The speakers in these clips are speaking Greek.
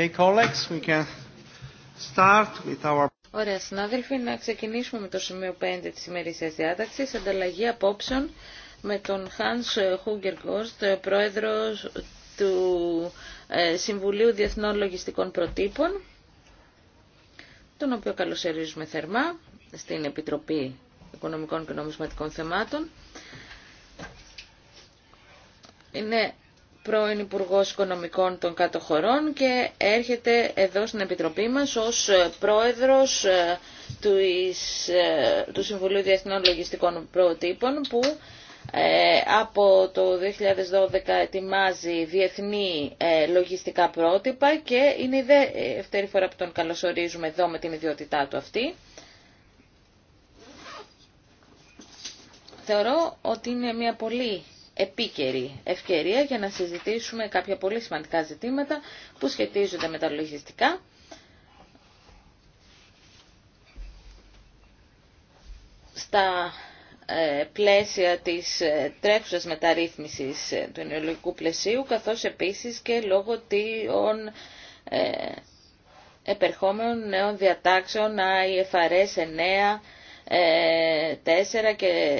Okay, Ωραία, συνάδελφοι, να ξεκινήσουμε με το σημείο 5 της ημερήσιας διάταξης, ανταλλαγή απόψεων με τον Hans Hungergorst, πρόεδρο του ε, Συμβουλίου Διεθνών Λογιστικών Προτύπων, τον οποίο καλωσορίζουμε θερμά στην Επιτροπή Οικονομικών και Νομισματικών Θεμάτων. Είναι πρώην Υπουργό Οικονομικών των Κατοχωρών και έρχεται εδώ στην Επιτροπή μας ως ε, πρόεδρος ε, ε, του Συμβουλίου Διεθνών Λογιστικών Προτύπων που από το 2012 ετοιμάζει διεθνή λογιστικά πρότυπα και είναι η δεύτερη φορά που τον καλωσορίζουμε εδώ με την ιδιότητά του αυτή. Θεωρώ ότι είναι μια πολύ επίκαιρη ευκαιρία για να συζητήσουμε κάποια πολύ σημαντικά ζητήματα που σχετίζονται με τα λογιστικά. Στα ε, πλαίσια της ε, τρέχουσας μεταρρύθμισης ε, του ενεργολογικού πλαισίου, καθώς επίσης και λόγω των επερχόμενων νέων διατάξεων IFRS 9, 4 και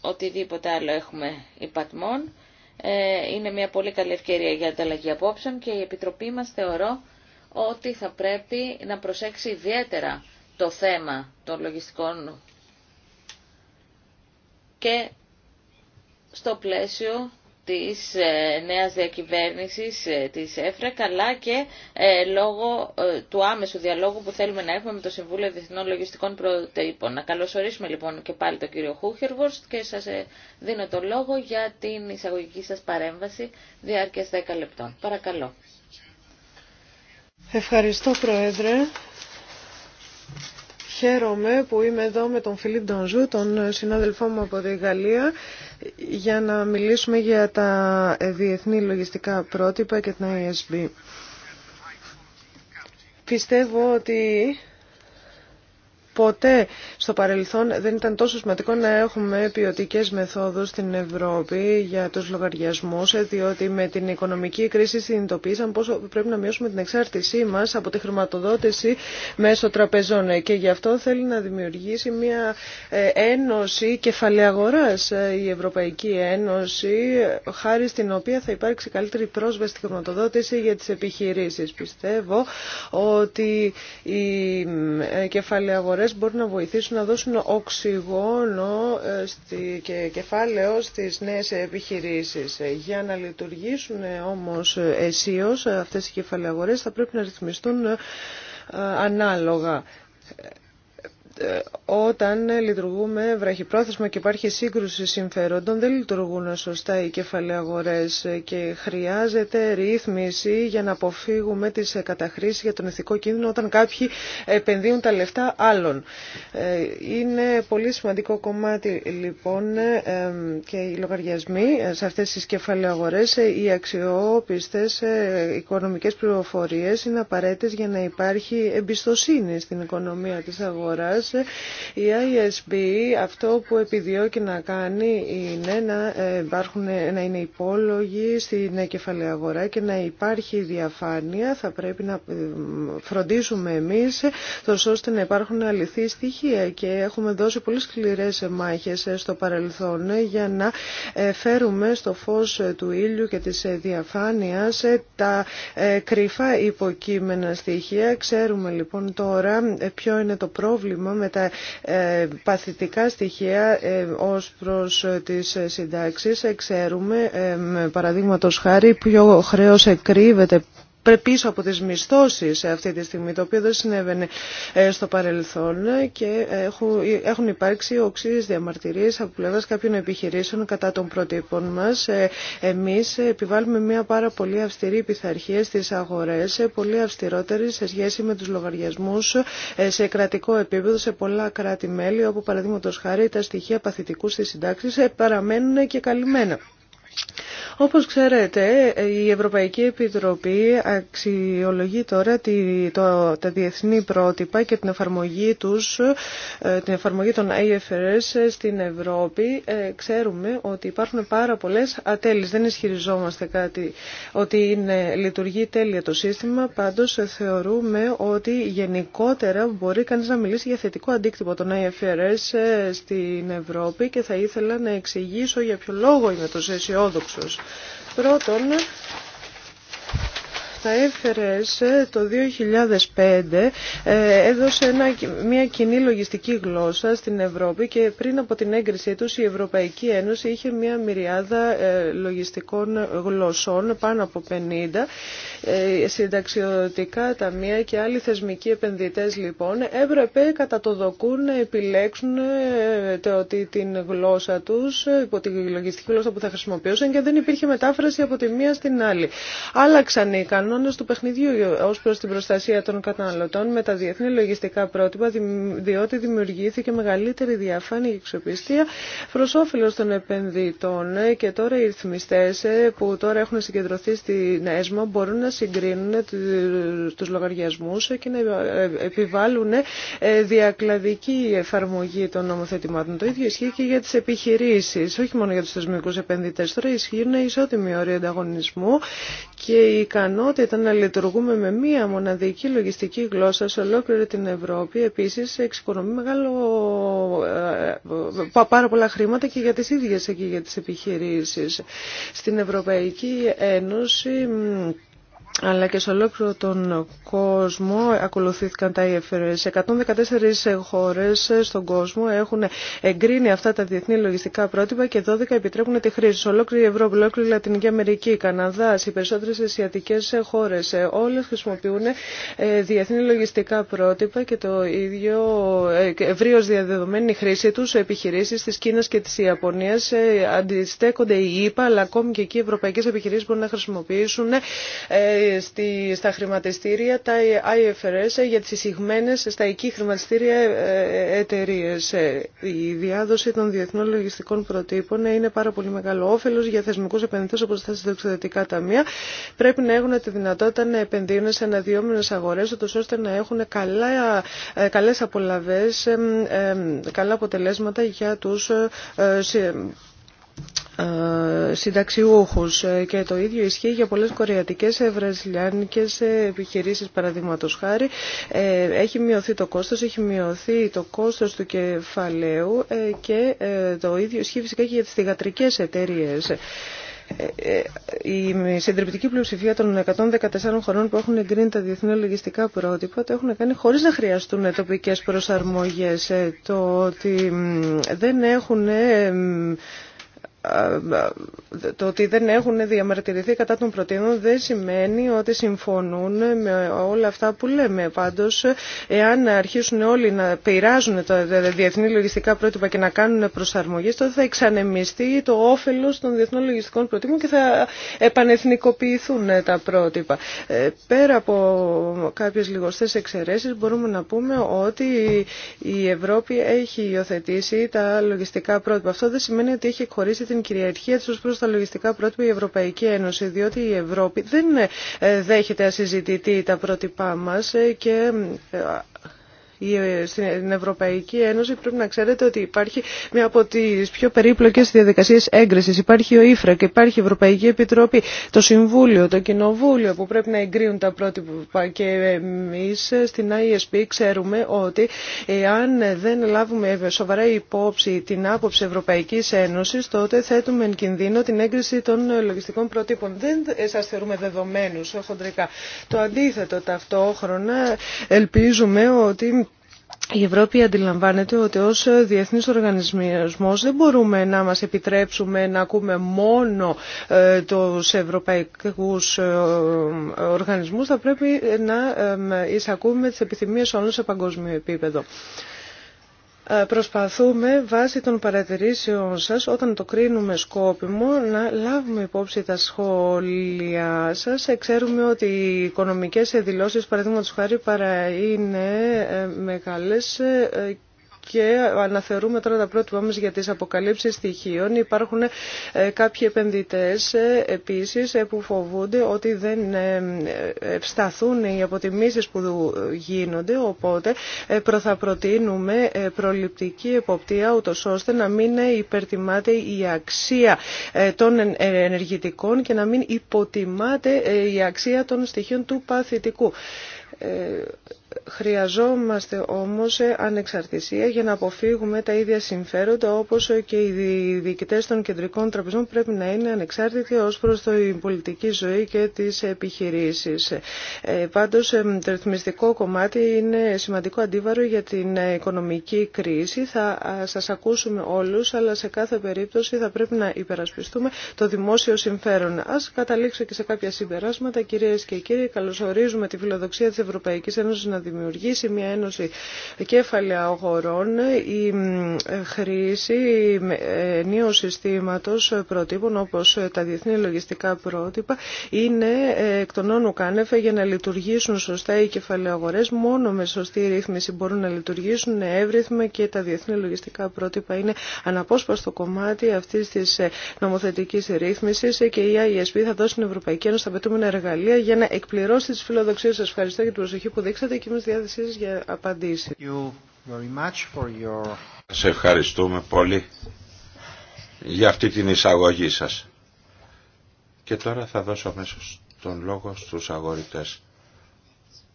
οτιδήποτε άλλο έχουμε υπατμών. Ε, είναι μια πολύ καλή ευκαιρία για ανταλλαγή απόψεων και η Επιτροπή μας θεωρώ ότι θα πρέπει να προσέξει ιδιαίτερα το θέμα των λογιστικών και στο πλαίσιο της ε, νέας διακυβέρνησης ε, της ΕΦΡΑ αλλά και ε, λόγω του άμεσου διαλόγου που θέλουμε να έχουμε με το Συμβούλιο Διεθνών Λογιστικών Προτύπων. Να καλωσορίσουμε λοιπόν και πάλι τον κύριο Χούχερβορστ και σας δίνω το λόγο για την εισαγωγική σας παρέμβαση διάρκειας 10 λεπτών. Παρακαλώ. Ευχαριστώ Πρόεδρε. Χαίρομαι που είμαι εδώ με τον Φιλίπ Ντονζού, τον συνάδελφό μου από τη Γαλλία, για να μιλήσουμε για τα διεθνή λογιστικά πρότυπα και την ISB. Πιστεύω ότι ποτέ στο παρελθόν δεν ήταν τόσο σημαντικό να έχουμε ποιοτικέ μεθόδους στην Ευρώπη για τους λογαριασμούς, διότι με την οικονομική κρίση συνειδητοποίησαν πόσο πρέπει να μειώσουμε την εξάρτησή μας από τη χρηματοδότηση μέσω τραπεζών. Και γι' αυτό θέλει να δημιουργήσει μια ε, ένωση κεφαλαίου ε, η Ευρωπαϊκή Ένωση, χάρη στην οποία θα υπάρξει καλύτερη πρόσβαση στη χρηματοδότηση για τι επιχειρήσει. Πιστεύω ότι ε, οι μπορούν να βοηθήσουν να δώσουν οξυγόνο ε, και κεφάλαιο στις νέες επιχειρήσεις. Ε, για να λειτουργήσουν ε, όμως αισίως αυτές οι κεφαλαιαγορές θα πρέπει να ρυθμιστούν ανάλογα όταν λειτουργούμε βραχυπρόθεσμα και υπάρχει σύγκρουση συμφερόντων δεν λειτουργούν σωστά οι αγορές και χρειάζεται ρύθμιση για να αποφύγουμε τις καταχρήσεις για τον ηθικό κίνδυνο όταν κάποιοι επενδύουν τα λεφτά άλλων. Ε, είναι πολύ σημαντικό κομμάτι λοιπόν ε, και οι λογαριασμοί σε αυτές τις αγορές ε, οι αξιόπιστες οικονομικές πληροφορίες είναι απαραίτητες για να υπάρχει εμπιστοσύνη στην οικονομία της αγοράς η ISB αυτό που επιδιώκει να κάνει είναι να, ε, υπάρχουν, να είναι υπόλογοι στην κεφαλαία αγορά και να υπάρχει διαφάνεια. Θα πρέπει να ε, φροντίσουμε εμείς ώστε να υπάρχουν αληθή στοιχεία και έχουμε δώσει πολύ σκληρές μάχες στο παρελθόν για να ε, φέρουμε στο φως του ήλιου και της διαφάνειας τα κρυφά υποκείμενα στοιχεία. Ξέρουμε λοιπόν τώρα ποιο είναι το πρόβλημα πρόβλημα με τα ε, παθητικά στοιχεία ε, ως προς ε, τις συντάξεις. Ξέρουμε, παραδείγματος χάρη, ποιο χρέος εκρύβεται πίσω από τις μισθώσεις αυτή τη στιγμή, το οποίο δεν συνέβαινε ε, στο παρελθόν και ε, ε, έχουν υπάρξει οξύες διαμαρτυρίες από πλευράς κάποιων επιχειρήσεων κατά των προτύπων μας. Εμείς επιβάλλουμε μια πάρα πολύ αυστηρή πειθαρχία στις αγορές, πολύ αυστηρότερη σε σχέση με τους λογαριασμούς σε κρατικό επίπεδο, σε πολλά κράτη-μέλη, όπου παραδείγματος χάρη τα στοιχεία παθητικού στις συντάξεις παραμένουν και καλυμμένα. Όπως ξέρετε, η Ευρωπαϊκή Επιτροπή αξιολογεί τώρα τη, το, τα διεθνή πρότυπα και την εφαρμογή, τους, ε, την εφαρμογή των IFRS στην Ευρώπη. Ε, ξέρουμε ότι υπάρχουν πάρα πολλές ατέλειες. Δεν ισχυριζόμαστε κάτι ότι είναι, λειτουργεί τέλεια το σύστημα. Πάντως θεωρούμε ότι γενικότερα μπορεί κανείς να μιλήσει για θετικό αντίκτυπο των IFRS ε, στην Ευρώπη και θα ήθελα να εξηγήσω για ποιο λόγο είμαι τόσο αισιόδοξο. Πρώτον, θα έφερες ε, το 2005 ε, έδωσε μια κοινή λογιστική γλώσσα στην Ευρώπη και πριν από την έγκρισή τους η Ευρωπαϊκή Ένωση είχε μια μυριάδα ε, λογιστικών γλωσσών, πάνω από 50. Συνταξιωτικά ταμεία και άλλοι θεσμικοί επενδυτές λοιπόν έπρεπε κατά το δοκούν να επιλέξουν ότι την γλώσσα τους, υπό τη λογιστική γλώσσα που θα χρησιμοποιούσαν και δεν υπήρχε μετάφραση από τη μία στην άλλη. Άλλαξαν οι κανόνες του παιχνιδιού ως προς την προστασία των καταναλωτών με τα διεθνή λογιστικά πρότυπα, διότι δημιουργήθηκε μεγαλύτερη διαφάνεια και εξοπιστία προς όφελος των επενδυτών και τώρα οι ρυθμιστές ε, που τώρα έχουν συγκεντρωθεί στην ΕΣΜΑ μπορούν να συγκρίνουν τους λογαριασμούς και να ε, επιβάλλουν ε, διακλαδική εφαρμογή των νομοθετημάτων. Το ίδιο ισχύει και για τις επιχειρήσεις, όχι μόνο για τους θεσμικούς επενδυτές. Τώρα ισχύουν ισότιμοι όροι ανταγωνισμού και η ικανότητα δυνατότητα να λειτουργούμε με μία μοναδική λογιστική γλώσσα σε ολόκληρη την Ευρώπη επίσης εξοικονομεί μεγάλο, ε, ε, πάρα πολλά χρήματα και για τις ίδιες εκεί για τις επιχειρήσεις. Στην Ευρωπαϊκή Ένωση αλλά και σε ολόκληρο τον κόσμο ακολουθήθηκαν τα Σε 114 χώρες στον κόσμο έχουν εγκρίνει αυτά τα διεθνή λογιστικά πρότυπα και 12 επιτρέπουν τη χρήση. Σε ολόκληρη η Ευρώπη, ολόκληρη η Λατινική Αμερική, Καναδά, οι περισσότερε ασιατικές χώρες, όλες χρησιμοποιούν ε, διεθνή λογιστικά πρότυπα και το ίδιο ε, ευρύως διαδεδομένη χρήση του σε επιχειρήσεις της Κίνας και της Ιαπωνίας. Ε, αντιστέκονται οι ΙΠΑ, αλλά ακόμη και εκεί οι ευρωπαϊκές επιχειρήσεις μπορούν να χρησιμοποιήσουν στα χρηματιστήρια, τα IFRS για τις εισηγμένες στα εκεί χρηματιστήρια ε, ε, εταιρείε. Ε, η διάδοση των διεθνών λογιστικών προτύπων είναι πάρα πολύ μεγάλο όφελος για θεσμικούς επενδυτές όπως τα συνδεξιδετικά ταμεία. Πρέπει να έχουν τη δυνατότητα να επενδύουν σε αναδυόμενες αγορές ώστε να έχουν καλά, καλές απολαβές, καλά αποτελέσματα για τους ε, συνταξιούχους ε, και το ίδιο ισχύει για πολλές κορεατικές, ε, βραζιλιάνικες επιχειρήσεις παραδείγματος χάρη. Έχει μειωθεί το κόστος, έχει μειωθεί το κόστος του κεφαλαίου και το ίδιο ισχύει φυσικά και για τις θηγατρικές εταιρείες. Η συντριπτική πλειοψηφία των 114 χωρών που έχουν εγκρίνει τα διεθνή λογιστικά πρότυπα το έχουν κάνει χωρίς να χρειαστούν τοπικές προσαρμογές. Το ότι δεν έχουν το ότι δεν έχουν διαμαρτυρηθεί κατά των προτείνων δεν σημαίνει ότι συμφωνούν με όλα αυτά που λέμε. Πάντως, εάν αρχίσουν όλοι να πειράζουν τα διεθνή λογιστικά πρότυπα και να κάνουν προσαρμογές, τότε θα εξανεμιστεί το όφελος των διεθνών λογιστικών προτύπων και θα επανεθνικοποιηθούν τα πρότυπα. Ε, πέρα από κάποιες λιγοστές εξαιρέσεις, μπορούμε να πούμε ότι η Ευρώπη έχει υιοθετήσει τα λογιστικά πρότυπα. Αυτό δεν σημαίνει ότι έχει χωρίσει την κυριαρχία τη ω προ τα λογιστικά πρότυπα η Ευρωπαϊκή Ένωση, διότι η Ευρώπη δεν ε, δέχεται ασυζητητή τα πρότυπά μας ε, και ε, ε, στην ε, Ευρωπαϊκή Ένωση πρέπει να ξέρετε ότι υπάρχει μια από τις πιο περίπλοκες διαδικασίες έγκρισης. Υπάρχει ο ΙΦΡΑ και υπάρχει η Ευρωπαϊκή Επιτροπή, το Συμβούλιο, το Κοινοβούλιο που πρέπει να εγκρίνουν τα πρότυπα και εμείς στην ISP ξέρουμε ότι εάν δεν λάβουμε σοβαρά υπόψη την άποψη Ευρωπαϊκής Ένωσης τότε θέτουμε εν κινδύνο την έγκριση των λογιστικών προτύπων. Δεν σας θεωρούμε δεδομένους χοντρικά. Το αντίθετο ταυτόχρονα ελπίζουμε ότι η Ευρώπη αντιλαμβάνεται ότι ως διεθνής οργανισμός δεν μπορούμε να μας επιτρέψουμε να ακούμε μόνο ε, τους ευρωπαϊκούς ε, οργανισμούς. Θα πρέπει να ε, εισακούμε τις επιθυμίες όλων σε παγκόσμιο επίπεδο. Ε, προσπαθούμε βάσει των παρατηρήσεων σας όταν το κρίνουμε σκόπιμο να λάβουμε υπόψη τα σχόλια σας. Ε, ξέρουμε ότι οι οικονομικές δηλώσεις παραδείγματος χάρη παρά είναι ε, μεγάλες και αναθερούμε τώρα τα πρότυπα μας για τις αποκαλύψεις στοιχείων. Υπάρχουν ε, κάποιοι επενδυτές ε, επίσης ε, που φοβούνται ότι δεν ευσταθούν οι αποτιμήσεις που γίνονται, οπότε θα προτείνουμε προληπτική εποπτεία ούτως ώστε να μην υπερτιμάται η αξία των ενεργητικών και να μην υποτιμάται η αξία των στοιχείων του παθητικού Χρειαζόμαστε όμως ανεξαρτησία για να αποφύγουμε τα ίδια συμφέροντα όπως και οι διοικητές των κεντρικών τραπεζών πρέπει να είναι ανεξάρτητοι ως προς την πολιτική ζωή και τις επιχειρήσεις. Ε, πάντως το ρυθμιστικό κομμάτι είναι σημαντικό αντίβαρο για την οικονομική κρίση. Θα σας ακούσουμε όλους αλλά σε κάθε περίπτωση θα πρέπει να υπερασπιστούμε το δημόσιο συμφέρον. Ας καταλήξω και σε κάποια συμπεράσματα κυρίες και κύριοι. Καλωσορίζουμε τη φιλοδοξία της Ευρωπαϊκής Ένωσης να δημιουργήσει μια ένωση κέφαλαια αγορών η ε, χρήση ε, νέου συστήματος προτύπων όπως τα διεθνή λογιστικά πρότυπα είναι ε, εκ των όνου κάνεφε για να λειτουργήσουν σωστά οι κεφαλαίοι Μόνο με σωστή ρύθμιση μπορούν να λειτουργήσουν εύρυθμα και τα διεθνή λογιστικά πρότυπα είναι αναπόσπαστο κομμάτι αυτής της νομοθετικής ρύθμισης και η ISP θα δώσει στην Ευρωπαϊκή Ένωση τα πετούμενα εργαλεία για να εκπληρώσει τις φιλοδοξίες Σα Ευχαριστώ για την προσοχή που δείξατε μας ευχαριστούμε πολύ για αυτή την εισαγωγή σας. Και τώρα θα δώσω αμέσω τον λόγο στους αγορητές.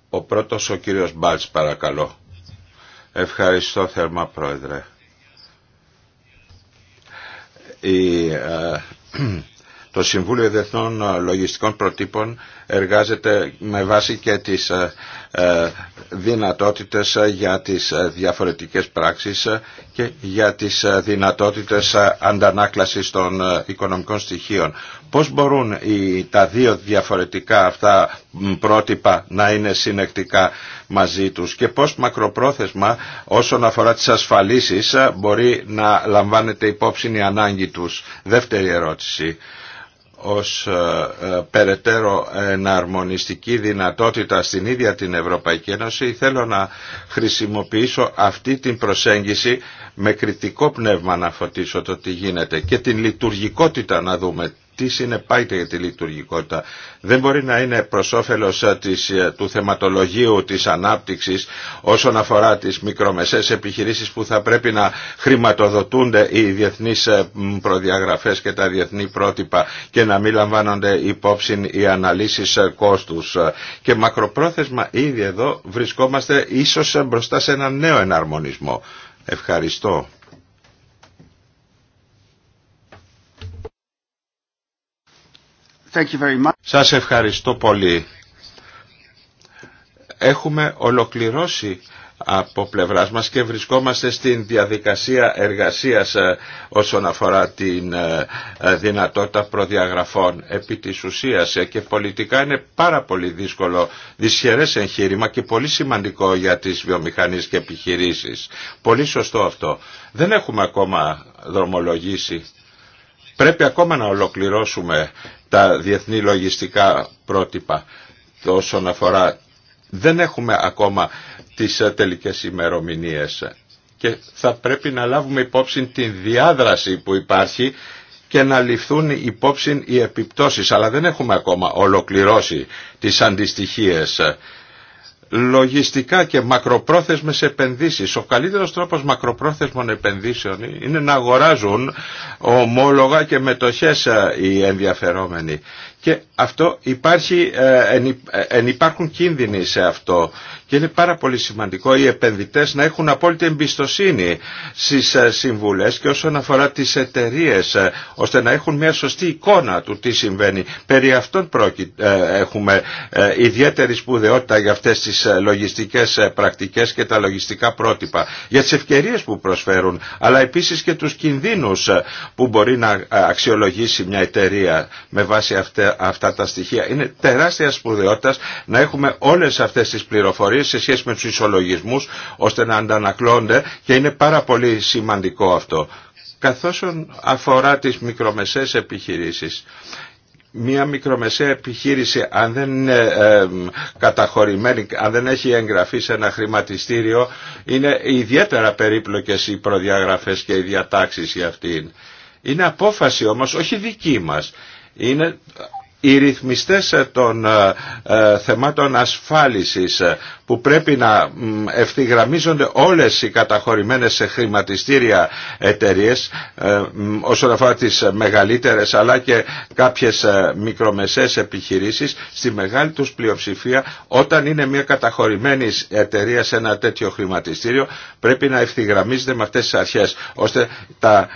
Ο πρώτος ο κύριος Μπάλτς παρακαλώ. Ευχαριστώ θερμά πρόεδρε. Η, ε, το Συμβούλιο Διεθνών Λογιστικών Προτύπων εργάζεται με βάση και τις ε, ε, δυνατότητες για τις ε, διαφορετικές πράξεις και για τις δυνατότητες αντανάκλασης των οικονομικών στοιχείων. Πώς μπορούν οι, τα δύο διαφορετικά αυτά πρότυπα να είναι συνεκτικά μαζί τους και πώς μακροπρόθεσμα όσον αφορά τις ασφαλίσεις μπορεί να λαμβάνεται υπόψη η ανάγκη τους. Δεύτερη ερώτηση ως ε, ε, περαιτέρω εναρμονιστική δυνατότητα στην ίδια την Ευρωπαϊκή Ένωση θέλω να χρησιμοποιήσω αυτή την προσέγγιση με κριτικό πνεύμα να φωτίσω το τι γίνεται και την λειτουργικότητα να δούμε τι συνεπάγεται για τη λειτουργικότητα. Δεν μπορεί να είναι προ όφελο ε, ε, του θεματολογίου της ανάπτυξης όσον αφορά τις μικρομεσές επιχειρήσεις που θα πρέπει να χρηματοδοτούνται οι διεθνείς ε, προδιαγραφές και τα διεθνή πρότυπα και να μην λαμβάνονται υπόψη οι αναλύσεις κόστους. Και μακροπρόθεσμα ήδη εδώ βρισκόμαστε ίσως μπροστά σε ένα νέο εναρμονισμό. Ευχαριστώ. Thank Σας ευχαριστώ πολύ. Έχουμε ολοκληρώσει από πλευράς μας και βρισκόμαστε στην διαδικασία εργασίας ε, όσον αφορά την ε, ε, δυνατότητα προδιαγραφών επί της ουσίας και πολιτικά είναι πάρα πολύ δύσκολο δυσχερές εγχείρημα και πολύ σημαντικό για τις βιομηχανίες και επιχειρήσεις. Πολύ σωστό αυτό. Δεν έχουμε ακόμα δρομολογήσει Πρέπει ακόμα να ολοκληρώσουμε τα διεθνή λογιστικά πρότυπα όσον αφορά. Δεν έχουμε ακόμα τις ε, τελικές ημερομηνίες και θα πρέπει να λάβουμε υπόψη την διάδραση που υπάρχει και να ληφθούν υπόψη οι επιπτώσεις. Αλλά δεν έχουμε ακόμα ολοκληρώσει τις αντιστοιχίες λογιστικά και μακροπρόθεσμες επενδύσεις. Ο καλύτερος τρόπος μακροπρόθεσμων επενδύσεων είναι να αγοράζουν ομόλογα και μετοχές ε, οι ενδιαφερόμενοι και αυτό υπάρχει, ε, εν ε, υπάρχουν κίνδυνοι σε αυτό και είναι πάρα πολύ σημαντικό οι επενδυτές να έχουν απόλυτη εμπιστοσύνη στις ε, συμβουλές και όσον αφορά τις εταιρείε, ώστε να έχουν μια σωστή εικόνα του τι συμβαίνει. Περί αυτών έχουμε ιδιαίτερη σπουδαιότητα για αυτές τις λογιστικές πρακτικές και τα λογιστικά πρότυπα, για τις ευκαιρίες που προσφέρουν, αλλά επίσης και τους κινδύνους που μπορεί να αξιολογήσει μια εταιρεία με βάση αυτά αυτά τα στοιχεία. Είναι τεράστια σπουδαιότητα να έχουμε όλε αυτέ τι πληροφορίε σε σχέση με του ισολογισμού ώστε να αντανακλώνται και είναι πάρα πολύ σημαντικό αυτό. Καθώς αφορά τις μικρομεσαίες επιχειρήσεις, μια μικρομεσαία επιχείρηση αν δεν είναι καταχωρημένη, αν δεν έχει εγγραφεί σε ένα χρηματιστήριο, είναι ιδιαίτερα περίπλοκες οι προδιαγραφές και οι διατάξεις για αυτήν. Είναι απόφαση όμως όχι δική μας. Είναι οι ρυθμιστές ε, των ε, ε, θεμάτων ασφάλισης που πρέπει να ευθυγραμμίζονται όλες οι καταχωρημένες σε χρηματιστήρια εταιρείες όσον αφορά τις μεγαλύτερες αλλά και κάποιες μικρομεσαίες επιχειρήσεις στη μεγάλη τους πλειοψηφία όταν είναι μια καταχωρημένη εταιρεία σε ένα τέτοιο χρηματιστήριο πρέπει να ευθυγραμμίζεται με αυτές τις αρχές ώστε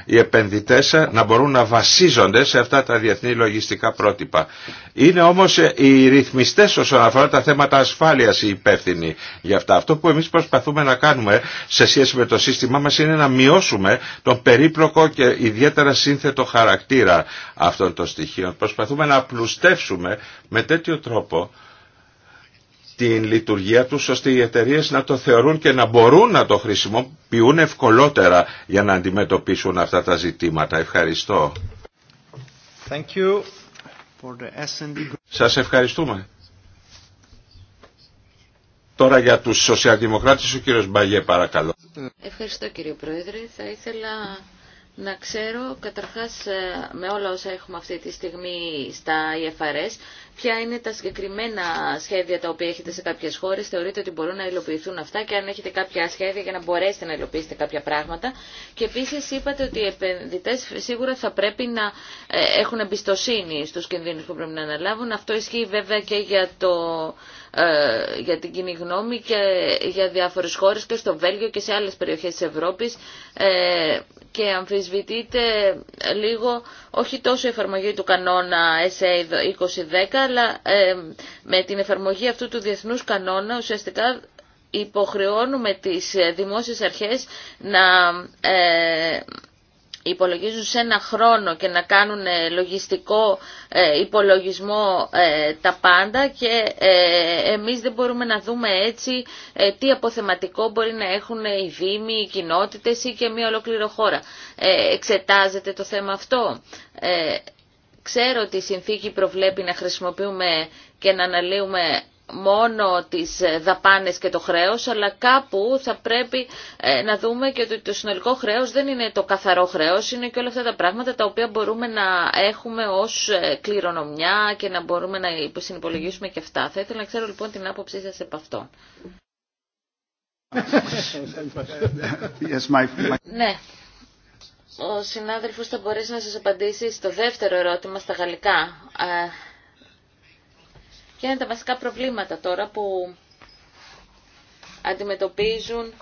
οι επενδυτές να μπορούν να βασίζονται σε αυτά τα διεθνή λογιστικά πρότυπα. Είναι όμως ε, οι ρυθμιστές όσον αφορά τα θέματα ασφάλειας οι υπεύθυνοι για αυτά. Αυτό που εμείς προσπαθούμε να κάνουμε σε σχέση με το σύστημά μας είναι να μειώσουμε τον περίπλοκο και ιδιαίτερα σύνθετο χαρακτήρα αυτών των στοιχείων. Προσπαθούμε να απλουστεύσουμε με τέτοιο τρόπο την λειτουργία τους ώστε οι εταιρείε να το θεωρούν και να μπορούν να το χρησιμοποιούν ευκολότερα για να αντιμετωπίσουν αυτά τα ζητήματα. Ευχαριστώ. Thank you. Σας ευχαριστούμε. Τώρα για τους σοσιαλδημοκράτες ο κύριος Μπαγιέ παρακαλώ. Ευχαριστώ κύριε Πρόεδρε. Θα ήθελα να ξέρω καταρχάς ε, με όλα όσα έχουμε αυτή τη στιγμή στα IFRS e ποια είναι τα συγκεκριμένα σχέδια τα οποία έχετε σε κάποιες χώρες, θεωρείτε ότι μπορούν να υλοποιηθούν αυτά και αν έχετε κάποια σχέδια για να μπορέσετε να υλοποιήσετε κάποια πράγματα. Και επίσης είπατε ότι οι επενδυτές σίγουρα θα πρέπει να ε, έχουν εμπιστοσύνη στους κινδύνους που πρέπει να αναλάβουν. Αυτό ισχύει βέβαια και για το ε, για την κοινή γνώμη και για διάφορες χώρες και στο Βέλγιο και σε άλλες περιοχές της Ευρώπης ε, και αμφισβητείται λίγο όχι τόσο η εφαρμογή του κανόνα SA 2010 αλλά με την εφαρμογή αυτού του διεθνούς κανόνα ουσιαστικά υποχρεώνουμε τις ε, δημόσιες αρχές να ε, υπολογίζουν σε ένα χρόνο και να κάνουν ε, λογιστικό ε, υπολογισμό ε, τα πάντα και εμείς δεν μπορούμε να δούμε έτσι τι αποθεματικό μπορεί να έχουν οι δήμοι, οι κοινότητες ή και μια ολοκληροχώρα χώρα. Εξετάζεται το θέμα αυτό. Ξέρω ότι η συνθήκη προβλέπει να χρησιμοποιούμε και να αναλύουμε μόνο τις ε, δαπάνες και το χρέος, αλλά κάπου θα πρέπει ε, να δούμε και ότι το συνολικό χρέος δεν είναι το καθαρό χρέος, είναι και όλα αυτά τα πράγματα τα οποία μπορούμε να έχουμε ως ε, κληρονομιά και να μπορούμε να συνυπολογίσουμε και αυτά. Θα ήθελα να ξέρω λοιπόν την άποψή σας επ' αυτό. Ναι. Ο συνάδελφος θα μπορέσει να σας απαντήσει στο δεύτερο ερώτημα στα γαλλικά. Ποια είναι τα βασικά προβλήματα τώρα που αντιμετωπίζουν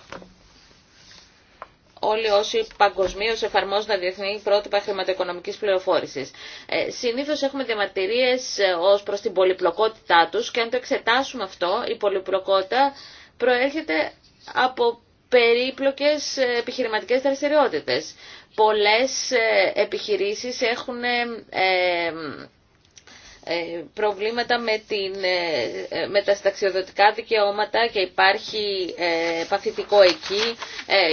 όλοι όσοι παγκοσμίω εφαρμόζουν τα διεθνή πρότυπα χρηματοοικονομική πληροφόρηση. Ε, Συνήθω έχουμε διαμαρτυρίε ε, ω προ την πολυπλοκότητά του και αν το εξετάσουμε αυτό, η πολυπλοκότητα προέρχεται από περίπλοκες ε, επιχειρηματικές δραστηριότητε. Πολλές ε, επιχειρήσεις έχουν ε, προβλήματα με, την, ε, ε, τα συνταξιοδοτικά δικαιώματα και υπάρχει παθητικό εκεί.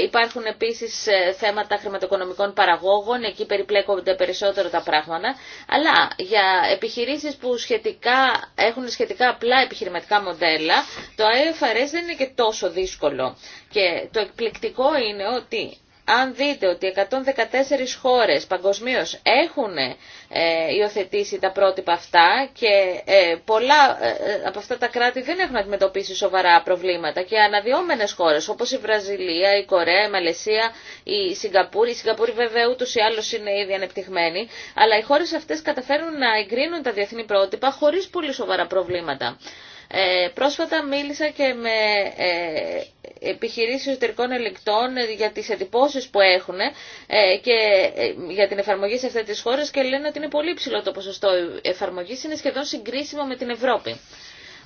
Υπάρχουν επίσης θέματα χρηματοοικονομικών παραγόγων, εκεί περιπλέκονται περισσότερο τα πράγματα. Αλλά για επιχειρήσεις που σχετικά, έχουν σχετικά απλά επιχειρηματικά μοντέλα, το IFRS δεν είναι και τόσο δύσκολο. Και το εκπληκτικό είναι ότι αν δείτε ότι 114 χώρες παγκοσμίως έχουν ε, υιοθετήσει τα πρότυπα αυτά και ε, πολλά ε, από αυτά τα κράτη δεν έχουν αντιμετωπίσει σοβαρά προβλήματα και αναδυόμενες χώρες όπως η Βραζιλία, η Κορέα, η Μαλαισία, η Σιγκαπούρη. Η Σιγκαπούρη βέβαια ούτως ή άλλως είναι ήδη ανεπτυγμένη, αλλά οι χώρες αυτές καταφέρουν να εγκρίνουν τα διεθνή πρότυπα χωρίς πολύ σοβαρά προβλήματα. πρόσφατα μίλησα και με επιχειρήσεις εσωτερικών ελεκτών ε, για τις εντυπώσεις που έχουν ε, και ε, για την εφαρμογή σε αυτές τις χώρες και λένε ότι είναι πολύ ψηλό το ποσοστό εφαρμογή είναι σχεδόν συγκρίσιμο με την Ευρώπη.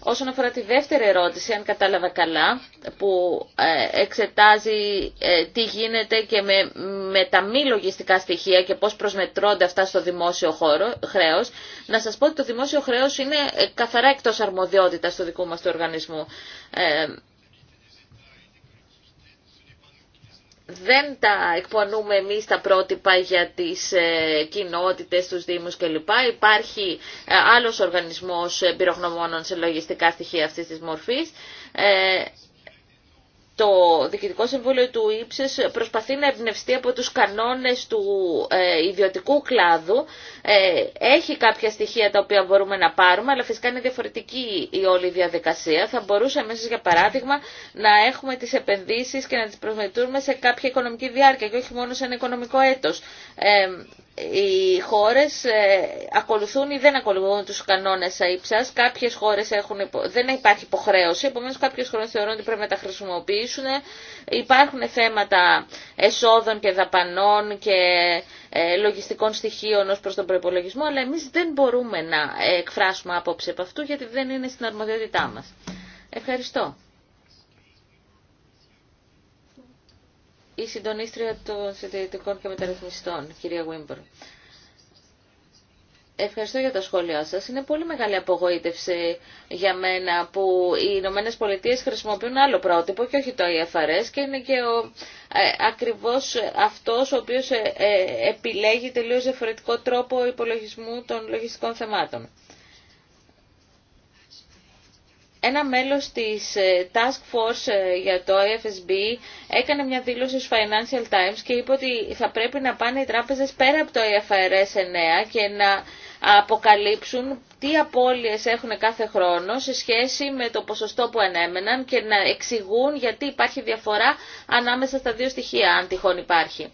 Όσον αφορά τη δεύτερη ερώτηση, αν κατάλαβα καλά, που εξετάζει τι γίνεται και με, με τα μη λογιστικά στοιχεία και πώς προσμετρώνται αυτά στο δημόσιο χώρο, χρέος, να σας πω ότι το δημόσιο χρέος είναι καθαρά εκτός αρμοδιότητας του δικού μας του οργανισμού. δεν τα εκπονούμε εμείς τα πρότυπα για τις ε, κοινότητες, τους δήμους κλπ. Υπάρχει ε, άλλος οργανισμός ε, πυρογνωμόνων σε λογιστικά στοιχεία αυτής της μορφής το Διοικητικό Συμβούλιο του Ήψες προσπαθεί να εμπνευστεί από τους κανόνες του ε, ιδιωτικού κλάδου. Ε, έχει κάποια στοιχεία τα οποία μπορούμε να πάρουμε, αλλά φυσικά είναι διαφορετική η όλη διαδικασία. Θα μπορούσαμε, για παράδειγμα, να έχουμε τις επενδύσεις και να τις προσμετρούμε σε κάποια οικονομική διάρκεια και όχι μόνο σε ένα οικονομικό έτος. Ε, οι χώρες ε, ακολουθούν ή δεν ακολουθούν τους κανόνες ΑΕΠΣΑΣ. Κάποιες χώρες δεν υπάρχει υποχρέωση, επομένως κάποιες χώρες θεωρούν ότι πρέπει να τα χρησιμοποιήσουν. Υπάρχουν θέματα εσόδων και δαπανών και ε, λογιστικών στοιχείων ως προς τον προπολογισμό, αλλά εμείς δεν μπορούμε να εκφράσουμε άποψη από αυτού γιατί δεν είναι στην αρμοδιότητά μας. Ευχαριστώ. η συντονίστρια των συντηρητικών και μεταρρυθμιστών, κυρία Βίμπορ. Ευχαριστώ για τα σχόλιά σας. Είναι πολύ μεγάλη απογοήτευση για μένα που οι Ηνωμένε Πολιτείε χρησιμοποιούν άλλο πρότυπο και όχι το IFRS και είναι και ο, ε, ακριβώς αυτός ο οποίος ε, ε, επιλέγει τελείως διαφορετικό τρόπο υπολογισμού των λογιστικών θεμάτων ένα μέλος της ε, Task Force ε, για το FSB έκανε μια δήλωση στους Financial Times και είπε ότι θα πρέπει να πάνε οι τράπεζες πέρα από το IFRS 9 και να αποκαλύψουν τι απώλειες έχουν κάθε χρόνο σε σχέση με το ποσοστό που ανέμεναν και να εξηγούν γιατί υπάρχει διαφορά ανάμεσα στα δύο στοιχεία, αν τυχόν υπάρχει.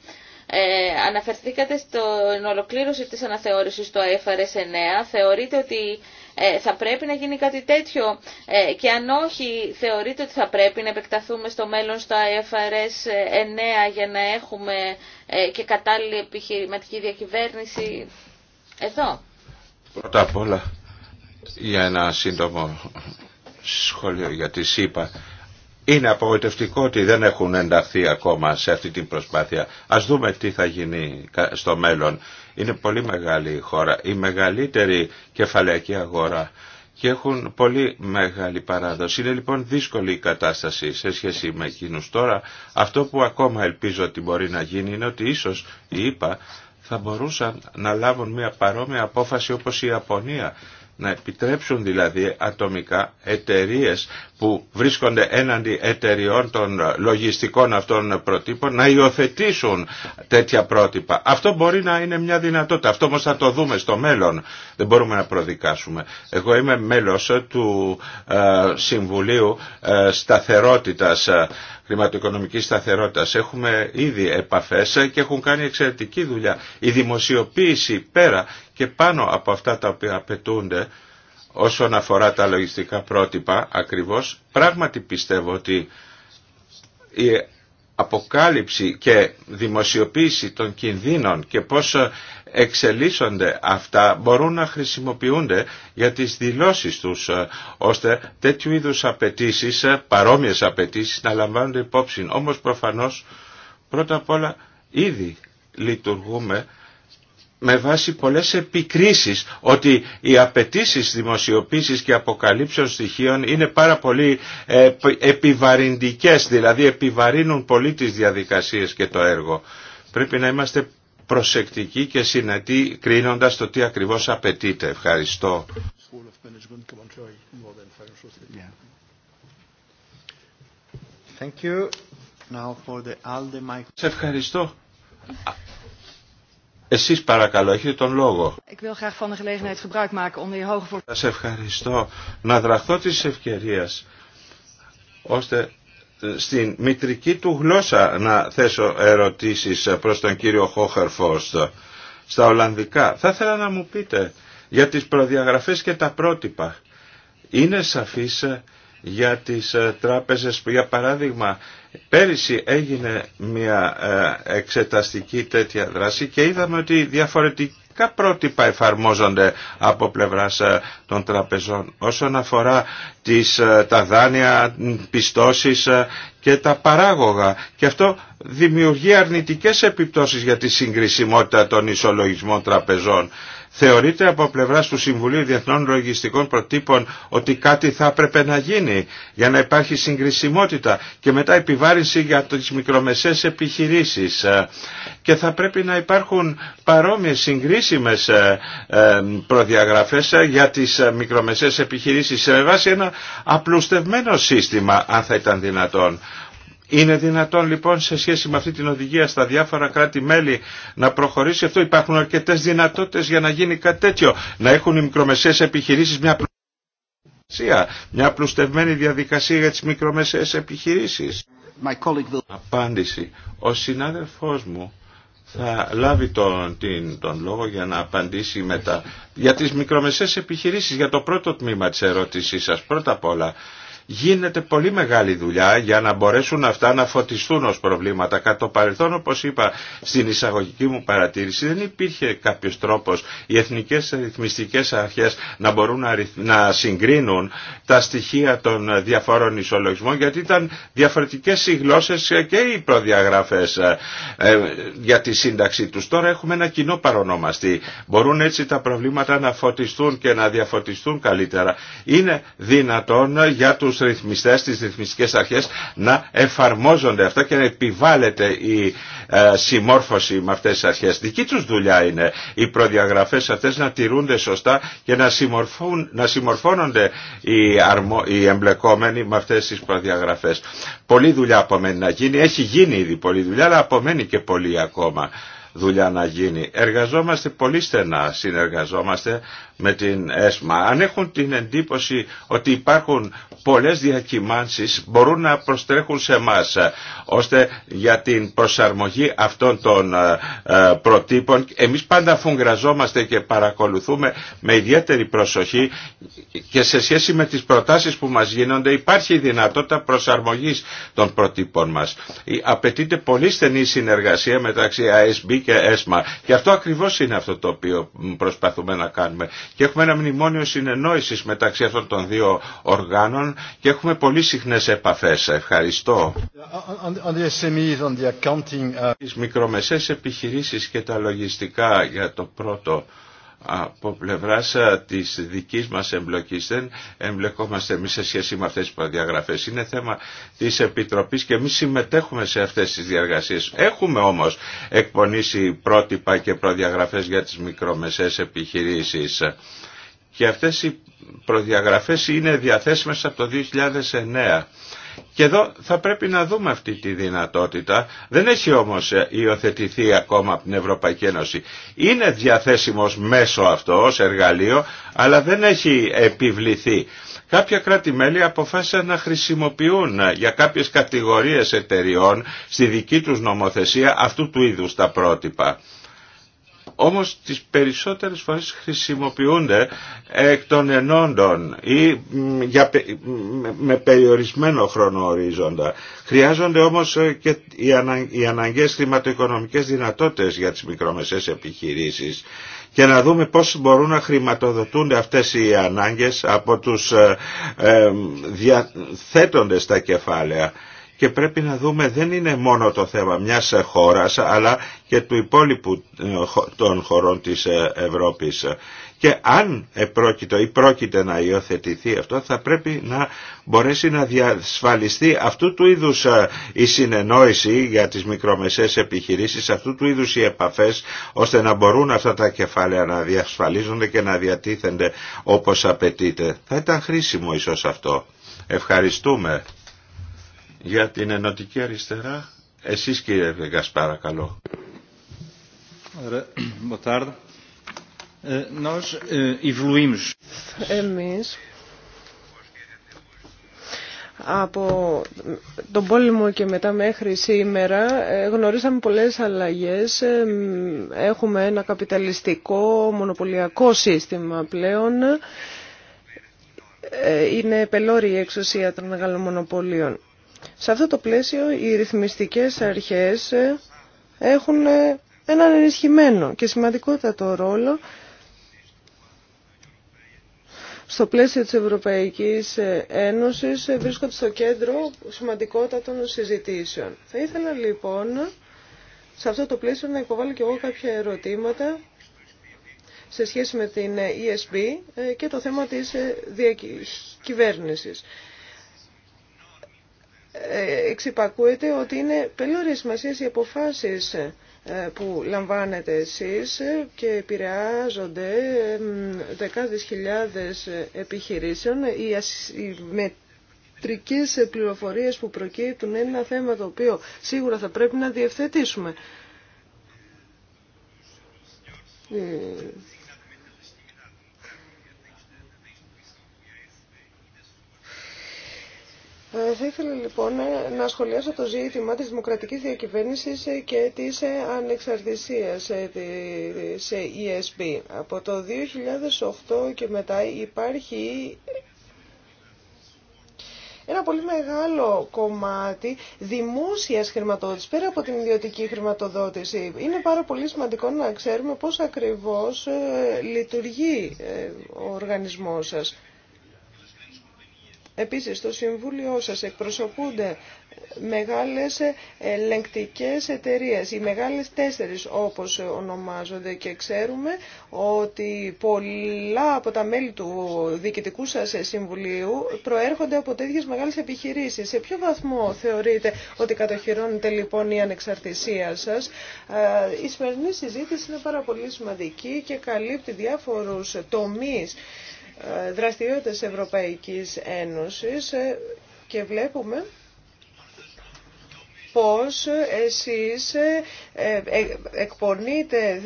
Ε, αναφερθήκατε στην ολοκλήρωση της αναθεώρησης του IFRS 9. Θεωρείτε ότι ε, θα πρέπει να γίνει κάτι τέτοιο ε, και αν όχι θεωρείτε ότι θα πρέπει να επεκταθούμε στο μέλλον στα IFRS 9 για να έχουμε ε, και κατάλληλη επιχειρηματική διακυβέρνηση εδώ. Πρώτα απ' όλα για ένα σύντομο σχόλιο για τη ΣΥΠΑ. Είναι απογοητευτικό ότι δεν έχουν ενταχθεί ακόμα σε αυτή την προσπάθεια. Ας δούμε τι θα γίνει στο μέλλον. Είναι πολύ μεγάλη η χώρα, η μεγαλύτερη κεφαλαϊκή αγορά και έχουν πολύ μεγάλη παράδοση. Είναι λοιπόν δύσκολη η κατάσταση σε σχέση με εκείνους τώρα. Αυτό που ακόμα ελπίζω ότι μπορεί να γίνει είναι ότι ίσως οι θα μπορούσαν να λάβουν μια παρόμοια απόφαση όπως η Ιαπωνία να επιτρέψουν δηλαδή ατομικά εταιρείε που βρίσκονται έναντι εταιριών των λογιστικών αυτών προτύπων να υιοθετήσουν τέτοια πρότυπα. Αυτό μπορεί να είναι μια δυνατότητα. Αυτό όμως θα το δούμε στο μέλλον. Δεν μπορούμε να προδικάσουμε. Εγώ είμαι μέλος του ε, Συμβουλίου ε, Σταθερότητας ε, χρηματοοικονομική σταθερότητα. Έχουμε ήδη επαφέ και έχουν κάνει εξαιρετική δουλειά. Η δημοσιοποίηση πέρα και πάνω από αυτά τα οποία απαιτούνται όσον αφορά τα λογιστικά πρότυπα ακριβώς, πράγματι πιστεύω ότι η αποκάλυψη και δημοσιοποίηση των κινδύνων και πώς εξελίσσονται αυτά μπορούν να χρησιμοποιούνται για τις δηλώσεις τους ε, ώστε τέτοιου είδους απαιτήσει, ε, παρόμοιες απαιτήσει να λαμβάνονται υπόψη. Όμως προφανώς πρώτα απ' όλα ήδη λειτουργούμε με βάση πολλές επικρίσεις ότι οι απαιτήσει δημοσιοποίησης και αποκαλύψεων στοιχείων είναι πάρα πολύ ε, επιβαρυντικές, δηλαδή επιβαρύνουν πολύ τις διαδικασίες και το έργο. Πρέπει να είμαστε προσεκτικοί και συνετοί κρίνοντας το τι ακριβώς απαιτείται. Ευχαριστώ. Σε ευχαριστώ. Εσείς παρακαλώ, έχετε τον λόγο. Σας ευχαριστώ να δραχθώ τη ευκαιρία, ώστε ε, στην μητρική του γλώσσα να θέσω ερωτήσεις ε, προς τον κύριο Χόχερφόστ στα Ολλανδικά. Θα ήθελα να μου πείτε για τις προδιαγραφές και τα πρότυπα. Είναι σαφής ε, για τις ε, τράπεζες που για παράδειγμα πέρυσι έγινε μια ε, εξεταστική τέτοια δράση και είδαμε ότι διαφορετικά πρότυπα εφαρμόζονται από πλευράς ε, των τραπεζών όσον αφορά τις, τα δάνεια, πιστώσεις και τα παράγωγα. Και αυτό δημιουργεί αρνητικές επιπτώσεις για τη συγκρισιμότητα των ισολογισμών τραπεζών. Θεωρείται από πλευρά του Συμβουλίου Διεθνών Λογιστικών Προτύπων ότι κάτι θα έπρεπε να γίνει για να υπάρχει συγκρισιμότητα και μετά επιβάρυνση για τις μικρομεσαίες επιχειρήσεις. Ε, και θα πρέπει να υπάρχουν παρόμοιες συγκρίσιμες ε, ε, προδιαγραφές για τις μικρομεσαίες επιχειρήσεις σε βάση ένα απλουστευμένο σύστημα αν θα ήταν δυνατόν. Είναι δυνατόν λοιπόν σε σχέση με αυτή την οδηγία στα διάφορα κράτη-μέλη να προχωρήσει αυτό. Υπάρχουν αρκετές δυνατότητες για να γίνει κάτι τέτοιο. Να έχουν οι μικρομεσαίες επιχειρήσεις μια πλουστευμένη μια πλουστευμένη διαδικασία για τις μικρομεσαίες επιχειρήσεις. Will... Απάντηση. Ο συνάδελφός μου θα λάβει τον, την, τον λόγο για να απαντήσει μετά. Για τις μικρομεσαίες επιχειρήσεις, για το πρώτο τμήμα της ερώτησής σας, πρώτα απ' όλα, γίνεται πολύ μεγάλη δουλειά για να μπορέσουν αυτά να φωτιστούν ως προβλήματα. Κατά το παρελθόν, όπως είπα στην εισαγωγική μου παρατήρηση, δεν υπήρχε κάποιος τρόπος οι εθνικές ρυθμιστικές αρχές να μπορούν να συγκρίνουν τα στοιχεία των διαφόρων ισολογισμών, γιατί ήταν διαφορετικές οι γλώσσες και οι προδιαγράφες ε, ε, για τη σύνταξη τους. Τώρα έχουμε ένα κοινό παρονόμαστη. Μπορούν έτσι τα προβλήματα να φωτιστούν και να διαφωτιστούν καλύτερα. Είναι δυνατόν για τους τους ρυθμιστές, τις ρυθμιστικές αρχές να εφαρμόζονται αυτά και να επιβάλλεται η ε, συμμόρφωση με αυτές τις αρχές. Δική τους δουλειά είναι οι προδιαγραφές αυτές να τηρούνται σωστά και να, να συμμορφώνονται οι, αρμο, οι εμπλεκόμενοι με αυτές τις προδιαγραφές. Πολύ δουλειά απομένει να γίνει, έχει γίνει ήδη πολλή δουλειά αλλά απομένει και πολύ ακόμα δουλειά να γίνει. Εργαζόμαστε πολύ στενά, συνεργαζόμαστε με την ΕΣΜΑ, αν έχουν την εντύπωση ότι υπάρχουν πολλές διακυμάνσεις, μπορούν να προστρέχουν σε εμά ώστε για την προσαρμογή αυτών των ε, ε, προτύπων εμείς πάντα γραζόμαστε και παρακολουθούμε με ιδιαίτερη προσοχή και σε σχέση με τις προτάσεις που μας γίνονται υπάρχει δυνατότητα προσαρμογής των προτύπων μας. Απαιτείται πολύ στενή συνεργασία μεταξύ ASB και ΕΣΜΑ και αυτό ακριβώς είναι αυτό το οποίο προσπαθούμε να κάνουμε και έχουμε ένα μνημόνιο συνεννόησης μεταξύ αυτών των δύο οργάνων και έχουμε πολύ συχνές επαφές. Ευχαριστώ. Uh, Τις μικρομεσαίες επιχειρήσεις και τα λογιστικά για το πρώτο από πλευρά ε, της δικής μας εμπλοκής δεν εμπλεκόμαστε εμεί σε σχέση με αυτέ τι προδιαγραφέ, είναι θέμα τη επιτροπή και εμεί συμμετέχουμε σε αυτές τις διαργασίε. έχουμε όμως εκπονήσει πρότυπα και προδιαγραφές για τις μικρομεσαίες επιχειρήσεις και αυτές οι προδιαγραφές είναι διαθέσιμες από το 2009 και εδώ θα πρέπει να δούμε αυτή τη δυνατότητα. Δεν έχει όμως υιοθετηθεί ακόμα από την Ευρωπαϊκή Ένωση. Είναι διαθέσιμος μέσω αυτό ως εργαλείο, αλλά δεν έχει επιβληθεί. Κάποια κράτη-μέλη αποφάσισαν να χρησιμοποιούν ε, για κάποιες κατηγορίες εταιριών στη δική τους νομοθεσία αυτού του είδους τα πρότυπα όμως τις περισσότερες φορές χρησιμοποιούνται εκ των ενόντων ή για, με περιορισμένο χρόνο ορίζοντα. Χρειάζονται όμως ε, και οι, ανα, οι αναγκαίες χρηματοοικονομικές δυνατότητες για τις μικρομεσαίες επιχειρήσεις και να δούμε πώς μπορούν να χρηματοδοτούνται αυτές οι ανάγκες από τους ε, ε διαθέτοντες τα κεφάλαια και πρέπει να δούμε δεν είναι μόνο το θέμα μιας χώρας αλλά και του υπόλοιπου ε, των χωρών της ε, Ευρώπης. Και αν επρόκειτο ή πρόκειται να υιοθετηθεί αυτό θα πρέπει να μπορέσει να διασφαλιστεί αυτού του είδους ε, η συνεννόηση για τις μικρομεσαίες επιχειρήσεις, αυτού του είδους οι επαφές ώστε να μπορούν αυτά τα κεφάλαια να διασφαλίζονται και να διατίθενται όπως απαιτείται. Θα ήταν χρήσιμο ίσως αυτό. Ευχαριστούμε. Για την ενωτική αριστερά, εσείς κύριε Βεγγάς παρακαλώ. Ε, ε, Εμείς από τον πόλεμο και μετά μέχρι σήμερα ε, γνωρίσαμε πολλές αλλαγές. Έχουμε ένα καπιταλιστικό, μονοπωλιακό σύστημα πλέον. Είναι πελώρη η εξουσία των μεγάλων μονοπωλίων. Σε αυτό το πλαίσιο οι ρυθμιστικές αρχές ε, έχουν ε, έναν ενισχυμένο και σημαντικότατο ρόλο στο πλαίσιο της Ευρωπαϊκής ε, Ένωσης βρίσκονται στο κέντρο σημαντικότατων συζητήσεων. Θα ήθελα λοιπόν σε αυτό το πλαίσιο να υποβάλω και εγώ κάποια ερωτήματα σε σχέση με την ESB και το θέμα της διακυβέρνησης εξυπακούεται ότι είναι πελώρια σημασία οι αποφάσεις ε, που λαμβάνετε εσείς ε, και επηρεάζονται δεκάδες χιλιάδες επιχειρήσεων. Οι μετρικές πληροφορίες που προκύπτουν είναι ένα θέμα το οποίο σίγουρα θα πρέπει να διευθετήσουμε. Ε, Ε, θα ήθελα λοιπόν ε, να σχολιάσω το ζήτημα της δημοκρατικής διακυβέρνησης ε, και της ανεξαρτησίας της ESB. Από το 2008 και μετά υπάρχει ένα πολύ μεγάλο κομμάτι δημόσιας χρηματοδότησης, πέρα από την ιδιωτική χρηματοδότηση. Είναι πάρα πολύ σημαντικό να ξέρουμε πώς ακριβώς λειτουργεί ο οργανισμός σας. Επίσης, στο Συμβούλιο σας εκπροσωπούνται μεγάλες ελεγκτικές εταιρείες, οι μεγάλες τέσσερις όπως ονομάζονται και ξέρουμε ότι πολλά από τα μέλη του διοικητικού σας συμβουλίου προέρχονται από τέτοιες μεγάλες επιχειρήσεις. Σε ποιο βαθμό θεωρείτε ότι κατοχυρώνεται λοιπόν η ανεξαρτησία σας. Ε, η σημερινή συζήτηση είναι πάρα πολύ σημαντική και καλύπτει διάφορους τομείς δραστηριότητες Ευρωπαϊκής Ένωσης ε, και βλέπουμε πώς εσείς ε, ε, εκπονείτε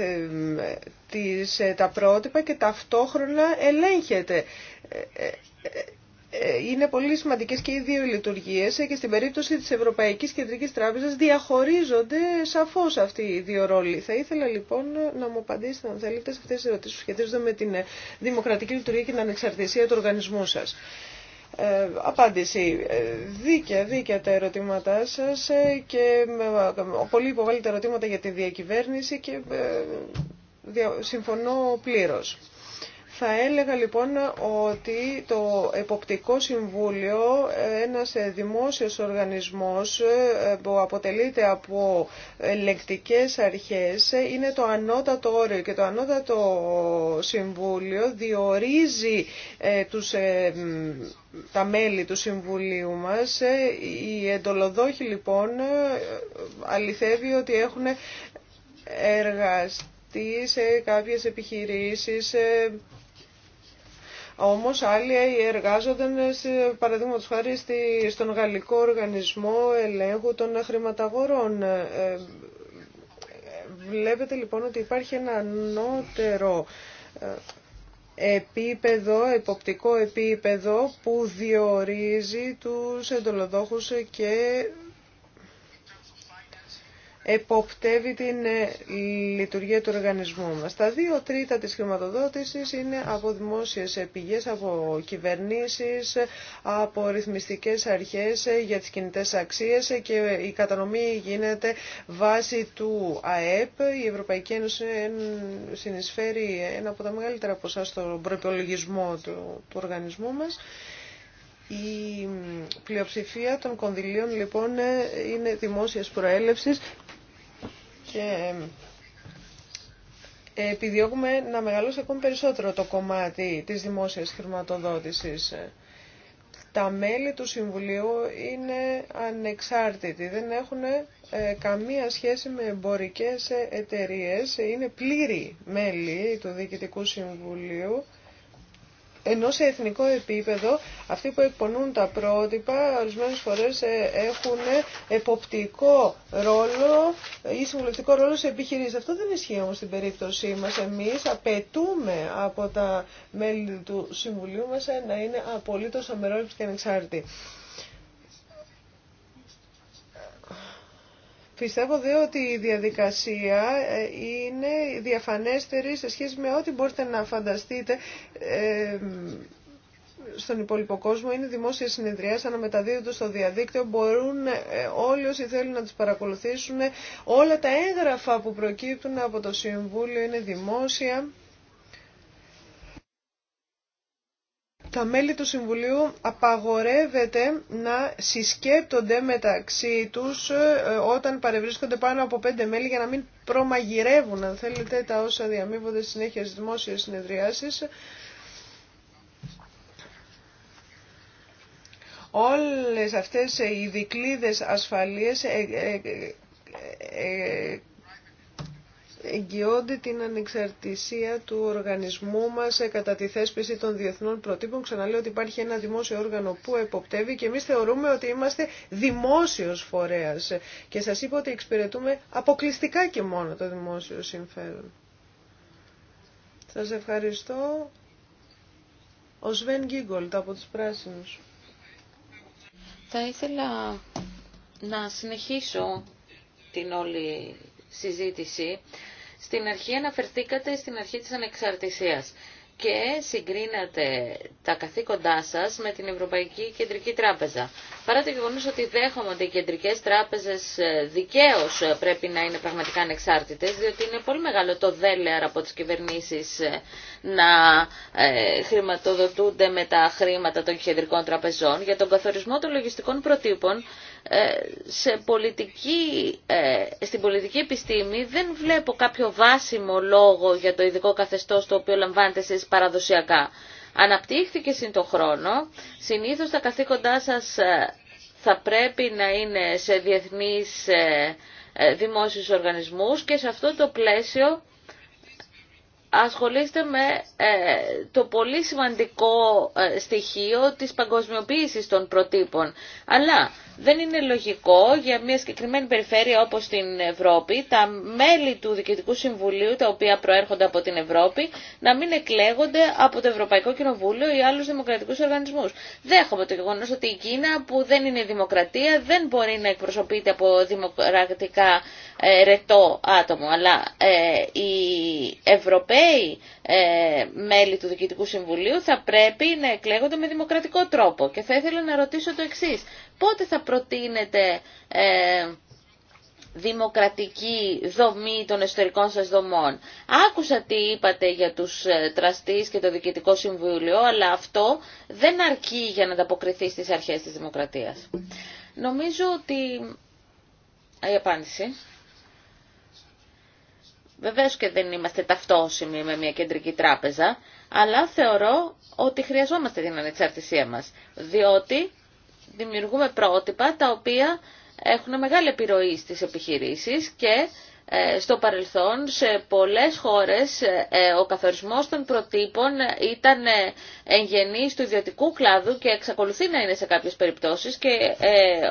τα πρότυπα και ταυτόχρονα ελέγχετε ε, είναι πολύ σημαντικές και οι δύο λειτουργίες ε, και στην περίπτωση της Ευρωπαϊκής Κεντρικής Τράπεζας διαχωρίζονται σαφώς αυτοί οι δύο ρόλοι. Θα ήθελα λοιπόν να μου απαντήσετε αν θέλετε σε αυτές τις ερωτήσεις που σχετίζονται με την ε, δημοκρατική λειτουργία και την ανεξαρτησία του οργανισμού σας. Ε, απάντηση. Δίκαια, δίκαια τα ερωτήματά σας και πολύ υποβάλλετε ερωτήματα για τη διακυβέρνηση και συμφωνώ πλήρως. Θα έλεγα λοιπόν ότι το Εποπτικό Συμβούλιο, ένας δημόσιος οργανισμός ε, που αποτελείται από ελεκτικές αρχές, είναι το ανώτατο όριο και το ανώτατο συμβούλιο διορίζει ε, τους ε, τα μέλη του Συμβουλίου μας. Οι εντολοδόχοι λοιπόν αληθεύει ότι έχουν εργαστεί σε κάποιες επιχειρήσεις όμως άλλοι εργάζονταν, παραδείγματο χάρη, στον Γαλλικό Οργανισμό Ελέγχου των Χρηματαγορών. Ε, ε, βλέπετε λοιπόν ότι υπάρχει ένα ανώτερο ε, επίπεδο, εποπτικό επίπεδο που διορίζει τους εντολοδόχους και εποπτεύει την ε, λειτουργία του οργανισμού μας. Τα δύο τρίτα της χρηματοδότησης είναι από δημόσιες ε, πηγές, από κυβερνήσεις, ε, από ρυθμιστικές αρχές για τις κινητές αξίες και η κατανομή γίνεται βάσει του ΑΕΠ. Η Ευρωπαϊκή Ένωση συνεισφέρει ένα από τα μεγαλύτερα ποσά στον προπολογισμό του, του οργανισμού μας. Η πλειοψηφία των κονδυλίων λοιπόν είναι δημόσιας προέλευσης και ε, επιδιώκουμε να μεγαλώσει ακόμη περισσότερο το κομμάτι της δημόσιας χρηματοδότησης. Τα μέλη του Συμβουλίου είναι ανεξάρτητοι, δεν έχουν ε, καμία σχέση με εμπορικές ε, εταιρείες, είναι πλήρη μέλη του Διοικητικού Συμβουλίου ενώ σε εθνικό επίπεδο αυτοί που εκπονούν τα πρότυπα ορισμένες φορές ε, έχουν εποπτικό ρόλο ή συμβουλευτικό ρόλο σε επιχειρήσεις. Αυτό δεν ισχύει όμως στην περίπτωσή μας. Εμείς απαιτούμε από τα μέλη του Συμβουλίου μας ε, να είναι απολύτως αμερόληπτοι και ανεξάρτητοι. Πιστεύω δε ότι η διαδικασία ε, είναι διαφανέστερη σε σχέση με ό,τι μπορείτε να φανταστείτε ε, στον υπόλοιπο κόσμο. Είναι δημόσια συνεδριά, αναμεταδίδονται στο διαδίκτυο. Μπορούν ε, όλοι όσοι θέλουν να τις παρακολουθήσουν. Όλα τα έγγραφα που προκύπτουν από το Συμβούλιο είναι δημόσια. τα μέλη του Συμβουλίου απαγορεύεται να συσκέπτονται μεταξύ τους ε, όταν παρευρίσκονται πάνω από πέντε μέλη για να μην προμαγειρεύουν, αν θέλετε, τα όσα διαμείβονται συνέχεια στις δημόσιες συνεδριάσεις. Όλες αυτές οι δικλίδες ε, ε, ε εγγυώνται την ανεξαρτησία του οργανισμού μας κατά τη θέσπιση των διεθνών προτύπων. Ξαναλέω ότι υπάρχει ένα δημόσιο όργανο που εποπτεύει και εμείς θεωρούμε ότι είμαστε δημόσιος φορέας και σας είπα ότι εξυπηρετούμε αποκλειστικά και μόνο το δημόσιο συμφέρον. Σας ευχαριστώ. Ο Σβέν Γκίγκολτ από τους Πράσινους. Θα ήθελα να συνεχίσω την όλη συζήτηση, στην αρχή αναφερθήκατε στην αρχή της ανεξαρτησίας και συγκρίνατε τα καθήκοντά σας με την Ευρωπαϊκή Κεντρική Τράπεζα. Παρά το γεγονός ότι δέχομαι ότι οι κεντρικές τράπεζες ε, δικαίως ε, πρέπει να είναι πραγματικά ανεξάρτητες, διότι είναι πολύ μεγάλο το δέλεαρ από τις κυβερνήσεις ε, να χρηματοδοτούνται με τα χρήματα των κεντρικών τραπεζών. Για τον καθορισμό των λογιστικών προτύπων ε, σε πολιτική, ε, στην πολιτική επιστήμη δεν βλέπω κάποιο βάσιμο λόγο για το ειδικό καθεστώς το οποίο λαμβάνετε εσείς παραδοσιακά. Αναπτύχθηκε συν το χρόνο, συνήθως τα καθήκοντά σας ε, θα πρέπει να είναι σε διεθνείς δημόσιους οργανισμούς και σε αυτό το πλαίσιο ασχολείστε με ε, το πολύ σημαντικό ε, στοιχείο της παγκοσμιοποίησης των προτύπων. Αλλά δεν είναι λογικό για μια συγκεκριμένη περιφέρεια όπως την Ευρώπη τα μέλη του Διοικητικού Συμβουλίου τα οποία προέρχονται από την Ευρώπη να μην εκλέγονται από το Ευρωπαϊκό Κοινοβούλιο ή άλλους δημοκρατικούς οργανισμούς. Δέχομαι το γεγονό ότι η Κίνα που δεν είναι δημοκρατία δεν μπορεί να εκπροσωπείται από δημοκρατικά ε, ρετό άτομο. Αλλά οι Ευρωπαίοι οι ε, μέλη του Διοικητικού Συμβουλίου θα πρέπει να εκλέγονται με δημοκρατικό τρόπο. Και θα ήθελα να ρωτήσω το εξής. Πότε θα προτείνετε ε, δημοκρατική δομή των εσωτερικών σας δομών. Άκουσα τι είπατε για τους ε, τραστείς και το Διοικητικό Συμβούλιο, αλλά αυτό δεν αρκεί για να ανταποκριθεί στις αρχές της δημοκρατίας. Νομίζω ότι η απάντηση Βεβαίως και δεν είμαστε ταυτόσιμοι με μια κεντρική τράπεζα, αλλά θεωρώ ότι χρειαζόμαστε την ανεξαρτησία μας, διότι δημιουργούμε πρότυπα τα οποία έχουν μεγάλη επιρροή στις επιχειρήσεις και ε, στο παρελθόν σε πολλές χώρες ε, ε, ο καθορισμός των προτύπων ήταν εγγενής του ιδιωτικού κλάδου και εξακολουθεί να είναι σε κάποιες περιπτώσεις και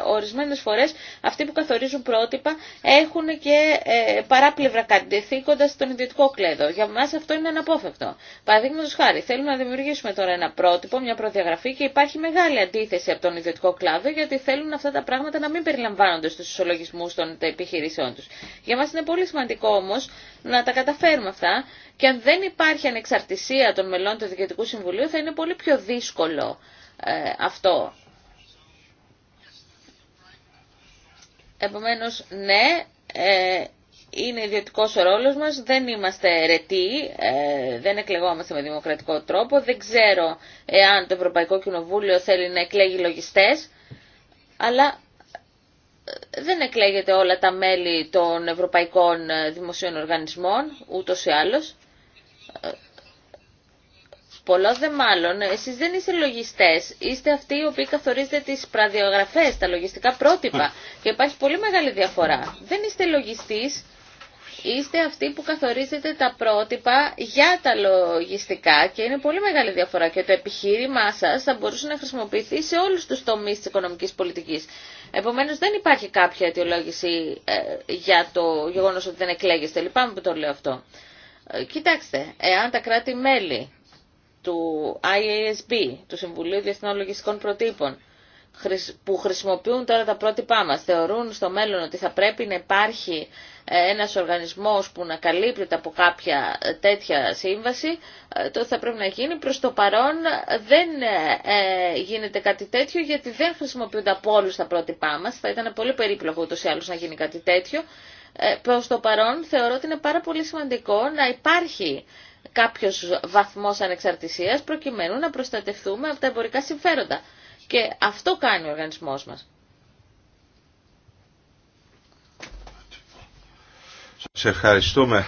ορισμένες φορές αυτοί που καθορίζουν πρότυπα έχουν και παράπλευρα καντεθήκοντας στον ιδιωτικό κλέδο. Για μας αυτό είναι αναπόφευκτο. Παραδείγματος χάρη, θέλουμε να δημιουργήσουμε τώρα ένα πρότυπο, μια προδιαγραφή και υπάρχει μεγάλη αντίθεση από τον ιδιωτικό κλάδο γιατί θέλουν αυτά τα πράγματα να μην περιλαμβάνονται στους ισολογισμούς των επιχειρήσεών τους. Για μας είναι πολύ σημαντικό όμω να τα καταφέρουμε αυτά και αν δεν υπάρχει ανεξαρτησία των μελών του Διοικητικού Συμβουλίου θα είναι πολύ πιο δύσκολο ε, αυτό. Επομένως, ναι, ε, είναι ιδιωτικό ο ρόλος μας, δεν είμαστε ρετοί, ε, δεν εκλεγόμαστε με δημοκρατικό τρόπο, δεν ξέρω εάν το Ευρωπαϊκό Κοινοβούλιο θέλει να εκλέγει λογιστές, αλλά δεν εκλέγεται όλα τα μέλη των Ευρωπαϊκών ε, Δημοσίων Οργανισμών, ούτως ή άλλως. Ε, Πολλό δε μάλλον, εσείς δεν είστε λογιστές, είστε αυτοί οι οποίοι καθορίζετε τις πραδιογραφές, τα λογιστικά πρότυπα και υπάρχει πολύ μεγάλη διαφορά. Δεν είστε λογιστής είστε αυτοί που καθορίζετε τα πρότυπα για τα λογιστικά και είναι πολύ μεγάλη διαφορά και το επιχείρημά σας θα μπορούσε να χρησιμοποιηθεί σε όλους τους τομείς της οικονομικής πολιτικής. Επομένως δεν υπάρχει κάποια αιτιολόγηση ε, για το γεγονός ότι δεν εκλέγεστε. Λυπάμαι που το λέω αυτό. Ε, κοιτάξτε, εάν τα κράτη-μέλη του IASB, του Συμβουλίου Διεθνών Λογιστικών Προτύπων, που χρησιμοποιούν τώρα τα πρότυπά μας, θεωρούν στο μέλλον ότι θα πρέπει να υπάρχει ένας οργανισμός που να καλύπτει από κάποια τέτοια σύμβαση, ε, το θα πρέπει να γίνει. Προς το παρόν δεν ε, γίνεται κάτι τέτοιο γιατί δεν χρησιμοποιούνται από όλου τα πρότυπά μας. Θα ήταν πολύ περίπλοκο ούτως ή άλλως να γίνει κάτι τέτοιο. Ε, προς το παρόν θεωρώ ότι είναι πάρα πολύ σημαντικό να υπάρχει κάποιος βαθμός ανεξαρτησίας προκειμένου να προστατευτούμε από τα εμπορικά συμφέροντα. Και αυτό κάνει ο οργανισμός μας. Σε ευχαριστούμε.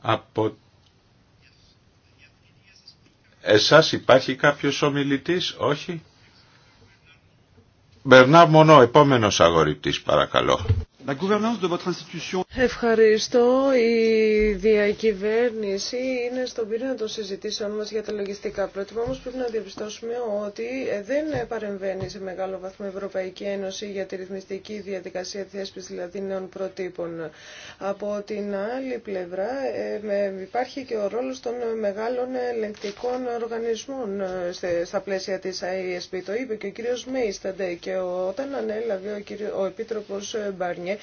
Από εσάς υπάρχει κάποιος ομιλητής, όχι. Μπερνά Μονό, επόμενος αγορητής, παρακαλώ. Ευχαριστώ. Η διακυβέρνηση είναι στον πυρήνα των συζητήσεων μα για τα λογιστικά πρότυπα, Όμω πρέπει να διαπιστώσουμε ότι ε, δεν παρεμβαίνει σε μεγάλο βαθμό η Ευρωπαϊκή Ένωση για τη ρυθμιστική διαδικασία θέσπιση δηλαδή νέων προτύπων. Από την άλλη πλευρά ε, υπάρχει και ο ρόλο των μεγάλων ελεγκτικών οργανισμών ε, στα πλαίσια τη ISP. Το είπε και ο κύριο Μέισταντε και όταν ανέλαβε ο, κύριο, ο Επίτροπος Μπαρνιέ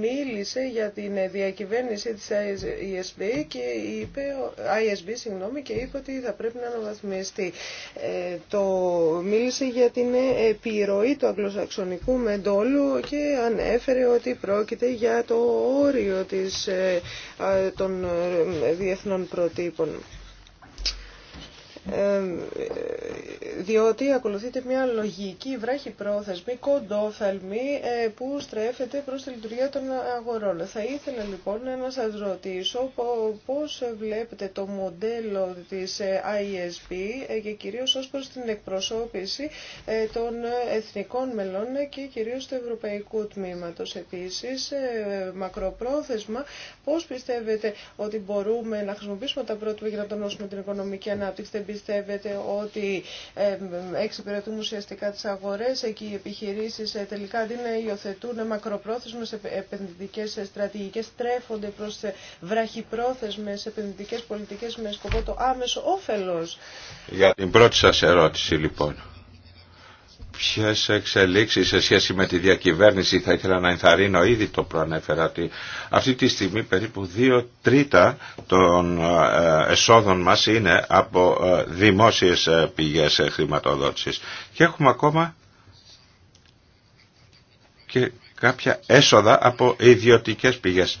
μίλησε για την διακυβέρνηση της ISB και είπε, ISB συγγνώμη, και είπε ότι θα πρέπει να αναβαθμιστεί. Ε, το, μίλησε για την επιρροή του αγγλοσαξονικού μεντόλου και ανέφερε ότι πρόκειται για το όριο της, ε, των ε, διεθνών προτύπων διότι ακολουθείται μια λογική βράχη πρόθεσμη, κοντόφθαλμη ε, που στρέφεται προς τη λειτουργία των αγορών. Θα ήθελα λοιπόν να σας ρωτήσω πώς βλέπετε το μοντέλο της ISB ε, ε, και κυρίως ως προς την εκπροσώπηση των εθνικών μελών και κυρίως του ευρωπαϊκού τμήματος. Επίσης, μακροπρόθεσμα, πώς πιστεύετε ότι μπορούμε να χρησιμοποιήσουμε τα πρότυπα για να τονώσουμε την οικονομική ανάπτυξη, πιστεύετε ότι εξυπηρετούν ουσιαστικά τις αγορές και οι επιχειρήσεις ε, τελικά αντί να υιοθετούν μακροπρόθεσμες επενδυτικές στρατηγικές τρέφονται προς ε, βραχυπρόθεσμες επενδυτικές πολιτικές με σκοπό το άμεσο όφελος. Για την πρώτη σας ερώτηση λοιπόν ποιες εξελίξεις σε σχέση με τη διακυβέρνηση θα ήθελα να ενθαρρύνω ήδη το προανέφερα ότι αυτή τη στιγμή περίπου δύο τρίτα των ε, εσόδων μας είναι από ε, δημόσιες ε, πηγές χρηματοδότησης και έχουμε ακόμα και κάποια έσοδα από ιδιωτικές πηγές.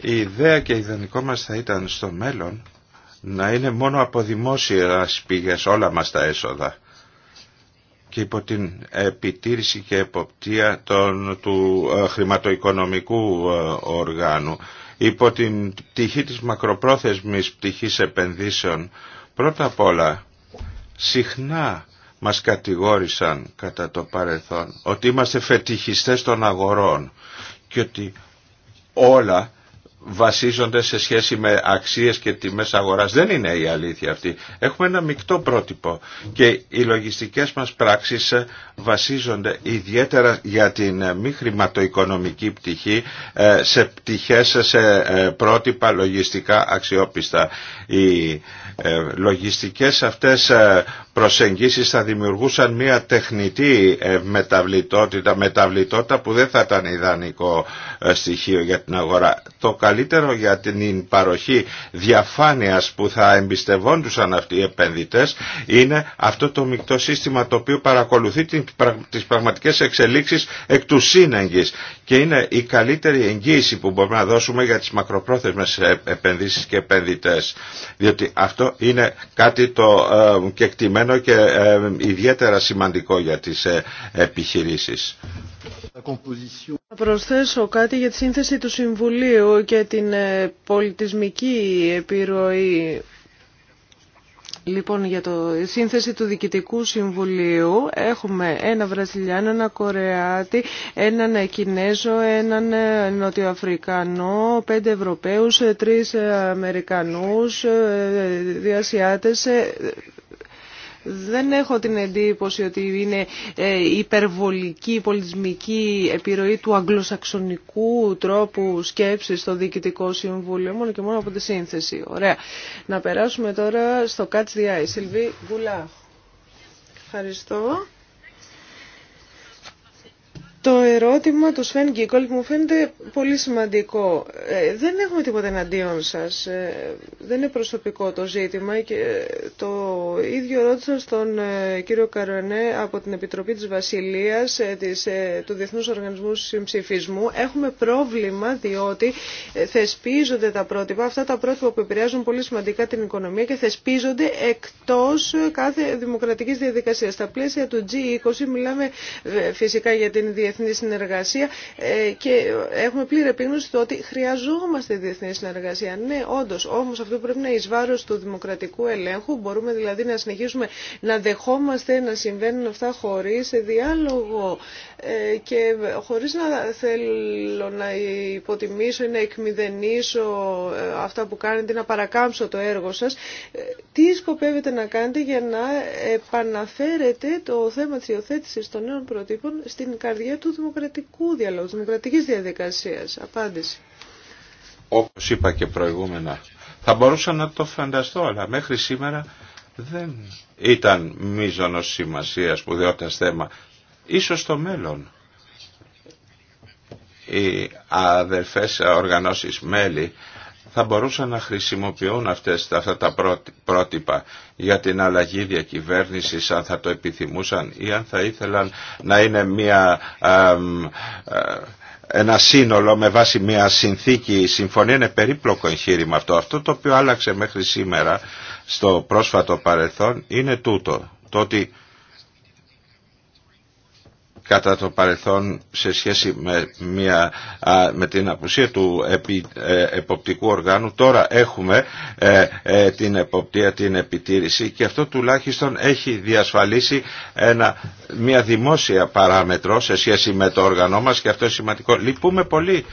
Η ιδέα και ιδανικό μας θα ήταν στο μέλλον να είναι μόνο από δημόσιες πηγές όλα μας τα έσοδα και υπό την επιτήρηση και εποπτεία των, του ε, χρηματοοικονομικού ε, οργάνου. Υπό την πτυχή της μακροπρόθεσμης πτυχής επενδύσεων, πρώτα απ' όλα, συχνά μας κατηγόρησαν κατά το παρελθόν ότι είμαστε φετιχιστές των αγορών και ότι όλα βασίζονται σε σχέση με αξίες και τιμές αγοράς. Δεν είναι η αλήθεια αυτή. Έχουμε ένα μεικτό πρότυπο και οι λογιστικές μας πράξεις βασίζονται ιδιαίτερα για την μη χρηματοοικονομική πτυχή ε, σε πτυχές, σε ε, πρότυπα λογιστικά αξιόπιστα. Οι ε, λογιστικές αυτές προσεγγίσεις θα δημιουργούσαν μια τεχνητή ε, μεταβλητότητα, μεταβλητότητα που δεν θα ήταν ιδανικό ε, στοιχείο για την αγορά. Το καλύτερο για την παροχή διαφάνειας που θα εμπιστευόντουσαν αυτοί οι επενδυτές είναι αυτό το μεικτό σύστημα το οποίο παρακολουθεί τις πραγματικές εξελίξεις εκ του σύνεγγης και είναι η καλύτερη εγγύηση που μπορούμε να δώσουμε για τις μακροπρόθεσμες ε, επενδύσεις και επενδυτές διότι αυτό είναι κάτι το κεκτημένο και ε, ιδιαίτερα σημαντικό για τις ε, επιχειρήσεις. Θα προσθέσω κάτι για τη σύνθεση του Συμβουλίου και την ε, πολιτισμική επιρροή. Λοιπόν, για το σύνθεση του Διοικητικού Συμβουλίου έχουμε ένα Βραζιλιάνο, ένα Κορεάτη, έναν Κινέζο, έναν Νοτιοαφρικανό, πέντε Ευρωπαίους, τρεις Αμερικανούς, δύο Ασιάτες, δεν έχω την εντύπωση ότι είναι ε, υπερβολική πολιτισμική επιρροή του αγγλοσαξονικού τρόπου σκέψης στο Διοικητικό Συμβούλιο, μόνο και μόνο από τη σύνθεση. Ωραία. Να περάσουμε τώρα στο Catch the Eye. Σιλβί Γκουλάχ. Ευχαριστώ. Το ερώτημα του Σφεν Γκίκολ μου φαίνεται πολύ σημαντικό. Ε, δεν έχουμε τίποτα εναντίον σας. Ε, δεν είναι προσωπικό το ζήτημα. Και το ίδιο ρώτησα στον ε, κύριο Καρονέ από την Επιτροπή της Βασιλείας της, του Διεθνούς Οργανισμού Συμψηφισμού. Έχουμε πρόβλημα διότι θεσπίζονται τα πρότυπα, αυτά τα πρότυπα που επηρεάζουν πολύ σημαντικά την οικονομία και θεσπίζονται εκτός κάθε δημοκρατικής διαδικασίας. Στα πλαίσια του G20 μιλάμε φυσικά για την διεθνή διεθνή συνεργασία ε, και έχουμε πλήρη επίγνωση ότι χρειαζόμαστε διεθνή συνεργασία. Ναι, όντω, όμω αυτό πρέπει να είναι ει βάρο του δημοκρατικού ελέγχου. Μπορούμε δηλαδή να συνεχίσουμε να δεχόμαστε να συμβαίνουν αυτά χωρί διάλογο. Ε, και χωρίς να θέλω να υποτιμήσω ή να εκμηδενήσω ε, αυτά που κάνετε, να παρακάμψω το έργο σας, ε, τι σκοπεύετε να κάνετε για να επαναφέρετε το θέμα της υιοθέτησης των νέων προτύπων στην καρδιά του δημοκρατικού διαλόγου, της δημοκρατικής διαδικασίας. Απάντηση. Όπως είπα και προηγούμενα, θα μπορούσα να το φανταστώ, αλλά μέχρι σήμερα δεν ήταν σημασίας σημασία σπουδαιότητα θέμα Ίσως στο μέλλον οι αδερφές οργανώσεις μέλη θα μπορούσαν να χρησιμοποιούν αυτές, αυτά τα πρότυπα για την αλλαγή διακυβέρνησης αν θα το επιθυμούσαν ή αν θα ήθελαν να είναι μια, ε, ένα σύνολο με βάση μια συνθήκη. Η συμφωνία είναι περίπλοκο εγχείρημα αυτό. Αυτό το οποίο άλλαξε μέχρι σήμερα στο πρόσφατο παρελθόν είναι τούτο. Το ότι κατά το παρελθόν σε σχέση με, μια, με την απουσία του επι, ε, εποπτικού οργάνου. Τώρα έχουμε ε, ε, την εποπτεία, την επιτήρηση και αυτό τουλάχιστον έχει διασφαλίσει ένα, μια δημόσια παράμετρο σε σχέση με το όργανό μας και αυτό είναι σημαντικό. Λυπούμε πολύ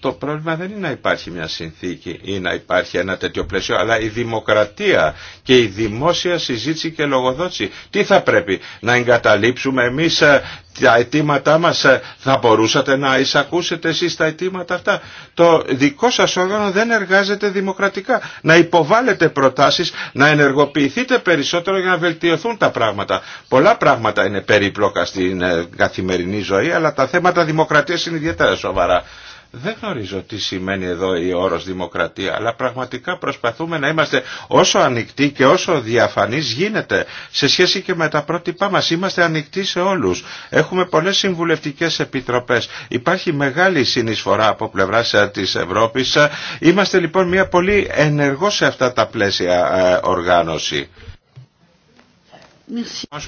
το πρόβλημα δεν είναι να υπάρχει μια συνθήκη ή να υπάρχει ένα τέτοιο πλαίσιο, αλλά η δημοκρατία και η δημόσια συζήτηση και λογοδότηση. Τι θα πρέπει να εγκαταλείψουμε εμείς ε, τα αιτήματά μας, ε, θα μπορούσατε να εισακούσετε εσείς τα αιτήματα αυτά. Το δικό σας όργανο δεν εργάζεται δημοκρατικά. Να υποβάλλετε προτάσεις, να ενεργοποιηθείτε περισσότερο για να βελτιωθούν τα πράγματα. Πολλά πράγματα είναι περίπλοκα στην ε, καθημερινή ζωή, αλλά τα θέματα δημοκρατίας είναι ιδιαίτερα σοβαρά. Δεν γνωρίζω τι σημαίνει εδώ η όρος δημοκρατία, αλλά πραγματικά προσπαθούμε να είμαστε όσο ανοιχτοί και όσο διαφανείς γίνεται σε σχέση και με τα πρότυπά μας. Είμαστε ανοιχτοί σε όλους. Έχουμε πολλές συμβουλευτικές επιτροπές. Υπάρχει μεγάλη συνεισφορά από πλευρά ε, της Ευρώπης. Ε, είμαστε λοιπόν μια πολύ ενεργό σε αυτά τα πλαίσια ε, οργάνωση.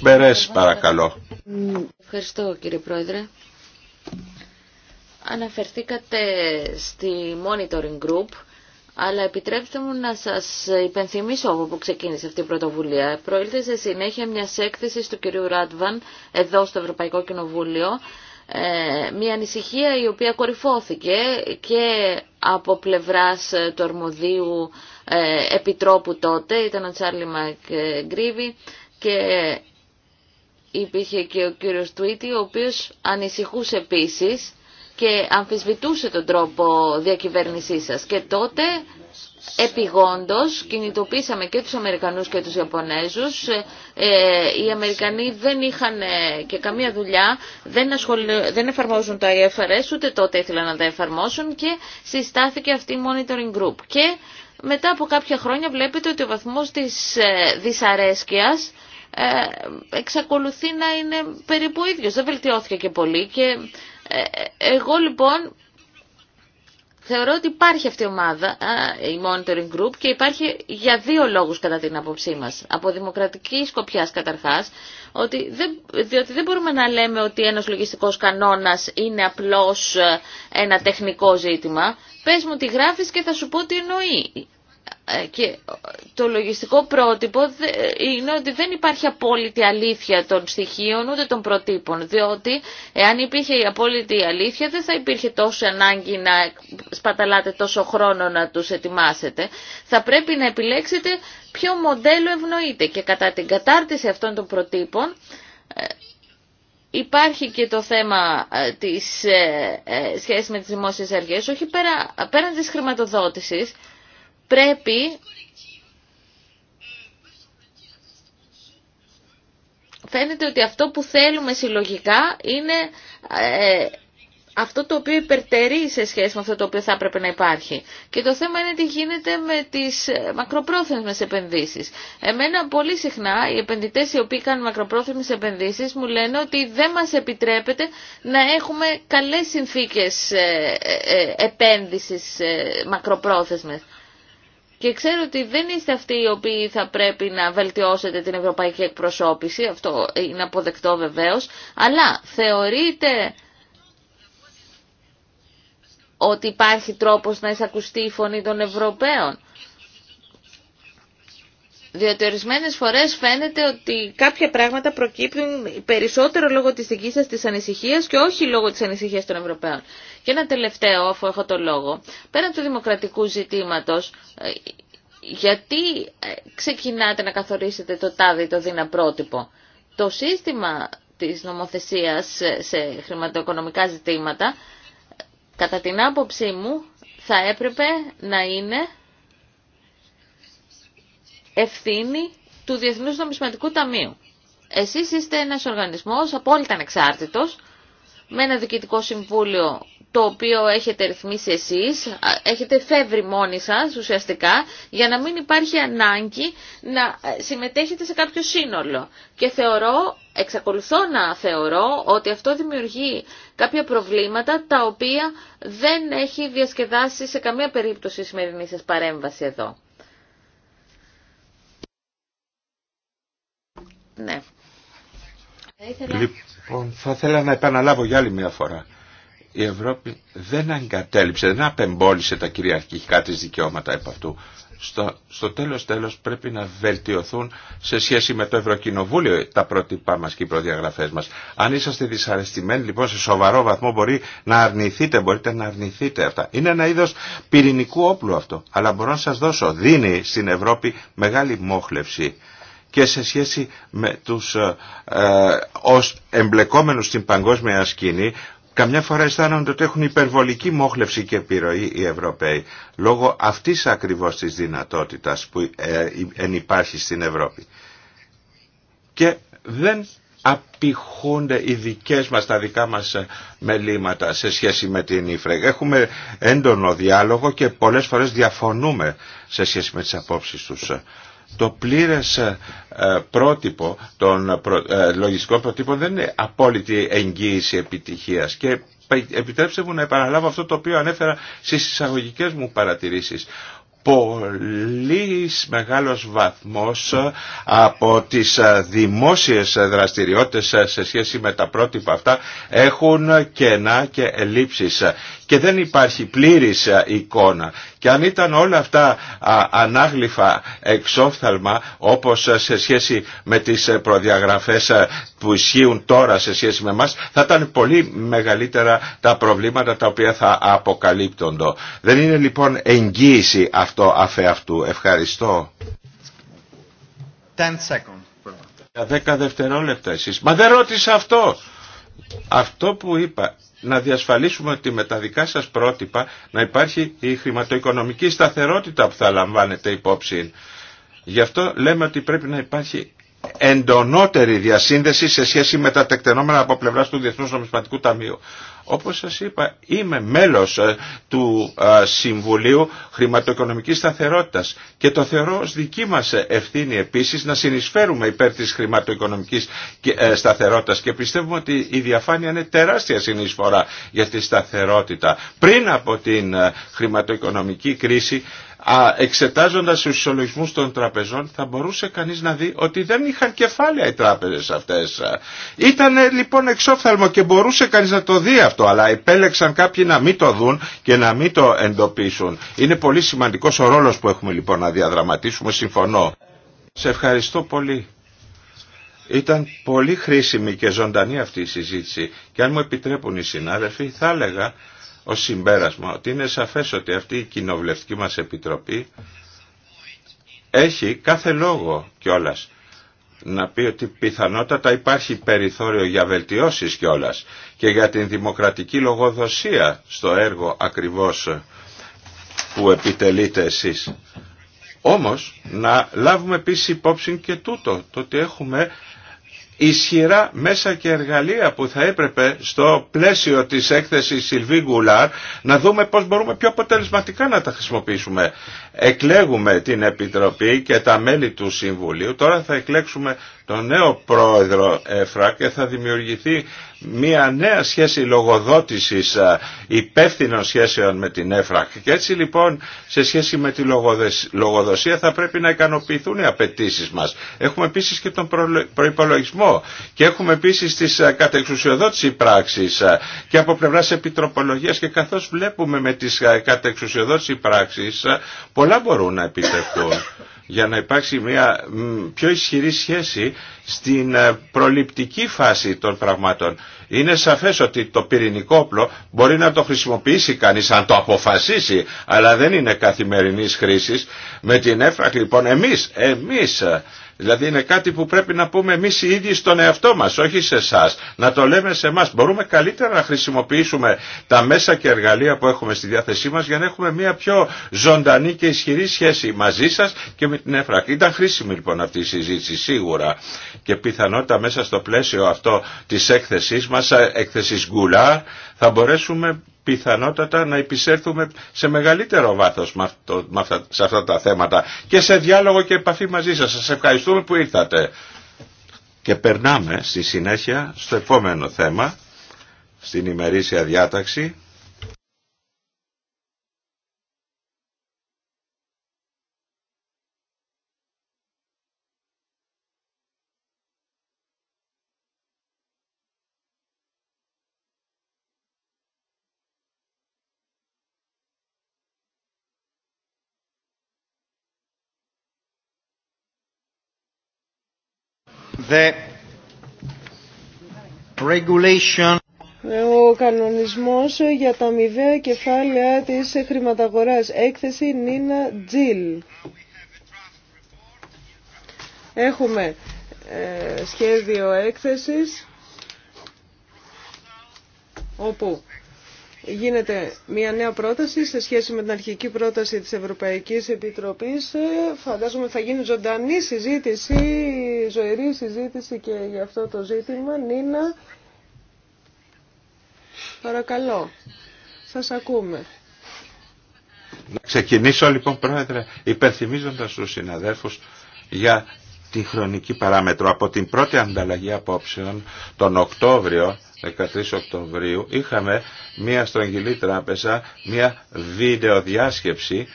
Μπερές, παρακαλώ. Ευχαριστώ κύριε Πρόεδρε. Αναφερθήκατε στη Monitoring Group, αλλά επιτρέψτε μου να σας υπενθυμίσω από που ξεκίνησε αυτή η πρωτοβουλία. Προήλθε σε συνέχεια μια έκθεση του κυρίου Ράτβαν εδώ στο Ευρωπαϊκό Κοινοβούλιο, ε, μια ανησυχία η οποία κορυφώθηκε και από πλευράς του αρμοδίου ε, επιτρόπου τότε, ήταν ο Τσάρλι Γκρίβι και υπήρχε και ο κύριος Τουίτη, ο οποίος ανησυχούσε επίσης και αμφισβητούσε τον τρόπο διακυβέρνησής σας. Και τότε επιγόντως κινητοποίησαμε και τους Αμερικανούς και τους Ιαπωνέζους. Ε, ε, οι Αμερικανοί δεν είχαν ε, και καμία δουλειά, δεν, ασχολ... δεν εφαρμόζουν τα IFRS, ούτε τότε ήθελαν να τα εφαρμόσουν και συστάθηκε αυτή η monitoring group. Και μετά από κάποια χρόνια βλέπετε ότι ο βαθμός της δυσαρέσκειας εξακολουθεί να είναι περίπου ίδιος. Δεν βελτιώθηκε και πολύ και ε, ε, εγώ λοιπόν θεωρώ ότι υπάρχει αυτή η ομάδα, η monitoring group και υπάρχει για δύο λόγους κατά την άποψή μας. Από δημοκρατική σκοπιά καταρχάς, ότι δεν, διότι δεν μπορούμε να λέμε ότι ένας λογιστικός κανόνας είναι απλώς ε, ένα τεχνικό ζήτημα. Πες μου τι γράφεις και θα σου πω τι εννοεί. Ε, και το λογιστικό πρότυπο ε, είναι ότι δεν υπάρχει απόλυτη αλήθεια των στοιχείων ούτε των προτύπων, διότι εάν υπήρχε η απόλυτη αλήθεια δεν θα υπήρχε τόσο ανάγκη να σπαταλάτε τόσο χρόνο να τους ετοιμάσετε. Θα πρέπει να επιλέξετε ποιο μοντέλο ευνοείται και κατά την κατάρτιση αυτών των προτύπων ε, Υπάρχει και το θέμα της σχέσης με τις δημόσιες αρχές, όχι πέρα, πέραν της χρηματοδότησης, πρέπει φαίνεται ότι αυτό που θέλουμε συλλογικά είναι ε, αυτό το οποίο υπερτερεί σε σχέση με αυτό το οποίο θα έπρεπε να υπάρχει. Και το θέμα είναι τι γίνεται με τις ε, μακροπρόθεσμες επενδύσεις. Εμένα πολύ συχνά οι επενδυτές οι οποίοι κάνουν μακροπρόθεσμες επενδύσεις μου λένε ότι δεν μας επιτρέπεται να έχουμε καλές συνθήκες ε, επένδυσης μακροπρόθεσμες. Και ξέρω ότι δεν είστε αυτοί οι οποίοι θα πρέπει να βελτιώσετε την ευρωπαϊκή εκπροσώπηση, αυτό είναι αποδεκτό βεβαίως, αλλά θεωρείτε ότι υπάρχει τρόπος να εισακουστεί η φωνή των Ευρωπαίων. Διότι ορισμένες φορές φαίνεται ότι κάποια πράγματα προκύπτουν περισσότερο λόγω της δικής σας της ανησυχίας και όχι λόγω της ανησυχίας των Ευρωπαίων. Και ένα τελευταίο, αφού έχω το λόγο, πέραν του δημοκρατικού ζητήματος, ε, γιατί ε, ξεκινάτε να καθορίσετε το τάδι το δίνα πρότυπο. Το σύστημα της νομοθεσίας σε χρηματοοικονομικά ζητήματα, κατά την άποψή μου, θα έπρεπε να είναι ευθύνη του Διεθνούς Νομισματικού Ταμείου. Εσείς είστε ένας οργανισμός απόλυτα ανεξάρτητος, με ένα διοικητικό συμβούλιο το οποίο έχετε ρυθμίσει εσείς, έχετε φεύρει μόνοι σας ουσιαστικά για να μην υπάρχει ανάγκη να ε, συμμετέχετε σε κάποιο σύνολο. Και θεωρώ, εξακολουθώ να θεωρώ ότι αυτό δημιουργεί κάποια προβλήματα τα οποία δεν έχει διασκεδάσει σε καμία περίπτωση η σημερινή σας παρέμβαση εδώ. Ναι. Λοιπόν, θα ήθελα να επαναλάβω για άλλη μια φορά η Ευρώπη δεν αγκατέλειψε, δεν απεμπόλησε τα κυριαρχικά της δικαιώματα επ' αυτού. Στο, στο τέλος τέλος πρέπει να βελτιωθούν σε σχέση με το Ευρωκοινοβούλιο τα πρότυπά μας και οι προδιαγραφές μας. Αν είσαστε δυσαρεστημένοι λοιπόν σε σοβαρό βαθμό μπορεί να αρνηθείτε, μπορείτε να αρνηθείτε αυτά. Είναι ένα είδος πυρηνικού όπλου αυτό, αλλά μπορώ να σας δώσω, δίνει στην Ευρώπη μεγάλη μόχλευση και σε σχέση με τους ε, ε ως εμπλεκόμενους στην παγκόσμια σκηνή Καμιά φορά αισθάνονται ότι έχουν υπερβολική μόχλευση και επιρροή οι Ευρωπαίοι λόγω αυτής ακριβώς της δυνατότητας που ε, ενυπάρχει στην Ευρώπη. Και δεν απηχούνται οι δικές μας, τα δικά μας ε, μελήματα σε σχέση με την ΙΦΡΕΚ. Έχουμε έντονο διάλογο και πολλές φορές διαφωνούμε σε σχέση με τις απόψεις τους. Ε, το πλήρες ε, πρότυπο των ε, λογιστικών προτύπων δεν είναι απόλυτη εγγύηση επιτυχίας και επιτρέψτε μου να επαναλάβω αυτό το οποίο ανέφερα στις εισαγωγικέ μου παρατηρήσεις πολύ μεγάλος βαθμός ε, από τις δημόσιες δραστηριότητες σε σχέση με τα πρότυπα αυτά έχουν κενά και ελλείψεις και δεν υπάρχει πλήρης εικόνα. Και αν ήταν όλα αυτά ανάγλυφα εξόφθαλμα όπως σε σχέση με τις ε, προδιαγραφές που ισχύουν τώρα σε σχέση με μας, θα ήταν πολύ μεγαλύτερα τα προβλήματα τα οποία θα αποκαλύπτονται. Δεν είναι λοιπόν εγγύηση αυτό αυτού. Ευχαριστώ. 10 seconds. δευτερόλεπτα εσείς. Μα δεν ρώτησα αυτό. Αυτό που είπα να διασφαλίσουμε ότι με τα δικά σας πρότυπα να υπάρχει η χρηματοοικονομική σταθερότητα που θα λαμβάνετε υπόψη. Γι' αυτό λέμε ότι πρέπει να υπάρχει εντονότερη διασύνδεση σε σχέση με τα τεκτενόμενα από πλευρά του Διεθνούς Νομισματικού Ταμείου. Όπως σας είπα, είμαι μέλος ε, του ε, Συμβουλίου Χρηματοοικονομικής Σταθερότητας και το θεωρώ ως δική μας ευθύνη επίσης να συνεισφέρουμε υπέρ της χρηματοοικονομικής ε, σταθερότητας και πιστεύουμε ότι η διαφάνεια είναι τεράστια συνεισφορά για τη σταθερότητα. Πριν από την χρηματοοικονομική κρίση εξετάζοντας τους ισολογισμούς των τραπεζών θα μπορούσε κανείς να δει ότι δεν είχαν κεφάλαια οι τράπεζες αυτές. Ήταν ε, λοιπόν εξόφθαλμο και μπορούσε κανείς να το δει αυτό, αλλά επέλεξαν κάποιοι να μην το δουν και να μην το εντοπίσουν. Είναι πολύ σημαντικός ο ρόλος που έχουμε λοιπόν να διαδραματίσουμε, συμφωνώ. Σε ευχαριστώ πολύ. Ήταν πολύ χρήσιμη και ζωντανή αυτή η συζήτηση και αν μου επιτρέπουν οι συνάδελφοι θα έλεγα ως συμπέρασμα ότι είναι σαφές ότι αυτή η κοινοβουλευτική μας επιτροπή έχει κάθε λόγο κιόλα. να πει ότι πιθανότατα υπάρχει περιθώριο για βελτιώσεις κιόλα και για την δημοκρατική λογοδοσία στο έργο ακριβώς που επιτελείτε εσείς. Όμως να λάβουμε επίσης υπόψη και τούτο, το ότι έχουμε ισχυρά μέσα και εργαλεία που θα έπρεπε στο πλαίσιο της έκθεσης Σιλβί Γκουλάρ να δούμε πώς μπορούμε πιο αποτελεσματικά να τα χρησιμοποιήσουμε. Εκλέγουμε την Επιτροπή και τα μέλη του Συμβουλίου. Τώρα θα εκλέξουμε το νέο πρόεδρο ΕΦΡΑ και θα δημιουργηθεί μια νέα σχέση λογοδότησης υπεύθυνων σχέσεων με την ΕΦΡΑΚ. Και έτσι λοιπόν σε σχέση με τη λογοδοσία θα πρέπει να ικανοποιηθούν οι απαιτήσει μας. Έχουμε επίσης και τον προϋπολογισμό και έχουμε επίσης τις κατεξουσιοδότηση πράξεις και από πλευράς επιτροπολογίας και καθώς βλέπουμε με τις κατεξουσιοδότηση πράξεις πολλά μπορούν να επιτευχθούν για να υπάρξει μια πιο ισχυρή σχέση στην ε, προληπτική φάση των πραγμάτων. Είναι σαφές ότι το πυρηνικό όπλο μπορεί να το χρησιμοποιήσει κανείς αν το αποφασίσει, αλλά δεν είναι καθημερινής χρήσης. Με την έφραχη λοιπόν εμείς, εμείς ε, Δηλαδή είναι κάτι που πρέπει να πούμε εμεί οι ίδιοι στον εαυτό μα, όχι σε εσά. Να το λέμε σε εμά. Μπορούμε καλύτερα να χρησιμοποιήσουμε τα μέσα και εργαλεία που έχουμε στη διάθεσή μα για να έχουμε μια πιο ζωντανή και ισχυρή σχέση μαζί σα και με την ΕΦΡΑΚ. Ήταν χρήσιμη λοιπόν αυτή η συζήτηση σίγουρα και πιθανότητα μέσα στο πλαίσιο αυτό τη έκθεσή μα, έκθεση Γκουλάρ, θα μπορέσουμε πιθανότατα να επισέλθουμε σε μεγαλύτερο βάθος σε αυτά τα θέματα και σε διάλογο και επαφή μαζί σας. Σας ευχαριστούμε που ήρθατε. Και περνάμε στη συνέχεια στο επόμενο θέμα, στην ημερήσια διάταξη. Ο κανονισμός για τα αμοιβαία κεφάλαια της χρηματαγοράς. Έκθεση Νίνα Τζιλ. Έχουμε ε, σχέδιο έκθεσης όπου γίνεται μια νέα πρόταση σε σχέση με την αρχική πρόταση της Ευρωπαϊκής Επιτροπής. Ε, φαντάζομαι θα γίνει ζωντανή συζήτηση ζωηρή συζήτηση και για αυτό το ζήτημα. Νίνα, παρακαλώ, σας ακούμε. Να ξεκινήσω λοιπόν πρόεδρε υπενθυμίζοντας τους συναδέλφους για τη χρονική παράμετρο. Από την πρώτη ανταλλαγή απόψεων τον Οκτώβριο 13 Οκτωβρίου είχαμε μία στρογγυλή τράπεζα, μία βίντεο διάσκεψη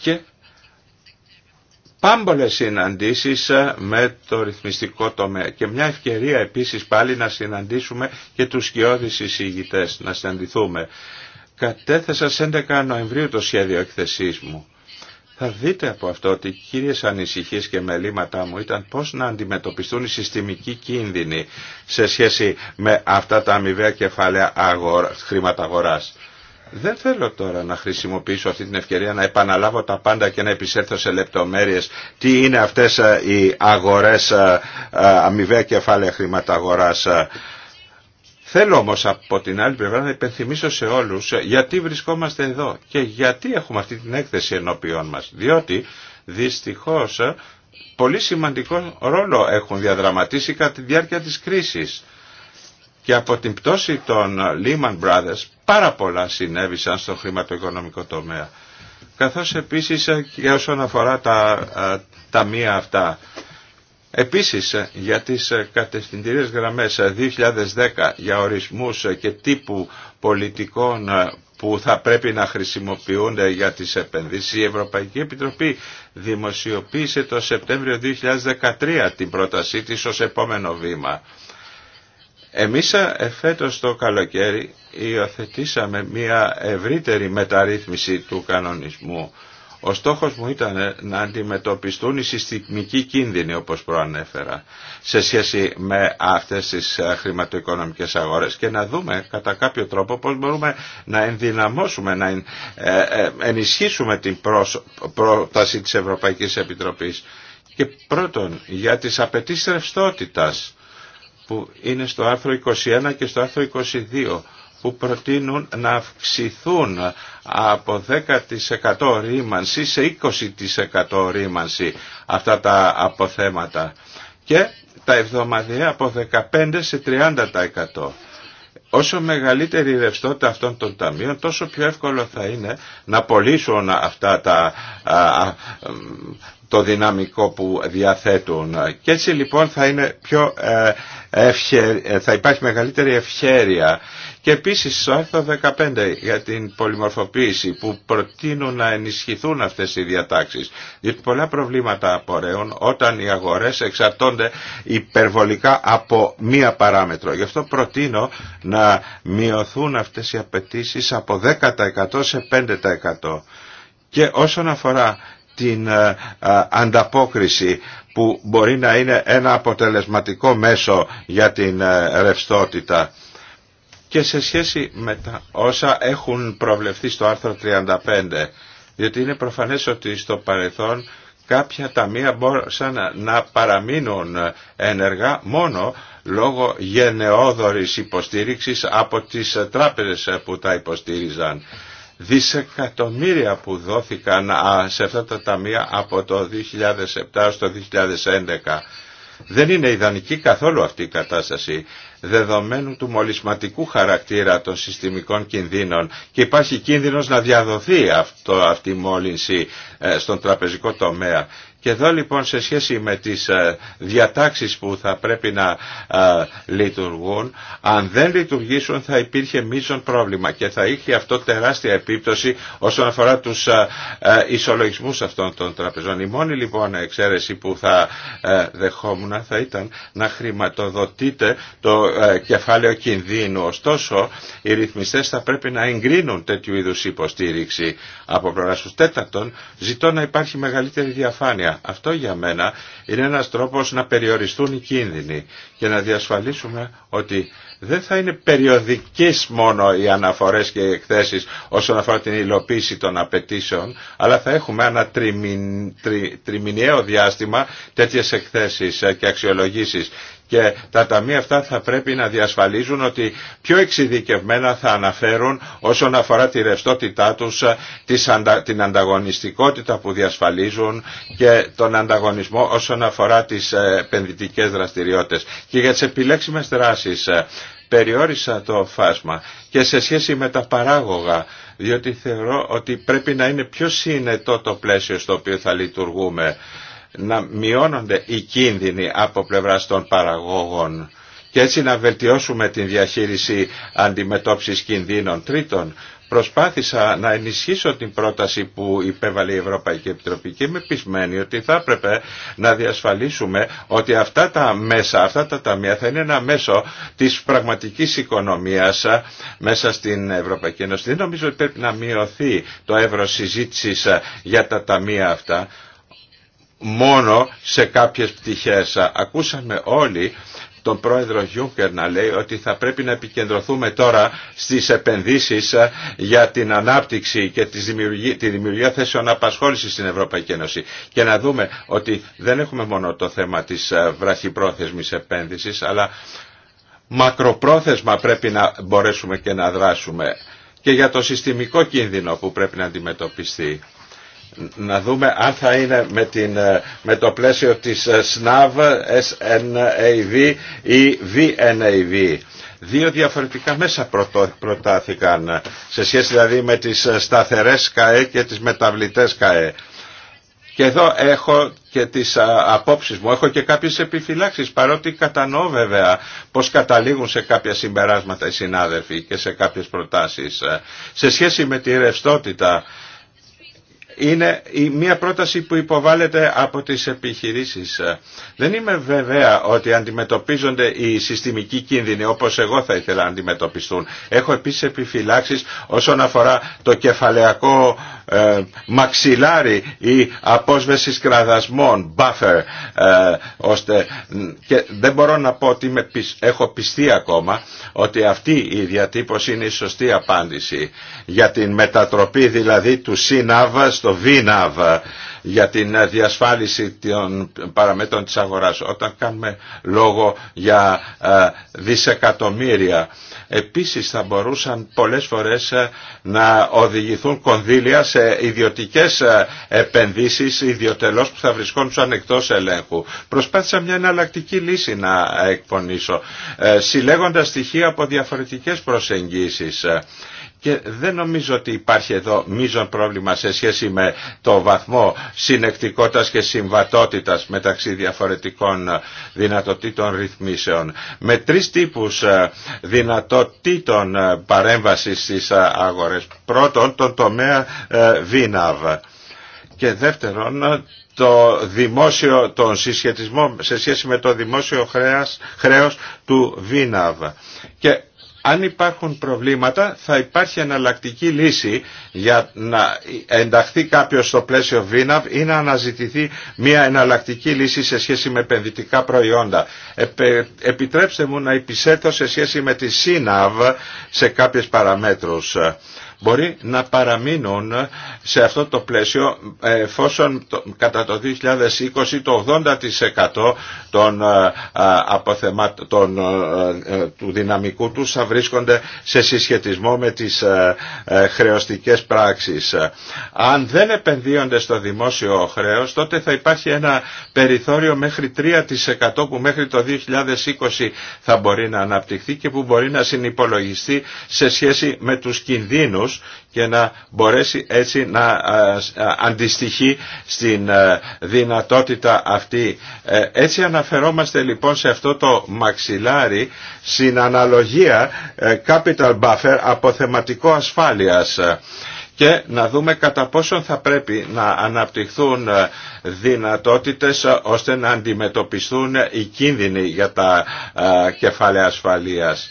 και πάμπολες συναντήσεις ε, με το ρυθμιστικό τομέα και μια ευκαιρία επίσης πάλι να συναντήσουμε και τους σκιώδεις εισηγητές, να συναντηθούμε. Κατέθεσα σε 11 Νοεμβρίου το σχέδιο εκθεσής μου. Θα δείτε από αυτό ότι οι κύριες ανησυχίες και μελήματά μου ήταν πώς να αντιμετωπιστούν οι συστημικοί κίνδυνοι σε σχέση με αυτά τα αμοιβαία κεφάλαια αγορα, χρήματα δεν θέλω τώρα να χρησιμοποιήσω αυτή την ευκαιρία να επαναλάβω τα πάντα και να επισέλθω σε λεπτομέρειες τι είναι αυτές ε, οι αγορές ε, ε, αμοιβαία κεφάλαια χρηματαγοράς. Θέλω όμως από την άλλη πλευρά να υπενθυμίσω σε όλους γιατί βρισκόμαστε εδώ και γιατί έχουμε αυτή την έκθεση ενώπιόν μας. Διότι δυστυχώς πολύ σημαντικό ρόλο έχουν διαδραματίσει κατά τη διάρκεια της κρίσης και από την πτώση των Lehman Brothers πάρα πολλά συνέβησαν στο χρηματοοικονομικό τομέα. Καθώς επίσης ε, και όσον αφορά τα ε, ταμεία αυτά. Επίσης ε, για τις κατευθυντήριες γραμμές 2010 για ορισμούς και τύπου πολιτικών που θα πρέπει να χρησιμοποιούνται για τις επενδύσεις. Η Ευρωπαϊκή Επιτροπή δημοσιοποίησε το Σεπτέμβριο 2013 την πρότασή της ως επόμενο βήμα. Εμείς ε, εφέτος το καλοκαίρι υιοθετήσαμε μια ευρύτερη μεταρρύθμιση του κανονισμού. Ο στόχος μου ήταν ε, να αντιμετωπιστούν οι συστημικοί κίνδυνοι όπως προανέφερα σε σχέση με αυτές τις ε, χρηματοοικονομικές αγορές και να δούμε κατά κάποιο τρόπο πώς μπορούμε να ενδυναμώσουμε, να ενισχύσουμε την πρόταση της Ευρωπαϊκής Επιτροπής. Και πρώτον για τις απαιτήσεις ρευστότητας που είναι στο άρθρο 21 και στο άρθρο 22 που προτείνουν να αυξηθούν από 10% ρήμανση σε 20% ρήμανση αυτά τα αποθέματα και τα εβδομαδιαία από 15% σε 30%. Όσο μεγαλύτερη ρευστότητα αυτών των ταμείων, τόσο πιο εύκολο θα είναι να πωλήσουν αυτά τα το δυναμικό που διαθέτουν. Και έτσι λοιπόν θα, είναι πιο, ε, θα υπάρχει μεγαλύτερη ευχέρεια. Και επίσης στο άρθρο 15 για την πολυμορφοποίηση που προτείνουν να ενισχυθούν αυτές οι διατάξεις. Διότι πολλά προβλήματα απορρέουν όταν οι αγορές εξαρτώνται υπερβολικά από μία παράμετρο. Γι' αυτό προτείνω να μειωθούν αυτές οι απαιτήσει από 10% σε 5%. Και όσον αφορά την ε, ε, ανταπόκριση που μπορεί να είναι ένα αποτελεσματικό μέσο για την ε, ρευστότητα. Και σε σχέση με τα όσα έχουν προβλεφθεί στο άρθρο 35, διότι είναι προφανές ότι στο παρελθόν κάποια ταμεία μπορούσαν να παραμείνουν ενεργά μόνο λόγω γενναιόδορης υποστήριξης από τις τράπεζες που τα υποστήριζαν δισεκατομμύρια που δόθηκαν σε αυτά τα ταμεία από το 2007 στο 2011. Δεν είναι ιδανική καθόλου αυτή η κατάσταση δεδομένου του μολυσματικού χαρακτήρα των συστημικών κινδύνων και υπάρχει κίνδυνος να διαδοθεί αυτό, αυτή η μόλυνση ε, στον τραπεζικό τομέα. Και εδώ λοιπόν σε σχέση με τις ε, διατάξεις που θα πρέπει να ε, λειτουργούν, αν δεν λειτουργήσουν θα υπήρχε μείζον πρόβλημα και θα είχε αυτό τεράστια επίπτωση όσον αφορά τους ε, ισολογισμούς αυτών των τραπεζών. Η μόνη λοιπόν εξαίρεση που θα δεχόμουν θα ήταν να χρηματοδοτείται το κεφάλαιο κινδύνου. Ωστόσο, οι ρυθμιστές θα πρέπει να εγκρίνουν τέτοιου είδους υποστήριξη από πλευρά Τέταρτον, ζητώ να υπάρχει μεγαλύτερη διαφάνεια αυτό για μένα είναι ένας τρόπος να περιοριστούν οι κίνδυνοι και να διασφαλίσουμε ότι δεν θα είναι περιοδικές μόνο οι αναφορές και οι εκθέσεις όσον αφορά την υλοποίηση των απαιτήσεων, αλλά θα έχουμε ένα τριμηνιαίο διάστημα τέτοιες εκθέσεις και αξιολογήσεις και τα ταμεία αυτά θα πρέπει να διασφαλίζουν ότι πιο εξειδικευμένα θα αναφέρουν όσον αφορά τη ρευστότητά τους, την ανταγωνιστικότητα που διασφαλίζουν και τον ανταγωνισμό όσον αφορά τις ε, επενδυτικές δραστηριότητες. Και για τις επιλέξιμες δράσεις ε, περιόρισα το φάσμα και σε σχέση με τα παράγωγα διότι θεωρώ ότι πρέπει να είναι πιο συνετό το πλαίσιο στο οποίο θα λειτουργούμε να μειώνονται οι κίνδυνοι από πλευράς των παραγόγων και έτσι να βελτιώσουμε την διαχείριση αντιμετώπισης κινδύνων. Τρίτον, προσπάθησα να ενισχύσω την πρόταση που υπέβαλε η Ευρωπαϊκή Επιτροπή και είμαι πεισμένη ότι θα έπρεπε να διασφαλίσουμε ότι αυτά τα μέσα, αυτά τα ταμεία θα είναι ένα μέσο της πραγματικής οικονομίας μέσα στην Ευρωπαϊκή Ένωση. Δεν νομίζω ότι πρέπει να μειωθεί το εύρο συζήτηση για τα ταμεία αυτά μόνο σε κάποιες πτυχές. Ακούσαμε όλοι τον πρόεδρο Γιούγκερ να λέει ότι θα πρέπει να επικεντρωθούμε τώρα στις επενδύσεις ε, για την ανάπτυξη και τη δημιουργία θέσεων απασχόλησης στην Ευρωπαϊκή Ένωση και να δούμε ότι δεν έχουμε μόνο το θέμα της ε, βραχυπρόθεσμης επένδυσης αλλά μακροπρόθεσμα πρέπει να μπορέσουμε και να δράσουμε και για το συστημικό κίνδυνο που πρέπει να αντιμετωπιστεί να δούμε αν θα είναι με, την, ε, το πλαίσιο της ε, SNAV, SNAV ή VNAV. Δύο διαφορετικά μέσα προτάθηκαν ε, σε σχέση δηλαδή με τις σταθερές ΚΑΕ και τις μεταβλητές ΚΑΕ. Και εδώ έχω και τις απόψεις μου, έχω και κάποιες επιφυλάξεις, παρότι κατανοώ βέβαια πώς καταλήγουν σε κάποια συμπεράσματα οι συνάδελφοι και σε κάποιες προτάσεις. Σε σχέση με τη ρευστότητα, είναι μια πρόταση που υποβάλλεται από τις επιχειρήσεις. Δεν είμαι βεβαία ότι αντιμετωπίζονται οι συστημικοί κίνδυνοι όπως εγώ θα ήθελα να αντιμετωπιστούν. Έχω επίσης επιφυλάξεις όσον αφορά το κεφαλαιακό ε, μαξιλάρι ή απόσβεση κραδασμών, buffer, ε, δεν μπορώ να πω ότι είμαι, έχω πιστεί ακόμα ότι αυτή η διατύπωση είναι η σωστή απάντηση για την μετατροπή δηλαδή του συνάβα το ΒΙΝΑΒ ε, για την ε, διασφάλιση των παραμέτρων της αγοράς όταν κάνουμε λόγο για ε, δισεκατομμύρια. Επίσης θα μπορούσαν πολλές φορές να οδηγηθούν κονδύλια σε ιδιωτικές επενδύσεις ιδιωτελώς που θα βρισκόντουσαν εκτός ελέγχου. Προσπάθησα μια εναλλακτική λύση να εκπονήσω συλλέγοντας στοιχεία από διαφορετικές προσεγγίσεις. Και δεν νομίζω ότι υπάρχει εδώ μείζον πρόβλημα σε σχέση με το βαθμό συνεκτικότητας και συμβατότητας μεταξύ διαφορετικών ε, δυνατοτήτων ρυθμίσεων. Με τρεις τύπους ε, δυνατοτήτων ε, παρέμβασης στις αγορές. Πρώτον, τον τομέα Βίναβ. Και δεύτερον, το δημόσιο, τον συσχετισμό σε σχέση με το δημόσιο χρέος, χρέος του Βίναβ. Και αν υπάρχουν προβλήματα θα υπάρχει εναλλακτική λύση για να ενταχθεί κάποιο στο πλαίσιο ΒΙΝΑΒ ή να αναζητηθεί μια εναλλακτική λύση σε σχέση με επενδυτικά προϊόντα. Επιτρέψτε μου να επισέλθω σε σχέση με τη ΣΥΝΑΒ σε κάποιες παραμέτρους μπορεί να παραμείνουν σε αυτό το πλαίσιο εφόσον κατά το 2020 το 80% των, ε, αποθεμα... Ε, ε, του δυναμικού τους θα βρίσκονται σε συσχετισμό με τις χρεωστικές πράξεις. Αν δεν επενδύονται στο δημόσιο χρέος τότε θα υπάρχει ένα περιθώριο μέχρι 3% που μέχρι το 2020 θα μπορεί να αναπτυχθεί και που μπορεί να συνυπολογιστεί σε σχέση με τους κινδύνους και να μπορέσει έτσι να αντιστοιχεί στην δυνατότητα αυτή. Ε, έτσι αναφερόμαστε λοιπόν σε αυτό το μαξιλάρι στην αναλογία ε, capital buffer από θεματικό ασφάλειας και να δούμε κατά πόσον θα πρέπει να αναπτυχθούν ε, δυνατότητες ώστε να αντιμετωπιστούν οι κίνδυνοι για τα κεφάλαια ασφαλείας.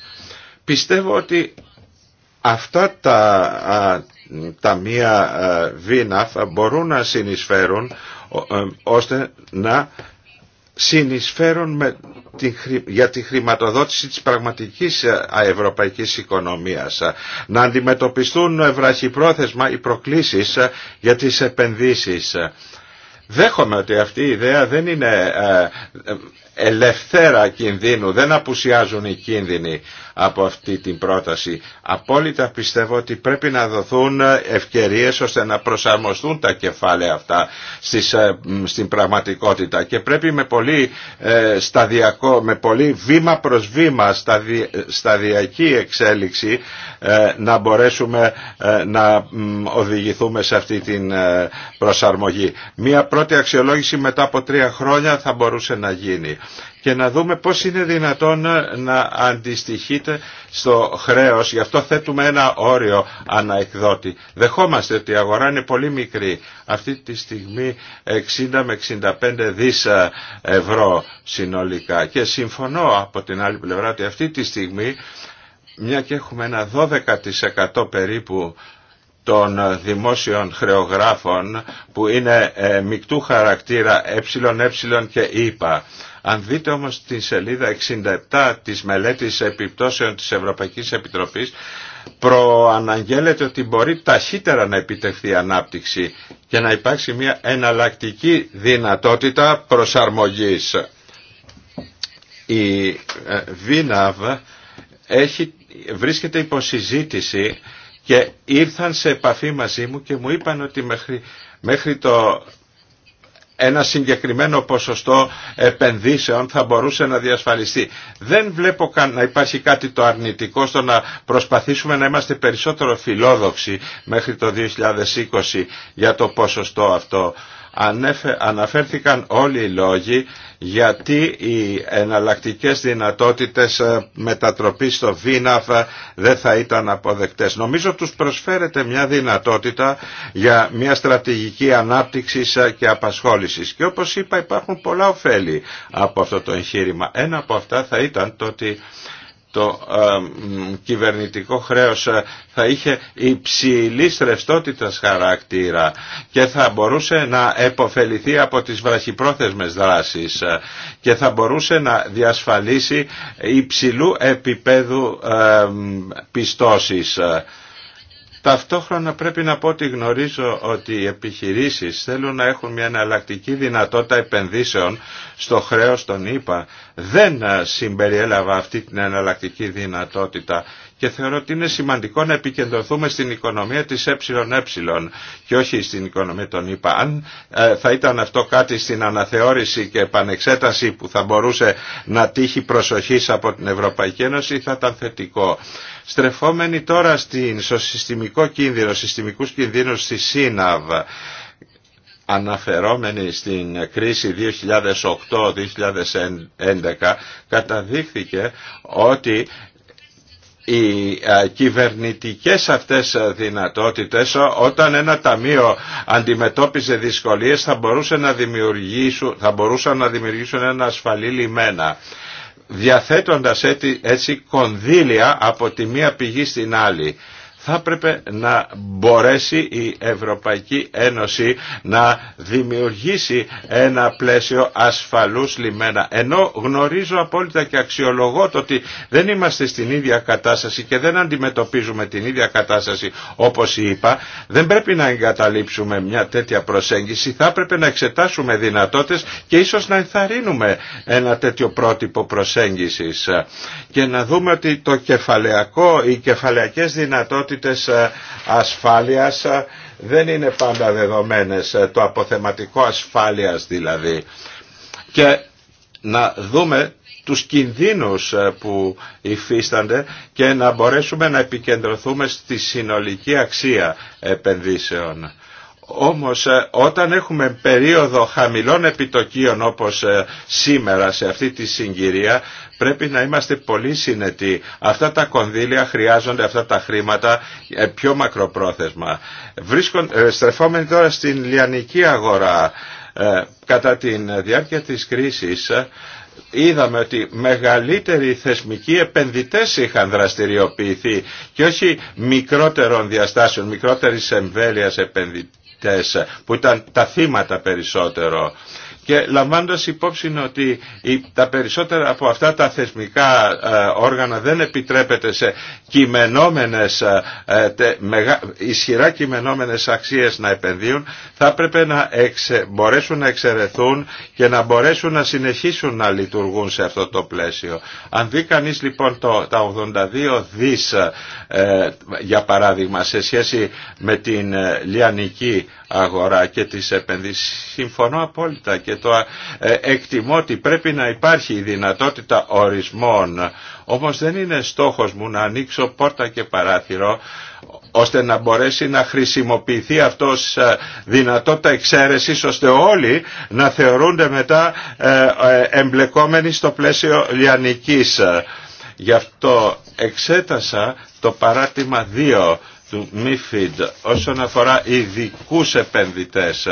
Πιστεύω ότι Αυτά τα ταμεία ΒΙΝΑΦ μπορούν να συνεισφέρουν ε, ώστε να συνεισφέρουν με για τη χρηματοδότηση της πραγματικής ε, ευρωπαϊκής οικονομίας. Να αντιμετωπιστούν βραχυπρόθεσμα οι προκλήσεις για τις επενδύσεις. Δέχομαι ότι αυτή η ιδέα δεν είναι ε, ελευθέρα κινδύνου, δεν απουσιάζουν οι κίνδυνοι από αυτή την πρόταση. Απόλυτα πιστεύω ότι πρέπει να δοθούν ευκαιρίες ώστε να προσαρμοστούν τα κεφάλαια αυτά ε, στην πραγματικότητα και πρέπει με πολύ, ε, σταδιακό, με πολύ βήμα προς βήμα σταδι, σταδιακή εξέλιξη ε, να μπορέσουμε να οδηγηθούμε σε αυτή την προσαρμογή. Μία πρώτη αξιολόγηση μετά από τρία χρόνια θα μπορούσε να γίνει και να δούμε πώς είναι δυνατόν να αντιστοιχείτε στο χρέος. Γι' αυτό θέτουμε ένα όριο αναεκδότη. Δεχόμαστε ότι η αγορά είναι πολύ μικρή. Αυτή τη στιγμή 60 με 65 δις ευρώ συνολικά. Και συμφωνώ από την άλλη πλευρά ότι αυτή τη στιγμή μια και έχουμε ένα 12% περίπου των δημόσιων χρεογράφων που είναι ε, μικτού χαρακτήρα ε, ε και ΙΠΑ. Αν δείτε όμως τη σελίδα 67 της μελέτης επιπτώσεων της Ευρωπαϊκής Επιτροπής προαναγγέλλεται ότι μπορεί ταχύτερα να επιτευχθεί ανάπτυξη και να υπάρξει μια εναλλακτική δυνατότητα προσαρμογής. Η Βίναβ ε, έχει, βρίσκεται υπό συζήτηση και ήρθαν σε επαφή μαζί μου και μου είπαν ότι μέχρι, μέχρι το ένα συγκεκριμένο ποσοστό επενδύσεων θα μπορούσε να διασφαλιστεί. Δεν βλέπω καν να υπάρχει κάτι το αρνητικό στο να προσπαθήσουμε να είμαστε περισσότερο φιλόδοξοι μέχρι το 2020 για το ποσοστό αυτό αναφέρθηκαν όλοι οι λόγοι γιατί οι εναλλακτικές δυνατότητες ε, μετατροπής στο ΒΙΝΑΦ ε, δεν θα ήταν αποδεκτές. Νομίζω τους προσφέρεται μια δυνατότητα για μια στρατηγική ανάπτυξης ε, και απασχόλησης. Και όπως είπα υπάρχουν πολλά ωφέλη από αυτό το εγχείρημα. Ένα από αυτά θα ήταν το ότι το κυβερνητικό χρέος ε, θα είχε υψηλή ρευστότητα χαρακτήρα και θα μπορούσε να επωφεληθεί από τις βραχυπρόθεσμες δράσεις ε, και θα μπορούσε να διασφαλίσει υψηλού επίπεδου πιστώσεις. Ε. Ταυτόχρονα πρέπει να πω ότι γνωρίζω ότι οι επιχειρήσεις θέλουν να έχουν μια εναλλακτική δυνατότητα επενδύσεων στο χρέος των ήπα Δεν ε, συμπεριέλαβα αυτή την εναλλακτική δυνατότητα και θεωρώ ότι είναι σημαντικό να επικεντρωθούμε στην οικονομία της ΕΕ και όχι στην οικονομία των ΗΠΑ. Αν ε, θα ήταν αυτό κάτι στην αναθεώρηση και επανεξέταση που θα μπορούσε να τύχει προσοχής από την Ευρωπαϊκή Ένωση θα ήταν θετικό. Στρεφόμενοι τώρα στο συστημικό κίνδυνο, συστημικούς κινδύνους στη ΣΥΝΑΒ, αναφερόμενοι στην κρίση 2008-2011 καταδείχθηκε ότι οι κυβερνητικές αυτές δυνατότητες όταν ένα ταμείο αντιμετώπιζε δυσκολίες θα, μπορούσε να θα μπορούσαν να δημιουργήσουν ένα ασφαλή λιμένα διαθέτοντας έτσι κονδύλια από τη μία πηγή στην άλλη θα έπρεπε να μπορέσει η Ευρωπαϊκή Ένωση να δημιουργήσει ένα πλαίσιο ασφαλούς λιμένα. Ενώ γνωρίζω απόλυτα και αξιολογώ το ότι δεν είμαστε στην ίδια κατάσταση και δεν αντιμετωπίζουμε την ίδια κατάσταση όπως είπα, δεν πρέπει να εγκαταλείψουμε μια τέτοια προσέγγιση, θα έπρεπε να εξετάσουμε δυνατότητες και ίσως να ενθαρρύνουμε ένα τέτοιο πρότυπο προσέγγισης και να δούμε ότι το κεφαλαιακό, οι κεφαλαιακές δυνατότητες δυνατότητες ε, ασφάλειας ε, δεν είναι πάντα δεδομένες, ε, το αποθεματικό ασφάλειας δηλαδή. Και να δούμε τους κινδύνους που υφίστανται και να μπορέσουμε να επικεντρωθούμε στη συνολική αξία επενδύσεων. Όμως ε, όταν έχουμε περίοδο χαμηλών επιτοκίων όπως ε, σήμερα σε αυτή τη συγκυρία πρέπει να είμαστε πολύ συνετοί. Αυτά τα κονδύλια χρειάζονται, αυτά τα χρήματα ε, πιο μακροπρόθεσμα. Βρίσκον, στρεφόμενοι τώρα στην λιανική αγορά κατά τη διάρκεια της κρίσης είδαμε ότι μεγαλύτεροι θεσμικοί επενδυτές είχαν δραστηριοποιηθεί και όχι μικρότερων διαστάσεων, μικρότερης εμβέλειας επενδυτών που ήταν τα θύματα περισσότερο και λαμβάνοντας υπόψη ότι τα περισσότερα από αυτά τα θεσμικά ε, όργανα δεν επιτρέπεται σε κειμενόμενες, ε, ε, ισχυρά κειμενόμενες αξίες να επενδύουν, θα έπρεπε να μπορέσουν να εξαιρεθούν και να μπορέσουν να συνεχίσουν να λειτουργούν σε αυτό το πλαίσιο. Αν δει κανείς λοιπόν το, τα 82 δις, για παράδειγμα, σε σχέση με την Λιανική αγορά και τις επενδύσεις. Συμφωνώ απόλυτα και το ε, εκτιμώ ότι πρέπει να υπάρχει η δυνατότητα ορισμών. Όμως δεν είναι στόχος μου να ανοίξω πόρτα και παράθυρο ώστε να μπορέσει να χρησιμοποιηθεί αυτός ε, δυνατότητα εξαίρεσης ώστε όλοι να θεωρούνται μετά ε, εμπλεκόμενοι στο πλαίσιο λιανικής. Γι' αυτό εξέτασα το παράτημα 2 του MIFID όσον αφορά ειδικού επενδυτές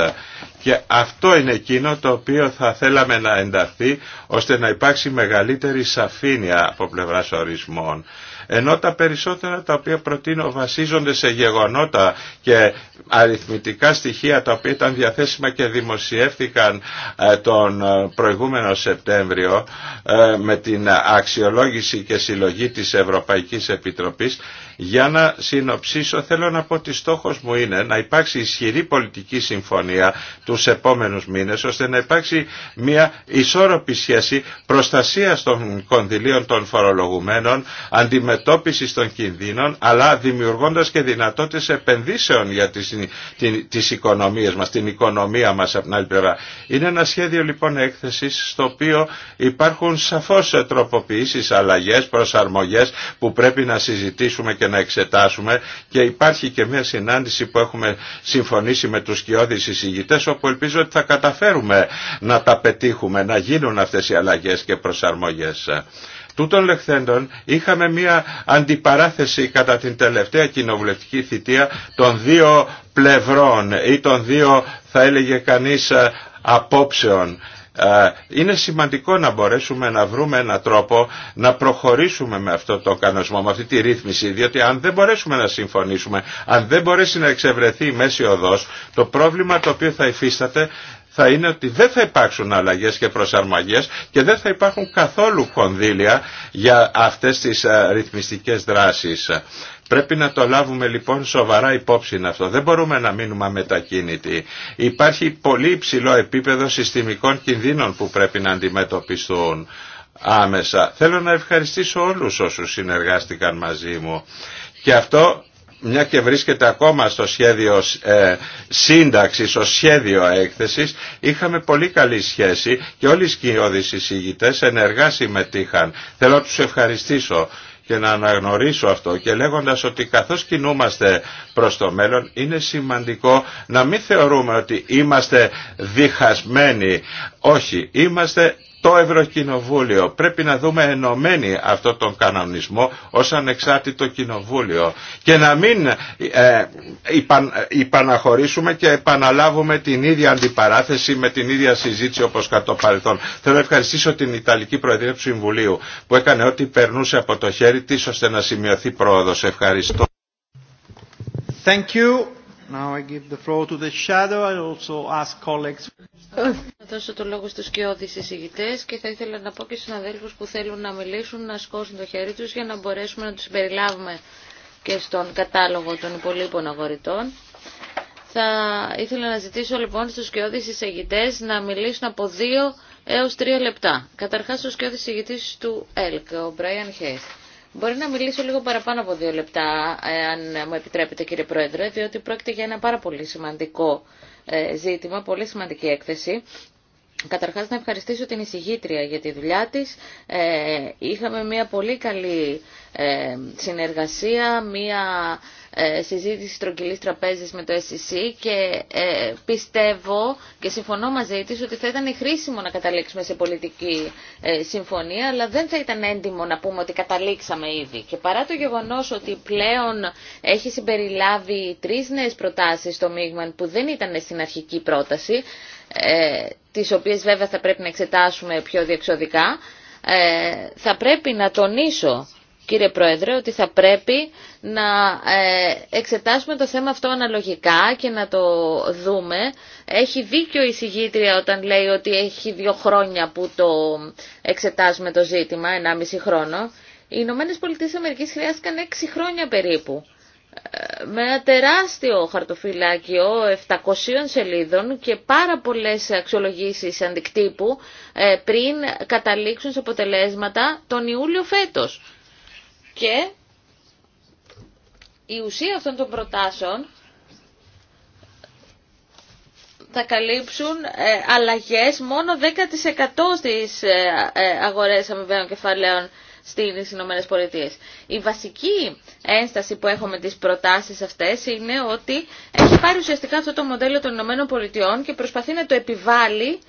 και αυτό είναι εκείνο το οποίο θα θέλαμε να ενταχθεί ώστε να υπάρξει μεγαλύτερη σαφήνεια από πλευράς ορισμών ενώ τα περισσότερα τα οποία προτείνω βασίζονται σε γεγονότα και αριθμητικά στοιχεία τα οποία ήταν διαθέσιμα και δημοσιεύθηκαν ε, τον ε, προηγούμενο Σεπτέμβριο ε, με την αξιολόγηση και συλλογή της Ευρωπαϊκής Επιτροπής για να συνοψίσω θέλω να πω ότι στόχος μου είναι να υπάρξει ισχυρή πολιτική συμφωνία τους επόμενους μήνες ώστε να υπάρξει μια ισόρροπη σχέση προστασία των κονδυλίων των φορολογουμένων, αντιμετώπιση των κινδύνων αλλά δημιουργώντας και δυνατότητες επενδύσεων για τις, τις οικονομίες μας, την οικονομία μας από την άλλη πλευρά. Είναι ένα σχέδιο λοιπόν έκθεσης στο οποίο υπάρχουν σαφώς τροποποιήσεις, αλλαγές, προσαρμογές που πρέπει να συζητήσουμε και να εξετάσουμε και υπάρχει και μια συνάντηση που έχουμε συμφωνήσει με τους κοιόδης εισηγητές όπου ελπίζω ότι θα καταφέρουμε να τα πετύχουμε, να γίνουν αυτές οι αλλαγές και προσαρμογές. Τούτων λεχθέντων είχαμε μια αντιπαράθεση κατά την τελευταία κοινοβουλευτική θητεία των δύο πλευρών ή των δύο θα έλεγε κανείς απόψεων ε, είναι σημαντικό να μπορέσουμε να βρούμε έναν τρόπο να προχωρήσουμε με αυτό το κανονισμό, με αυτή τη ρύθμιση, διότι αν δεν μπορέσουμε να συμφωνήσουμε, αν δεν μπορέσει να εξευρεθεί η μέση οδός, το πρόβλημα το οποίο θα υφίσταται θα είναι ότι δεν θα υπάρξουν αλλαγές και προσαρμογές και δεν θα υπάρχουν καθόλου κονδύλια για αυτές τις ε, ρυθμιστικές δράσεις. Πρέπει να το λάβουμε λοιπόν σοβαρά υπόψη αυτό. Δεν μπορούμε να μείνουμε μετακίνητοι. Υπάρχει πολύ υψηλό επίπεδο συστημικών κινδύνων που πρέπει να αντιμετωπιστούν άμεσα. Θέλω να ευχαριστήσω όλους όσους συνεργάστηκαν μαζί μου. Και αυτό μια και βρίσκεται ακόμα στο σχέδιο ε, σύνταξης, στο σχέδιο έκθεσης, είχαμε πολύ καλή σχέση και όλοι οι σκιώδεις εισηγητές ενεργά συμμετείχαν. Θέλω να τους ευχαριστήσω και να αναγνωρίσω αυτό και λέγοντας ότι καθώς κινούμαστε προς το μέλλον είναι σημαντικό να μην θεωρούμε ότι είμαστε διχασμένοι. Όχι, είμαστε το Ευρωκοινοβούλιο. Πρέπει να δούμε ενωμένοι αυτό τον κανονισμό ως ανεξάρτητο κοινοβούλιο και να μην ε, υπαναχωρήσουμε και επαναλάβουμε την ίδια αντιπαράθεση με την ίδια συζήτηση όπως κατά το παρελθόν. Θέλω να ευχαριστήσω την Ιταλική Προεδρία του Συμβουλίου που έκανε ό,τι περνούσε από το χέρι της ώστε να σημειωθεί πρόοδος. Ευχαριστώ. Thank you. Now Θα δώσω το λόγο στους κοιόδης εισηγητές και θα ήθελα να πω και στους αδέλφους που θέλουν να μιλήσουν να σκόσουν το χέρι τους για να μπορέσουμε να τους περιλάβουμε και στον κατάλογο των υπολείπων αγορητών. Θα ήθελα να ζητήσω λοιπόν στους κοιόδης εισηγητές να μιλήσουν από δύο έως τρία λεπτά. Καταρχάς στους κοιόδης εισηγητής του ΕΛΚ, ο Μπράιαν Hayes. Μπορεί να μιλήσω λίγο παραπάνω από δύο λεπτά, ε, αν μου επιτρέπετε κύριε Πρόεδρε, διότι πρόκειται για ένα πάρα πολύ σημαντικό ε, ζήτημα, πολύ σημαντική έκθεση. Καταρχάς να ευχαριστήσω την εισηγήτρια για τη δουλειά της. Ε, είχαμε μια πολύ καλή συνεργασία, μια ε, συζήτηση τρογγυλής τραπέζης με το SEC και ε, πιστεύω και συμφωνώ μαζί της ότι θα ήταν χρήσιμο να καταλήξουμε σε πολιτική ε, συμφωνία αλλά δεν θα ήταν έντιμο να πούμε ότι καταλήξαμε ήδη. Και παρά το γεγονός ότι πλέον έχει συμπεριλάβει τρεις νέες προτάσεις στο μείγμα, που δεν ήταν στην αρχική πρόταση τις οποίες βέβαια θα πρέπει να εξετάσουμε πιο διεξοδικά θα πρέπει να τονίσω κύριε Πρόεδρε, ότι θα πρέπει να ε, εξετάσουμε το θέμα αυτό αναλογικά και να το δούμε. Έχει δίκιο η συγγήτρια όταν λέει ότι έχει δύο χρόνια που το εξετάζουμε το ζήτημα, 1,5 χρόνο. Οι Ηνωμένε Πολιτείε Αμερικής χρειάστηκαν έξι χρόνια περίπου. Ε, με ένα τεράστιο χαρτοφυλάκιο 700 σελίδων και πάρα πολλές αξιολογήσεις αντικτύπου ε, πριν καταλήξουν σε αποτελέσματα τον Ιούλιο φέτος. Και η ουσία αυτών των προτάσεων θα καλύψουν ε, αλλαγές μόνο 10% στις ε, ε, αγορές αμοιβαίων κεφαλαίων στις Ηνωμένες Πολιτείες. Η βασική ένσταση που έχουμε με τις προτάσεις αυτές είναι ότι έχει πάρει ουσιαστικά αυτό το μοντέλο των Ηνωμένων Πολιτειών και προσπαθεί να το επιβάλλει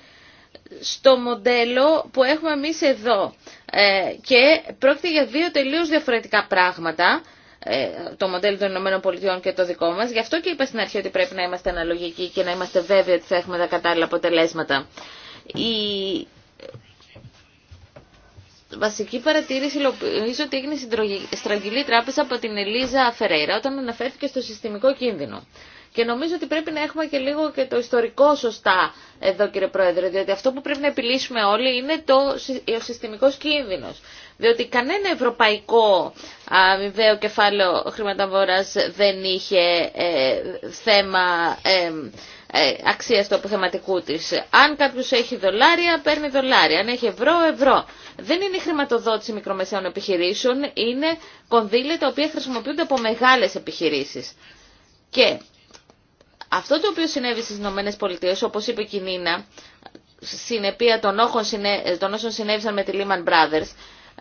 στο μοντέλο που έχουμε εμείς εδώ. Ε, και πρόκειται για δύο τελείως διαφορετικά πράγματα ε, το μοντέλο των Ηνωμένων Πολιτειών και το δικό μας. Γι' αυτό και είπα στην αρχή ότι πρέπει να είμαστε αναλογικοί και να είμαστε βέβαιοι ότι θα έχουμε τα κατάλληλα αποτελέσματα. Η βασική παρατήρηση νομίζω ότι έγινε στραγγυλή τράπεζα από την Ελίζα Φερέιρα όταν αναφέρθηκε στο συστημικό κίνδυνο. Και νομίζω ότι πρέπει να έχουμε και λίγο και το ιστορικό σωστά εδώ κύριε Πρόεδρε, διότι αυτό που πρέπει να επιλύσουμε όλοι είναι το, ο συστημικός κίνδυνος. Διότι κανένα ευρωπαϊκό αμοιβαίο κεφάλαιο χρηματοβόρας δεν είχε ε, θέμα... Ε, ε αξία του αποθεματικού τη. Αν κάποιο έχει δολάρια, παίρνει δολάρια. Αν έχει ευρώ, ευρώ. Δεν είναι η χρηματοδότηση μικρομεσαίων επιχειρήσεων, είναι κονδύλια τα οποία χρησιμοποιούνται από μεγάλε επιχειρήσει. Και αυτό το οποίο συνέβη στις Ηνωμένε Πολιτείες, όπως είπε η Κινίνα, συνεπία των, των όσων συνέβησαν με τη Lehman Brothers,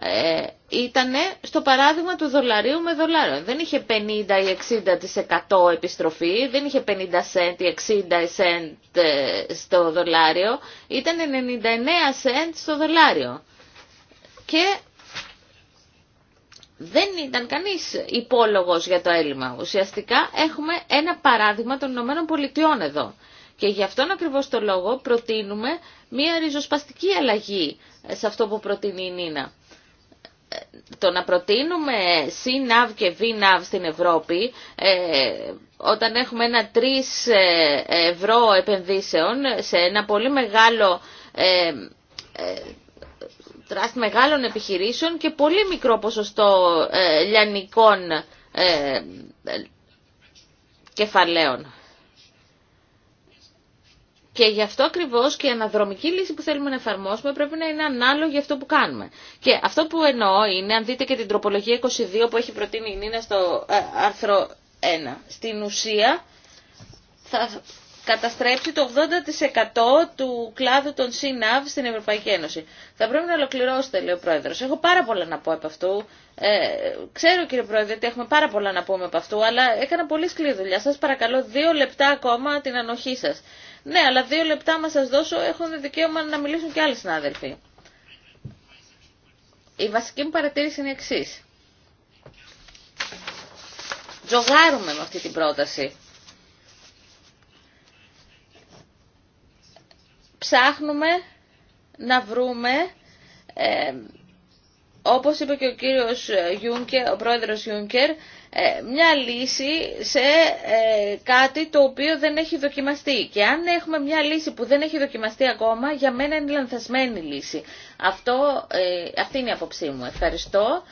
ε, ήταν στο παράδειγμα του δολαρίου με δολάριο. Δεν είχε 50 ή 60% επιστροφή, δεν είχε 50 cent ή 60 cent ε, στο δολάριο, ήταν 99 cent στο δολάριο. Και δεν ήταν κανείς υπόλογος για το έλλειμμα. Ουσιαστικά έχουμε ένα παράδειγμα των Ηνωμένων Πολιτειών εδώ. Και γι' αυτόν ακριβώς το λόγο προτείνουμε μία ριζοσπαστική αλλαγή σε αυτό που προτείνει η Νίνα. Ε, το να προτείνουμε ΣΥΝΑΒ και VNAV στην Ευρώπη, ε, όταν έχουμε ένα 3 ε, ευρώ επενδύσεων σε ένα πολύ μεγάλο τραστ μεγάλων επιχειρήσεων και πολύ μικρό ποσοστό ε, λιανικών ε, κεφαλαίων. Και γι' αυτό ακριβώς και η αναδρομική λύση που θέλουμε να εφαρμόσουμε πρέπει να είναι ανάλογη αυτό που κάνουμε. Και αυτό που εννοώ είναι, αν δείτε και την τροπολογία 22 που έχει προτείνει η Νίνα στο ε, άρθρο 1, στην ουσία θα καταστρέψει το 80% του κλάδου των ΣΥΝΑΒ στην Ευρωπαϊκή Ένωση. Θα πρέπει να ολοκληρώσετε, λέει ο Πρόεδρος. Έχω πάρα πολλά να πω από αυτού. Ε, ξέρω, κύριε Πρόεδρε, ότι έχουμε πάρα πολλά να πούμε από αυτού, αλλά έκανα πολύ σκληρή δουλειά. Σας παρακαλώ δύο λεπτά ακόμα την ανοχή σας. Ναι, αλλά δύο λεπτά μας σας δώσω, έχουν δικαίωμα να μιλήσουν και άλλοι συνάδελφοι. Η βασική μου παρατήρηση είναι εξή. Τζογάρουμε με αυτή την πρόταση ψάχνουμε να βρούμε, ε, όπως είπε και ο κύριος Γιούνκερ, ο πρόεδρος Γιούνκερ, ε, μια λύση σε ε, κάτι το οποίο δεν έχει δοκιμαστεί. Και αν έχουμε μια λύση που δεν έχει δοκιμαστεί ακόμα, για μένα είναι λανθασμένη λύση. Αυτό, ε, αυτή είναι η απόψή μου. Ευχαριστώ.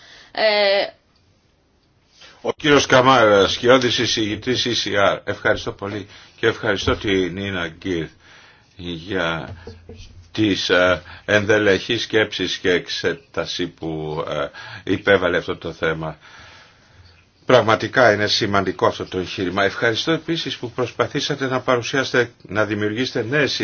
Ο κύριος Καμάρας, χειόδης εισηγητής ECR. Ευχαριστώ πολύ και ευχαριστώ την Νίνα Γκίρ για τις ε, ενδελεχείς σκέψεις και εξέταση που ε, υπέβαλε αυτό το θέμα. Πραγματικά είναι σημαντικό αυτό το εγχείρημα. Ευχαριστώ επίσης που προσπαθήσατε να παρουσιάσετε, να δημιουργήσετε νέες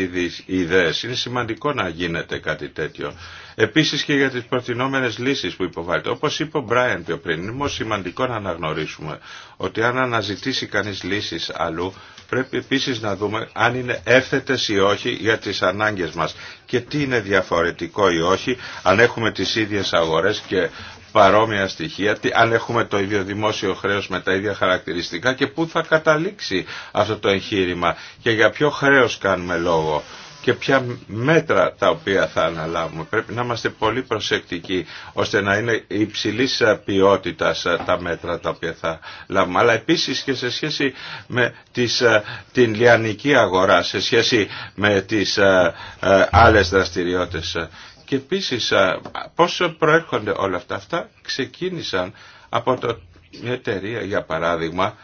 ιδέες. Είναι σημαντικό να γίνεται κάτι τέτοιο. Επίσης και για τις προτινόμενες λύσεις που υποβάλλετε. Όπως είπε ο Μπράιν πιο πριν, είναι σημαντικό να αναγνωρίσουμε ότι αν αναζητήσει κανείς λύσεις αλλού, Πρέπει επίσης να δούμε αν είναι έφθετες ή όχι για τις ανάγκες μας και τι είναι διαφορετικό ή όχι, αν έχουμε τις ίδιες αγορές και παρόμοια στοιχεία, αν έχουμε το ίδιο δημόσιο χρέος με τα ίδια χαρακτηριστικά και πού θα καταλήξει αυτό το εγχείρημα και για ποιο χρέος κάνουμε λόγο και ποια μέτρα τα οποία θα αναλάβουμε. Πρέπει να είμαστε πολύ προσεκτικοί ώστε να είναι υψηλή ποιότητα ε, τα μέτρα τα οποία θα λάβουμε. Αλλά επίσης και σε σχέση με ε, την λιανική αγορά, σε σχέση με τις ε, άλλες δραστηριότητες. Και επίση, πώ προέρχονται όλα αυτά. Αυτά ξεκίνησαν από το, μια εταιρεία για παράδειγμα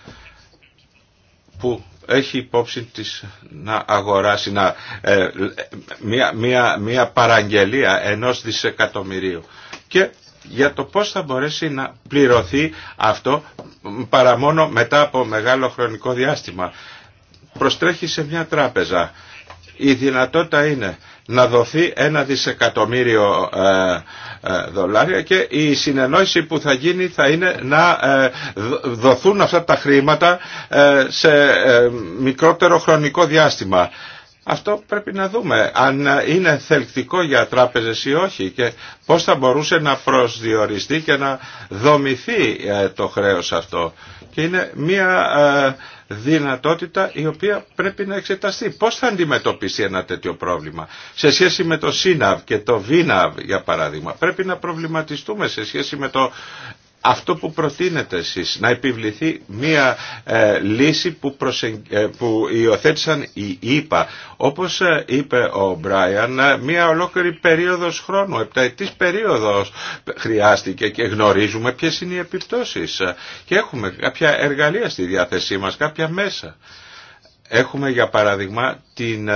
που έχει υπόψη της να αγοράσει να, ε, μια, μια, μια παραγγελία ενός δισεκατομμυρίου και για το πώς θα μπορέσει να πληρωθεί αυτό παρά μόνο μετά από μεγάλο χρονικό διάστημα. Προστρέχει σε μια τράπεζα. Η δυνατότητα είναι να δοθεί ένα δισεκατομμύριο ε, ε, δολάρια και η συνεννόηση που θα γίνει θα είναι να ε, δοθούν αυτά τα χρήματα σε μικρότερο χρονικό διάστημα. Αυτό πρέπει να δούμε αν είναι θελκτικό για τράπεζες ή όχι και πώς θα μπορούσε να προσδιοριστεί και να δομηθεί το χρέος αυτό και είναι μια ε, δυνατότητα η οποία πρέπει να εξεταστεί. Πώς θα αντιμετωπίσει ένα τέτοιο πρόβλημα σε σχέση με το ΣΥΝΑΒ και το ΒΙΝΑΒ για παράδειγμα. Πρέπει να προβληματιστούμε σε σχέση με το αυτό που προτείνετε εσείς, να επιβληθεί μία ε, λύση που, ε, που υιοθέτησαν οι ΙΠΑ. Όπως ε, είπε ο Μπράιαν, μία ολόκληρη περίοδος χρόνου, επταετής περίοδος χρειάστηκε και γνωρίζουμε ποιες είναι οι επιπτώσεις. Και έχουμε κάποια εργαλεία στη διάθεσή μας, κάποια μέσα. Έχουμε για παράδειγμα την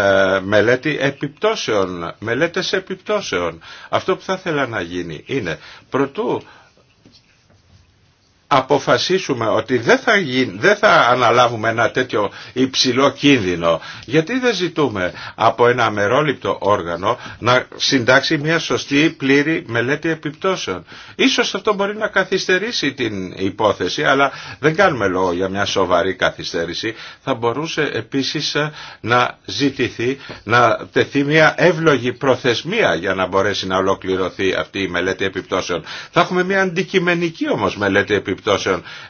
μελέτη επιπτώσεων, μελέτες επιπτώσεων. Αυτό που θα ήθελα να γίνει είναι, πρωτού αποφασίσουμε ότι δεν θα, γι... δεν θα αναλάβουμε ένα τέτοιο υψηλό κίνδυνο γιατί δεν ζητούμε από ένα αμερόληπτο όργανο να συντάξει μια σωστή πλήρη μελέτη επιπτώσεων. Ίσως αυτό μπορεί να καθυστερήσει την υπόθεση αλλά δεν κάνουμε λόγο για μια σοβαρή καθυστέρηση. Θα μπορούσε επίσης ε, να ζητηθεί να τεθεί μια εύλογη προθεσμία για να μπορέσει να ολοκληρωθεί αυτή η μελέτη επιπτώσεων. Θα έχουμε μια αντικειμενική όμως μελέτη επιπτώσεων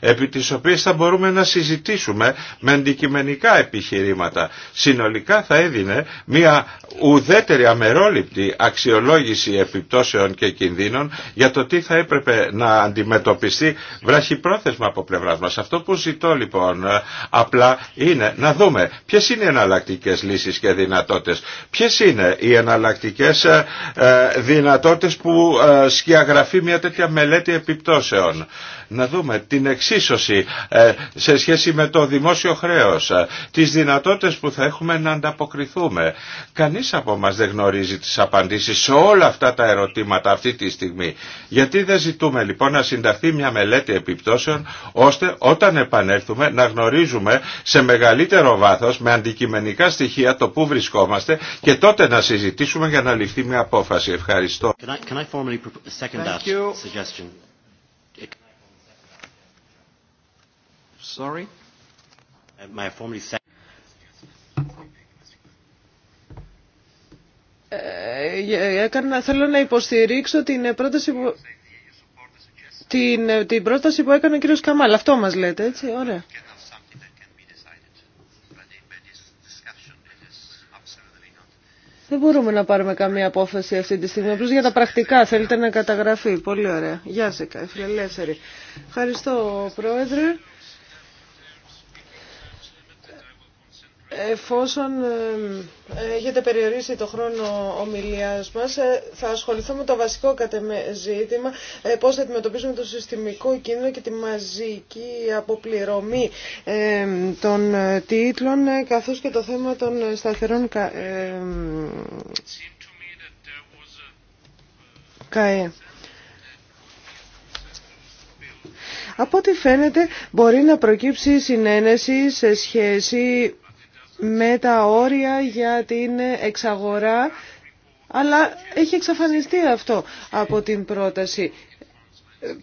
επί τις οποίες θα μπορούμε να συζητήσουμε με αντικειμενικά επιχειρήματα. Συνολικά θα έδινε μια ουδέτερη αμερόληπτη αξιολόγηση επιπτώσεων και κινδύνων για το τι θα έπρεπε να αντιμετωπιστεί βραχυπρόθεσμα από πλευρά μα. Αυτό που ζητώ λοιπόν ε, απλά είναι να δούμε ποιε είναι οι εναλλακτικέ λύσει και δυνατότητε. Ποιε είναι οι εναλλακτικέ ε, ε, δυνατότητε που σκιαγραφεί μια τέτοια μελέτη επιπτώσεων να δούμε την εξίσωση ε, σε σχέση με το δημόσιο χρέος, ε, τις δυνατότητες που θα έχουμε να ανταποκριθούμε. Κανείς από μας δεν γνωρίζει τις απαντήσεις σε όλα αυτά τα ερωτήματα αυτή τη στιγμή. Γιατί δεν ζητούμε λοιπόν να συνταχθεί μια μελέτη επιπτώσεων ώστε όταν επανέλθουμε να γνωρίζουμε σε μεγαλύτερο βάθος με αντικειμενικά στοιχεία το που βρισκόμαστε και τότε να συζητήσουμε για να ληφθεί μια απόφαση. Ευχαριστώ. Can I, Sorry. My ε, ε, ε, έκανα, θέλω να υποστηρίξω την πρόταση που, την, πρόταση που έκανε ο κύριος Καμάλ. Αυτό μας λέτε, έτσι, ωραία. Δεν μπορούμε να πάρουμε καμία απόφαση αυτή τη στιγμή. Απλώς για τα πρακτικά θέλετε να καταγραφεί. Πολύ ωραία. Γεια σας, φιλελεύθερη. Ευχαριστώ, Πρόεδρε. Εφόσον ε, έχετε περιορίσει το χρόνο ομιλίας μας, ε, θα ασχοληθώ με το βασικό ζήτημα, ε, πώς θα αντιμετωπίσουμε το συστημικό κίνδυνο και τη μαζική αποπληρωμή των τίτλων, καθώς και το θέμα των σταθερών ΚΑΕ. Από ό,τι φαίνεται μπορεί να προκύψει συνένεση σε σχέση με τα όρια για την εξαγορά, αλλά έχει εξαφανιστεί αυτό από την πρόταση.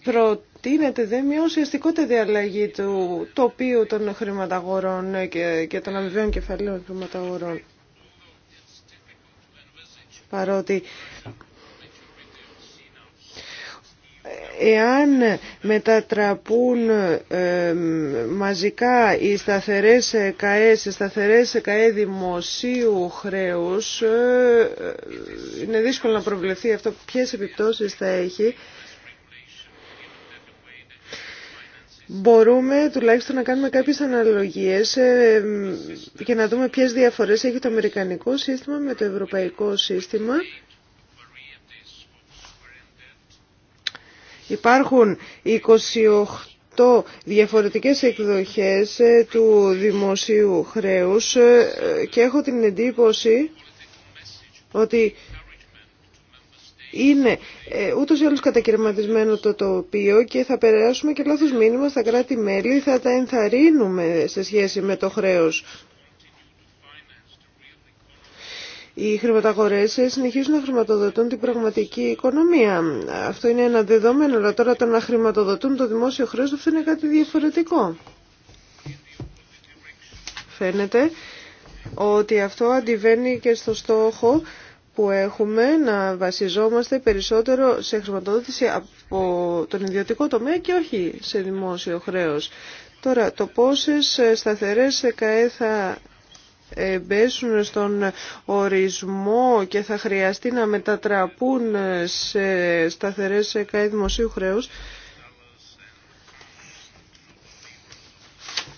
Προτείνεται δε μια ουσιαστικότητα διαλλαγή του τοπίου των χρηματαγορών και, και των αμοιβαίων κεφαλαίων χρηματαγορών. Παρότι εάν μετατραπούν ε, μαζικά οι σταθερές ΕΚΑΕ σε σταθερές δημοσίου χρέους, ε, είναι δύσκολο να προβλεφθεί αυτό ποιες επιπτώσεις θα έχει. Μπορούμε τουλάχιστον να κάνουμε κάποιες αναλογίες ε, και να δούμε ποιες διαφορές έχει το αμερικανικό σύστημα με το ευρωπαϊκό σύστημα Υπάρχουν 28 διαφορετικές εκδοχές ε, του δημοσίου χρέους ε, και έχω την εντύπωση ότι είναι ε, ούτως ή άλλως κατακαιρματισμένο το τοπίο και θα περάσουμε και λάθος μήνυμα στα κράτη-μέλη, θα τα ενθαρρύνουμε σε σχέση με το χρέος οι χρηματαγορές συνεχίζουν να χρηματοδοτούν την πραγματική οικονομία. Αυτό είναι ένα δεδομένο, αλλά τώρα το να χρηματοδοτούν το δημόσιο χρέος αυτό είναι κάτι διαφορετικό. Φαίνεται ότι αυτό αντιβαίνει και στο στόχο που έχουμε να βασιζόμαστε περισσότερο σε χρηματοδότηση από τον ιδιωτικό τομέα και όχι σε δημόσιο χρέος. Τώρα, το πόσες σταθερές ΕΚΑΕ θα μπέσουν στον ορισμό και θα χρειαστεί να μετατραπούν σε σταθερές καί δημοσίου χρέους.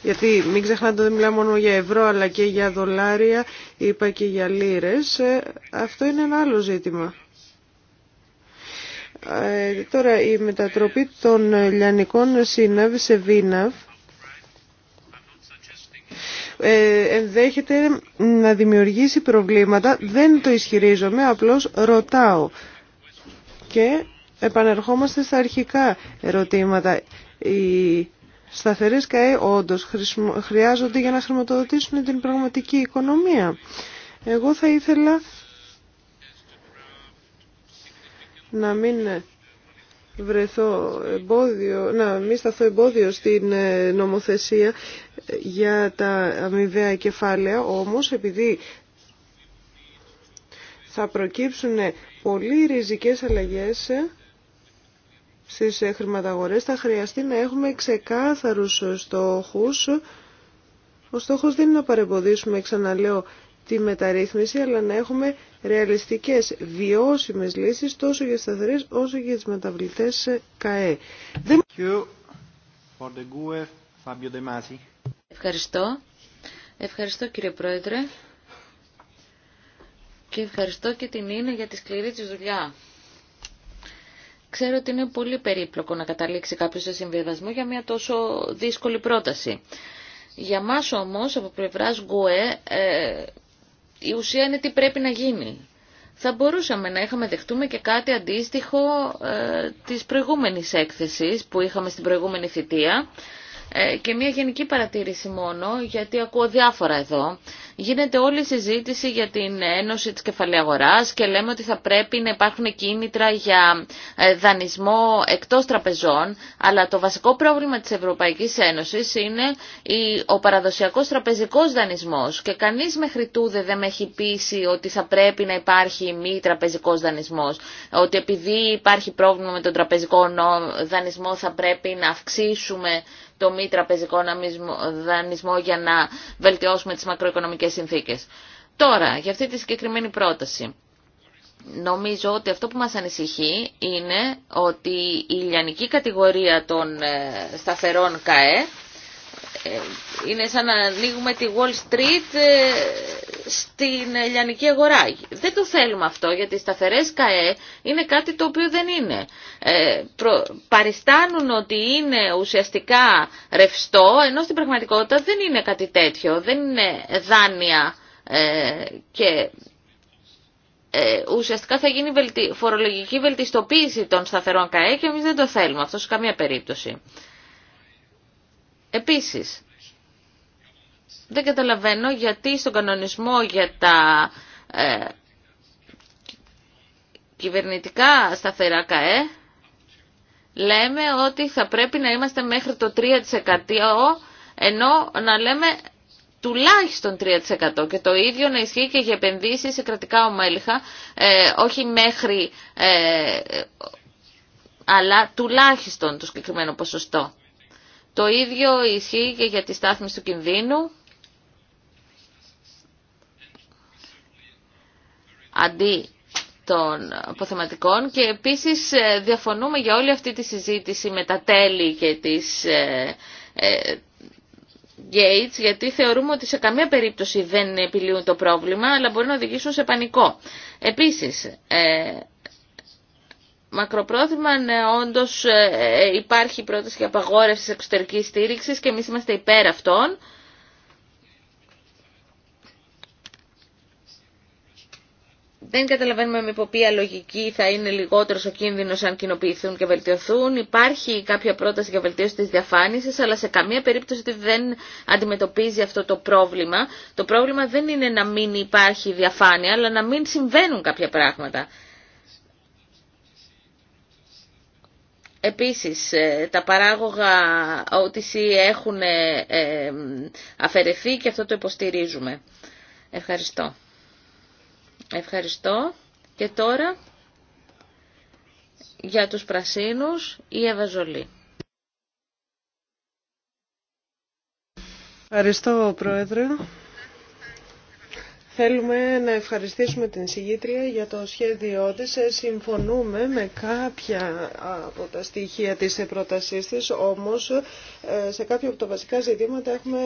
Γιατί μην ξεχνάτε δεν μιλάμε μόνο για ευρώ αλλά και για δολάρια, είπα και για λίρες. Ε, αυτό είναι ένα άλλο ζήτημα. Ε, τώρα η μετατροπή των λιανικών ΣΥΝΑΒ σε ΒΙΝΑΒ ε, ενδέχεται να δημιουργήσει προβλήματα. Δεν το ισχυρίζομαι, απλώς ρωτάω. Και επανερχόμαστε στα αρχικά ερωτήματα. Οι σταθερές ΚΑΕ όντως χρειάζονται για να χρηματοδοτήσουν την πραγματική οικονομία. Εγώ θα ήθελα να μην βρεθώ εμπόδιο, να μην σταθώ εμπόδιο στην ε, νομοθεσία για τα αμοιβαία κεφάλαια, όμως επειδή θα προκύψουν πολύ ριζικές αλλαγές στις ε, χρηματαγορές, θα χρειαστεί να έχουμε ξεκάθαρους στόχους. Ο στόχος δεν είναι να παρεμποδίσουμε, ξαναλέω, τη μεταρρύθμιση, αλλά να έχουμε ρεαλιστικές, βιώσιμες λύσεις τόσο για τις σταθερές όσο για τις μεταβλητές ε, ΚΑΕ. E, ευχαριστώ. Ευχαριστώ κύριε Πρόεδρε. Και ευχαριστώ και την Ίνα για τη σκληρή της δουλειά. Ξέρω ότι είναι πολύ περίπλοκο να καταλήξει κάποιος σε συμβιβασμό για μια τόσο δύσκολη πρόταση. Για μας όμως από πλευράς ΓΚΟΕ η ουσία είναι τι πρέπει να γίνει. Θα μπορούσαμε να είχαμε δεχτούμε και κάτι αντίστοιχο ε, της προηγούμενης έκθεσης που είχαμε στην προηγούμενη θητεία, ε, και μια γενική παρατήρηση μόνο, γιατί ακούω διάφορα εδώ. Γίνεται όλη η συζήτηση για την Ένωση της Κεφαλαίου Αγοράς και λέμε ότι θα πρέπει να υπάρχουν κίνητρα για ε, δανεισμό εκτός τραπεζών, αλλά το βασικό πρόβλημα της Ευρωπαϊκής Ένωσης είναι ο παραδοσιακός τραπεζικός δανεισμός και κανείς μέχρι τούδε δεν με έχει πείσει ότι θα πρέπει να υπάρχει μη τραπεζικός δανεισμός, ότι επειδή υπάρχει πρόβλημα με τον τραπεζικό δανεισμό θα πρέπει να αυξήσουμε το μη τραπεζικό δανεισμό για να βελτιώσουμε τις μακροοικονομικές συνθήκες. Τώρα, για αυτή τη συγκεκριμένη πρόταση. Νομίζω ότι αυτό που μας ανησυχεί είναι ότι η λιανική κατηγορία των ε, σταθερών ΚΑΕ ε, είναι σαν να ανοίγουμε τη Wall Street ε, στην ελληνική αγορά. Δεν το θέλουμε αυτό γιατί οι σταθερές ΚΑΕ είναι κάτι το οποίο δεν είναι. Ε, παριστάνουν ότι είναι ουσιαστικά ρευστό ενώ στην πραγματικότητα δεν είναι κάτι τέτοιο. Δεν είναι δάνεια ε, και ε, ουσιαστικά θα γίνει φορολογική βελτιστοποίηση των σταθερών ΚΑΕ και εμείς δεν το θέλουμε αυτό σε καμία περίπτωση. Επίσης, δεν καταλαβαίνω γιατί στον κανονισμό για τα ε, κυβερνητικά σταθερά ΚΑΕ λέμε ότι θα πρέπει να είμαστε μέχρι το 3% ενώ να λέμε τουλάχιστον 3% και το ίδιο να ισχύει και για επενδύσεις σε κρατικά ομέληχα, ε, όχι μέχρι, ε, αλλά τουλάχιστον το συγκεκριμένο ποσοστό. Το ίδιο ισχύει και για τη στάθμιση του κινδύνου. Αντί των αποθεματικών και επίσης ε, διαφωνούμε για όλη αυτή τη συζήτηση με τα τέλη και τις ε, ε, Gates γιατί θεωρούμε ότι σε καμία περίπτωση δεν επιλύουν το πρόβλημα αλλά μπορεί να οδηγήσουν σε πανικό. Επίσης, ε, μακροπρόθεσμα ναι, όντως ε, ε, υπάρχει πρόταση για απαγόρευση εξωτερική στήριξη και εμεί είμαστε υπέρ αυτών. Δεν καταλαβαίνουμε με ποια λογική θα είναι λιγότερο ο κίνδυνο αν κοινοποιηθούν και βελτιωθούν. Υπάρχει κάποια πρόταση για βελτίωση τη διαφάνεια, αλλά σε καμία περίπτωση δεν αντιμετωπίζει αυτό το πρόβλημα. Το πρόβλημα δεν είναι να μην υπάρχει διαφάνεια, αλλά να μην συμβαίνουν κάποια πράγματα. Επίσης, ε, τα παράγωγα OTC έχουν ε, ε, αφαιρεθεί και αυτό το υποστηρίζουμε. Ευχαριστώ. Ευχαριστώ. Και τώρα για τους πρασίνους η Ευαζολή. Ευχαριστώ, Πρόεδρε. Θέλουμε να ευχαριστήσουμε την συγγήτρια για το σχέδιό της. Ε, συμφωνούμε με κάποια από τα στοιχεία της πρότασή τη, όμως ε, σε κάποια από τα βασικά ζητήματα έχουμε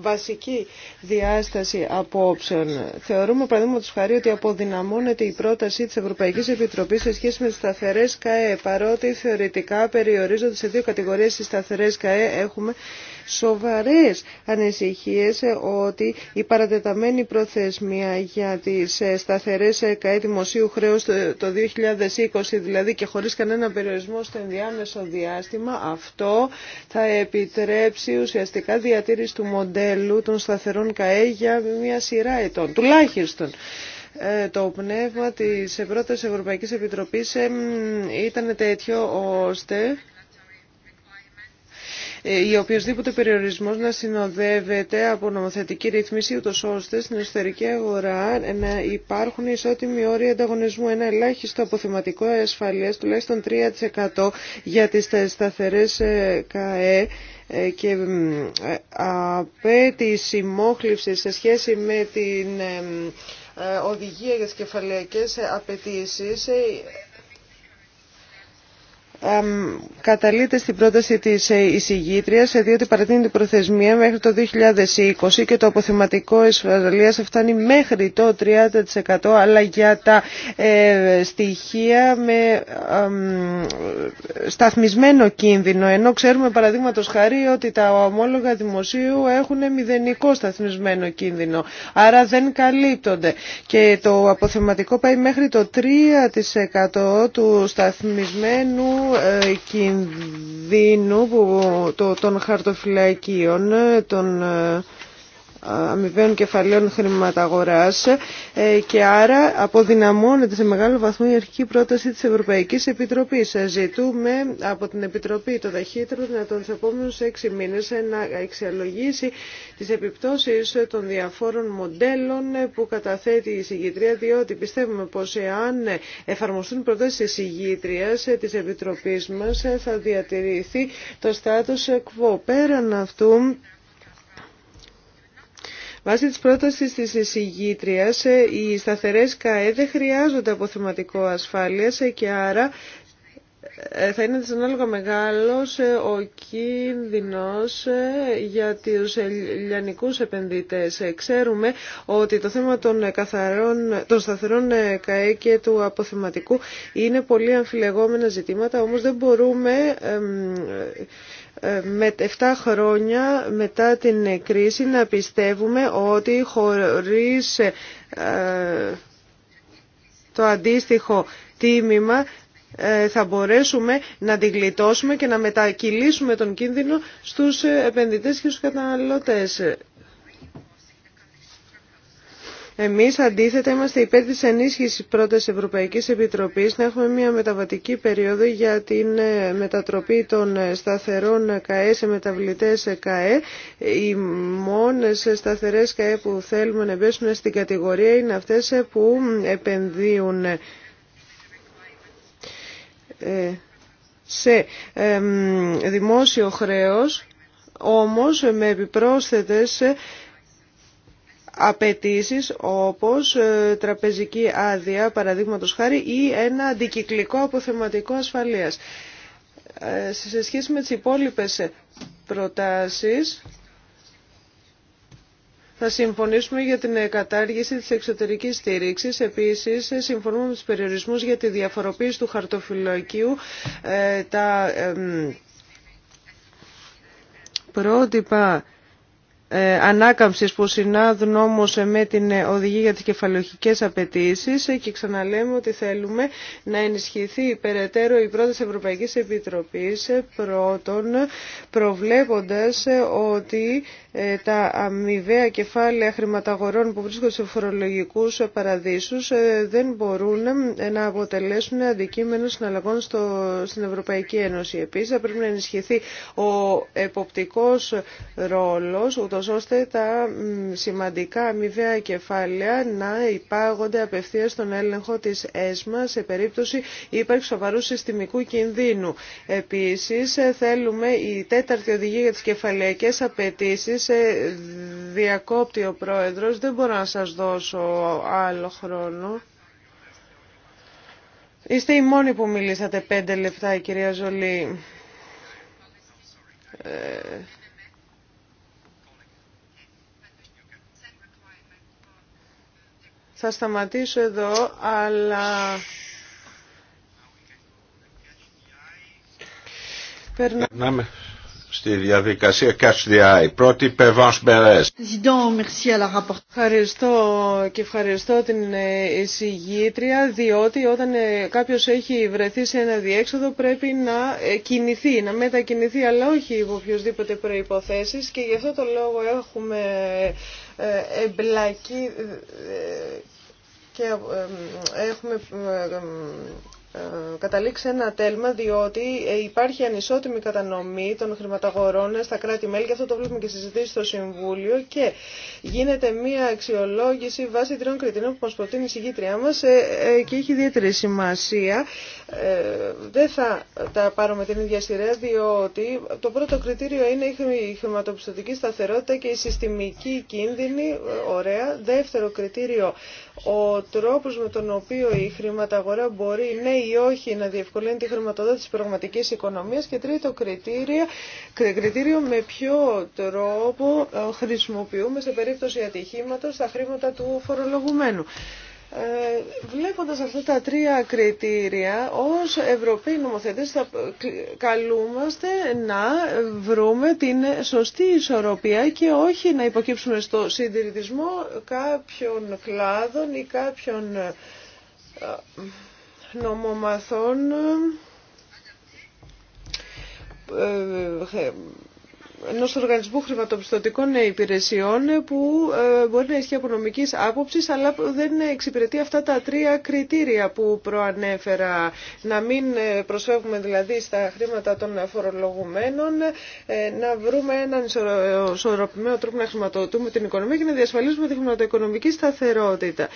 βασική διάσταση απόψεων. Θεωρούμε, παραδείγματος χάρη, ότι αποδυναμώνεται η πρόταση της Ευρωπαϊκής Επιτροπής σε σχέση με τις σταθερές ΚΑΕ. Παρότι θεωρητικά περιορίζονται σε δύο κατηγορίες. οι σταθερέ ΚΑΕ, έχουμε σοβαρές ανησυχίες ε, ότι η παρατεταμένη προθεσμία για τις ε, σταθερές ΕΚΑΕ δημοσίου χρέους το 2020 δηλαδή και χωρίς κανένα περιορισμό στο ενδιάμεσο διάστημα αυτό θα επιτρέψει ουσιαστικά διατήρηση του μοντέλου των σταθερών ΚΑΕ για μια σειρά ετών τουλάχιστον ε, το πνεύμα της πρώτης Ευρωπαϊκής Επιτροπής ήταν τέτοιο ώστε ή ε, οποιοδήποτε περιορισμό να συνοδεύεται από νομοθετική ρυθμίση ούτως ώστε στην εσωτερική αγορά να υπάρχουν ισότιμοι όροι ανταγωνισμού, ένα ελάχιστο αποθεματικό ασφαλείας τουλάχιστον 3% για τις σταθερές ε, ΚΑΕ ε, και απέτηση μόχλευση σε σχέση με την οδηγία για τι κεφαλαιακές απαιτήσει καταλείται στην πρόταση της ε, εισηγήτριας ε, διότι παρατείνεται την προθεσμία μέχρι το 2020 και το αποθεματικό εισφαλείας φτάνει μέχρι το 30% αλλά για τα ε, στοιχεία με σταθμισμένο κίνδυνο ενώ ξέρουμε παραδείγματο χάρη ότι τα ομόλογα δημοσίου έχουν μηδενικό σταθμισμένο κίνδυνο άρα δεν καλύπτονται και το αποθεματικό πάει μέχρι το 3% του σταθμισμένου ε, κινδύνου το, των χαρτοφυλακίων, ε, των ε, αμοιβαίων κεφαλαίων χρηματαγοράς ε, και άρα αποδυναμώνεται σε μεγάλο βαθμό η αρχική πρόταση της Ευρωπαϊκής Επιτροπής. Ε, ζητούμε από την Επιτροπή το ταχύτερο δυνατόν τους επόμενους έξι μήνες ε, να εξελογήσει τις επιπτώσεις των διαφόρων μοντέλων που καταθέτει η συγκητρία διότι πιστεύουμε πως εάν εφαρμοστούν προτάσεις της συγκητρίας της Επιτροπής μας θα διατηρηθεί το στάτο quo. Πέραν αυτού Βάσει της πρότασης της εισηγήτριας, ε, οι σταθερές ΚΑΕ δεν χρειάζονται αποθεματικό ασφάλειας ε, και άρα ε, θα είναι δυσανάλογα μεγάλος ο κίνδυνος για τους ελληνικούς επενδυτές. Ξέρουμε ότι το θέμα των, καθαρών, των σταθερών ΚΑΕ και του αποθεματικού είναι πολύ αμφιλεγόμενα ζητήματα, όμως δεν μπορούμε ε, με 7 χρόνια μετά την κρίση να πιστεύουμε ότι χωρίς ε, το αντίστοιχο τίμημα ε, θα μπορέσουμε να την γλιτώσουμε και να μετακυλήσουμε τον κίνδυνο στους επενδυτές και στους καταναλωτές. Εμείς αντίθετα είμαστε υπέρ της ενίσχυσης Ευρωπαϊκής Επιτροπής να έχουμε μια μεταβατική περίοδο για την ε, μετατροπή των ε, σταθερών ΚΑΕ σε μεταβλητές ΚΑΕ. Οι μόνες σταθερές ΚΑΕ που θέλουμε να μπέσουν στην κατηγορία είναι αυτές ε, που επενδύουν σε δημόσιο χρέος, όμως με επιπρόσθετες απαιτήσει όπως ε, τραπεζική άδεια, παραδείγματος χάρη, ή ένα αντικυκλικό αποθεματικό ασφαλείας. Ε, σε σχέση με τις υπόλοιπες προτάσεις, θα συμφωνήσουμε για την κατάργηση της εξωτερικής στήριξης. Επίσης, συμφωνούμε με τους περιορισμούς για τη διαφοροποίηση του χαρτοφυλακίου, ε, τα πρότυπα ε, ανάκαμψης που συνάδουν όμως με την οδηγία για τις κεφαλαιοχικές απαιτήσει ε, και ξαναλέμε ότι θέλουμε να ενισχυθεί περαιτέρω η πρόταση Ευρωπαϊκής Επιτροπής ε, πρώτον προβλέποντας ότι τα αμοιβαία κεφάλαια χρηματαγορών που βρίσκονται σε φορολογικούς παραδείσους δεν μπορούν να αποτελέσουν αντικείμενο συναλλαγών στο, στην Ευρωπαϊκή Ένωση. Επίσης θα πρέπει να ενισχυθεί ο εποπτικός ρόλος, ώστε τα σημαντικά αμοιβαία κεφάλαια να υπάγονται απευθείας στον έλεγχο της ΕΣΜΑ σε περίπτωση ύπαρξη σοβαρού συστημικού κινδύνου. Επίσης, ε, θέλουμε η τέταρτη οδηγία για τις κεφαλαιακές απαιτήσει ε, διακόπτει ο Πρόεδρος. Δεν μπορώ να σας δώσω άλλο χρόνο. Είστε οι μόνοι που μιλήσατε πέντε λεπτά, κυρία Ζολή. Ε, Θα σταματήσω εδώ, αλλά... Περνάμε στη διαδικασία Catch the Eye. Πρώτη Πεβάνς Μπερές. Ευχαριστώ και ευχαριστώ την εισηγήτρια διότι όταν ε, κάποιος έχει βρεθεί σε ένα διέξοδο πρέπει να ε, κινηθεί, να μετακινηθεί αλλά όχι υπό οποιοδήποτε προϋποθέσεις και γι' αυτό το λόγο έχουμε ε, εμπλακεί και έχουμε ε, καταλήξει ένα τέλμα διότι ε, υπάρχει ανισότιμη κατανομή των χρηματαγορών ε, στα κράτη-μέλη και αυτό το βλέπουμε και συζητήσει στο Συμβούλιο και γίνεται μια αξιολόγηση βάσει τριών κριτηρίων που μας προτείνει η συγκήτριά μας και έχει ιδιαίτερη σημασία. Δεν θα τα πάρουμε την ίδια σειρά διότι το πρώτο κριτήριο είναι η χρηματοπιστωτική σταθερότητα και η συστημική κίνδυνη. Ωραία. Δεύτερο κριτήριο ο τρόπος με τον οποίο η χρηματαγορά μπορεί ναι ή όχι να διευκολύνει τη χρηματοδότηση της πραγματικής οικονομίας και τρίτο κριτήριο, κριτήριο με ποιο τρόπο ε, χρησιμοποιούμε σε περίπτωση ατυχήματος τα χρήματα του φορολογουμένου. Ε, βλέποντας αυτά τα τρία κριτήρια, ως Ευρωπαίοι νομοθετές θα καλούμαστε να βρούμε την σωστή ισορροπία και όχι να υποκύψουμε στο συντηρητισμό κάποιων κλάδων ή κάποιων ε, νομομαθών ε, ενός οργανισμού χρηματοπιστωτικών υπηρεσιών που ε, μπορεί να ισχύει από νομικής άποψης αλλά δεν εξυπηρετεί αυτά τα τρία κριτήρια που προανέφερα. Να μην ε, προσφεύγουμε δηλαδή στα χρήματα των φορολογουμένων, ε, να βρούμε έναν ισορροπημένο τρόπο να χρηματοδοτούμε την οικονομία και να διασφαλίσουμε τη χρηματοοικονομική σταθερότητα.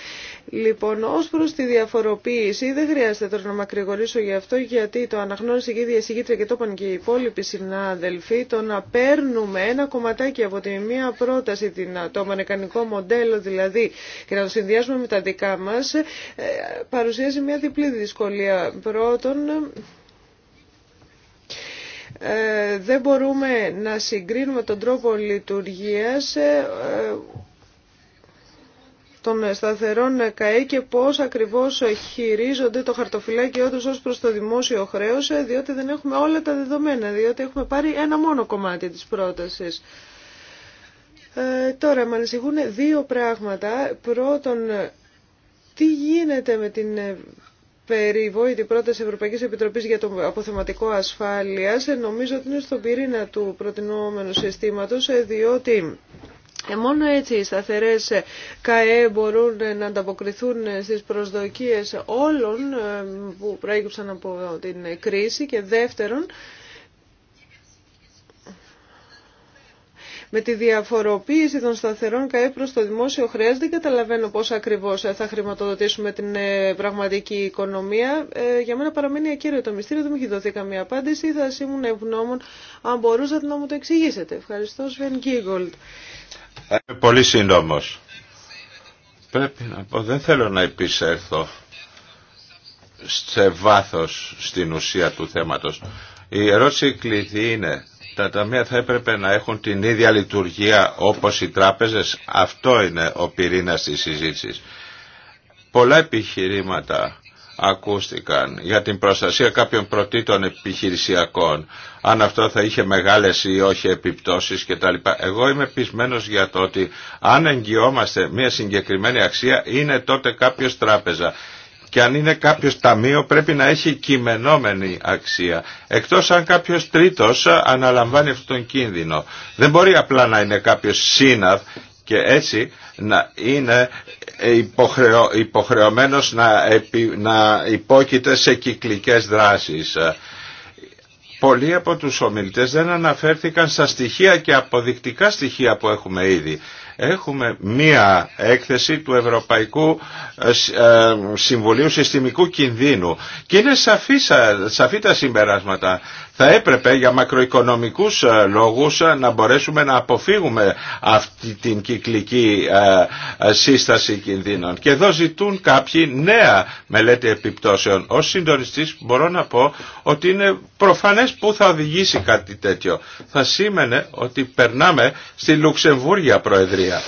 Λοιπόν, ως προς τη διαφοροποίηση, δεν χρειάζεται τώρα να μακρηγορήσω γι' αυτό γιατί το αναγνώρισε και η διασηγήτρια και το είπαν και οι υπόλοιποι συνάδελφοι, το να παίρνουμε ένα κομματάκι από τη μία πρόταση, το αμερικανικό μοντέλο δηλαδή, και να το συνδυάσουμε με τα δικά μας, ε, παρουσιάζει μια διπλή δυσκολία. Πρώτον, ε, δεν μπορούμε να συγκρίνουμε τον τρόπο λειτουργίας ε, των σταθερών ΚΑΕ και πώς ακριβώς χειρίζονται το χαρτοφυλάκιό τους ως προς το δημόσιο χρέος, διότι δεν έχουμε όλα τα δεδομένα, διότι έχουμε πάρει ένα μόνο κομμάτι της πρότασης. Ε, τώρα, με ανησυχούν δύο πράγματα. Πρώτον, τι γίνεται με την ε, περιβόητη πρόταση Ευρωπαϊκής Επιτροπής για το αποθεματικό ασφάλειας. Ε, νομίζω ότι είναι στον πυρήνα του προτινόμενου συστήματος, ε, διότι Μόνο έτσι οι σταθερές ε, ΚΑΕ μπορούν ε, να ανταποκριθούν ε, στις προσδοκίες όλων που προέκυψαν από την κρίση και δεύτερον με τη διαφοροποίηση των σταθερών ΚΑΕ προς το δημόσιο χρέος δεν καταλαβαίνω πώς ακριβώς θα χρηματοδοτήσουμε την πραγματική οικονομία. Για μένα παραμένει ακύρωτο το μυστήριο, δεν μου έχει δοθεί καμία απάντηση. Θα ήμουν ευγνώμων αν μπορούσατε να μου το εξηγήσετε. Ευχαριστώ Σβεν Γκίγκολτ είμαι πολύ σύντομος. Πρέπει να πω, δεν θέλω να επισέλθω σε βάθος στην ουσία του θέματος. Η ερώτηση κλειδί είναι, τα ταμεία θα έπρεπε να έχουν την ίδια λειτουργία όπως οι τράπεζες. Αυτό είναι ο πυρήνας της συζήτησης. Πολλά επιχειρήματα ακούστηκαν για την προστασία κάποιων πρωτήτων επιχειρησιακών αν αυτό θα είχε μεγάλες ή όχι επιπτώσεις κτλ. Εγώ είμαι πεισμένος για το ότι αν εγγυόμαστε μια συγκεκριμένη αξία είναι τότε κάποιος τράπεζα και αν είναι κάποιος ταμείο πρέπει να έχει κειμενόμενη αξία. Εκτός αν κάποιος τρίτος αναλαμβάνει αυτόν τον κίνδυνο. Δεν μπορεί απλά να είναι κάποιος σύναυ και έτσι να είναι υποχρεω, υποχρεωμένος να, να υπόκειται σε κυκλικές δράσεις. Πολλοί από τους ομιλητές δεν αναφέρθηκαν στα στοιχεία και αποδεικτικά στοιχεία που έχουμε ήδη. Έχουμε μία έκθεση του Ευρωπαϊκού ε, ε, Συμβουλίου Συστημικού Κινδύνου και είναι σαφή, σαφή τα συμπεράσματα θα έπρεπε για μακροοικονομικούς ε, λόγους ε, να μπορέσουμε να αποφύγουμε αυτή την κυκλική ε, σύσταση κινδύνων. Και εδώ ζητούν κάποιοι νέα μελέτη επιπτώσεων. Ως συντονιστής μπορώ να πω ότι είναι προφανές που θα οδηγήσει κάτι τέτοιο. Θα σήμαινε ότι περνάμε στη Λουξεμβούργια Προεδρία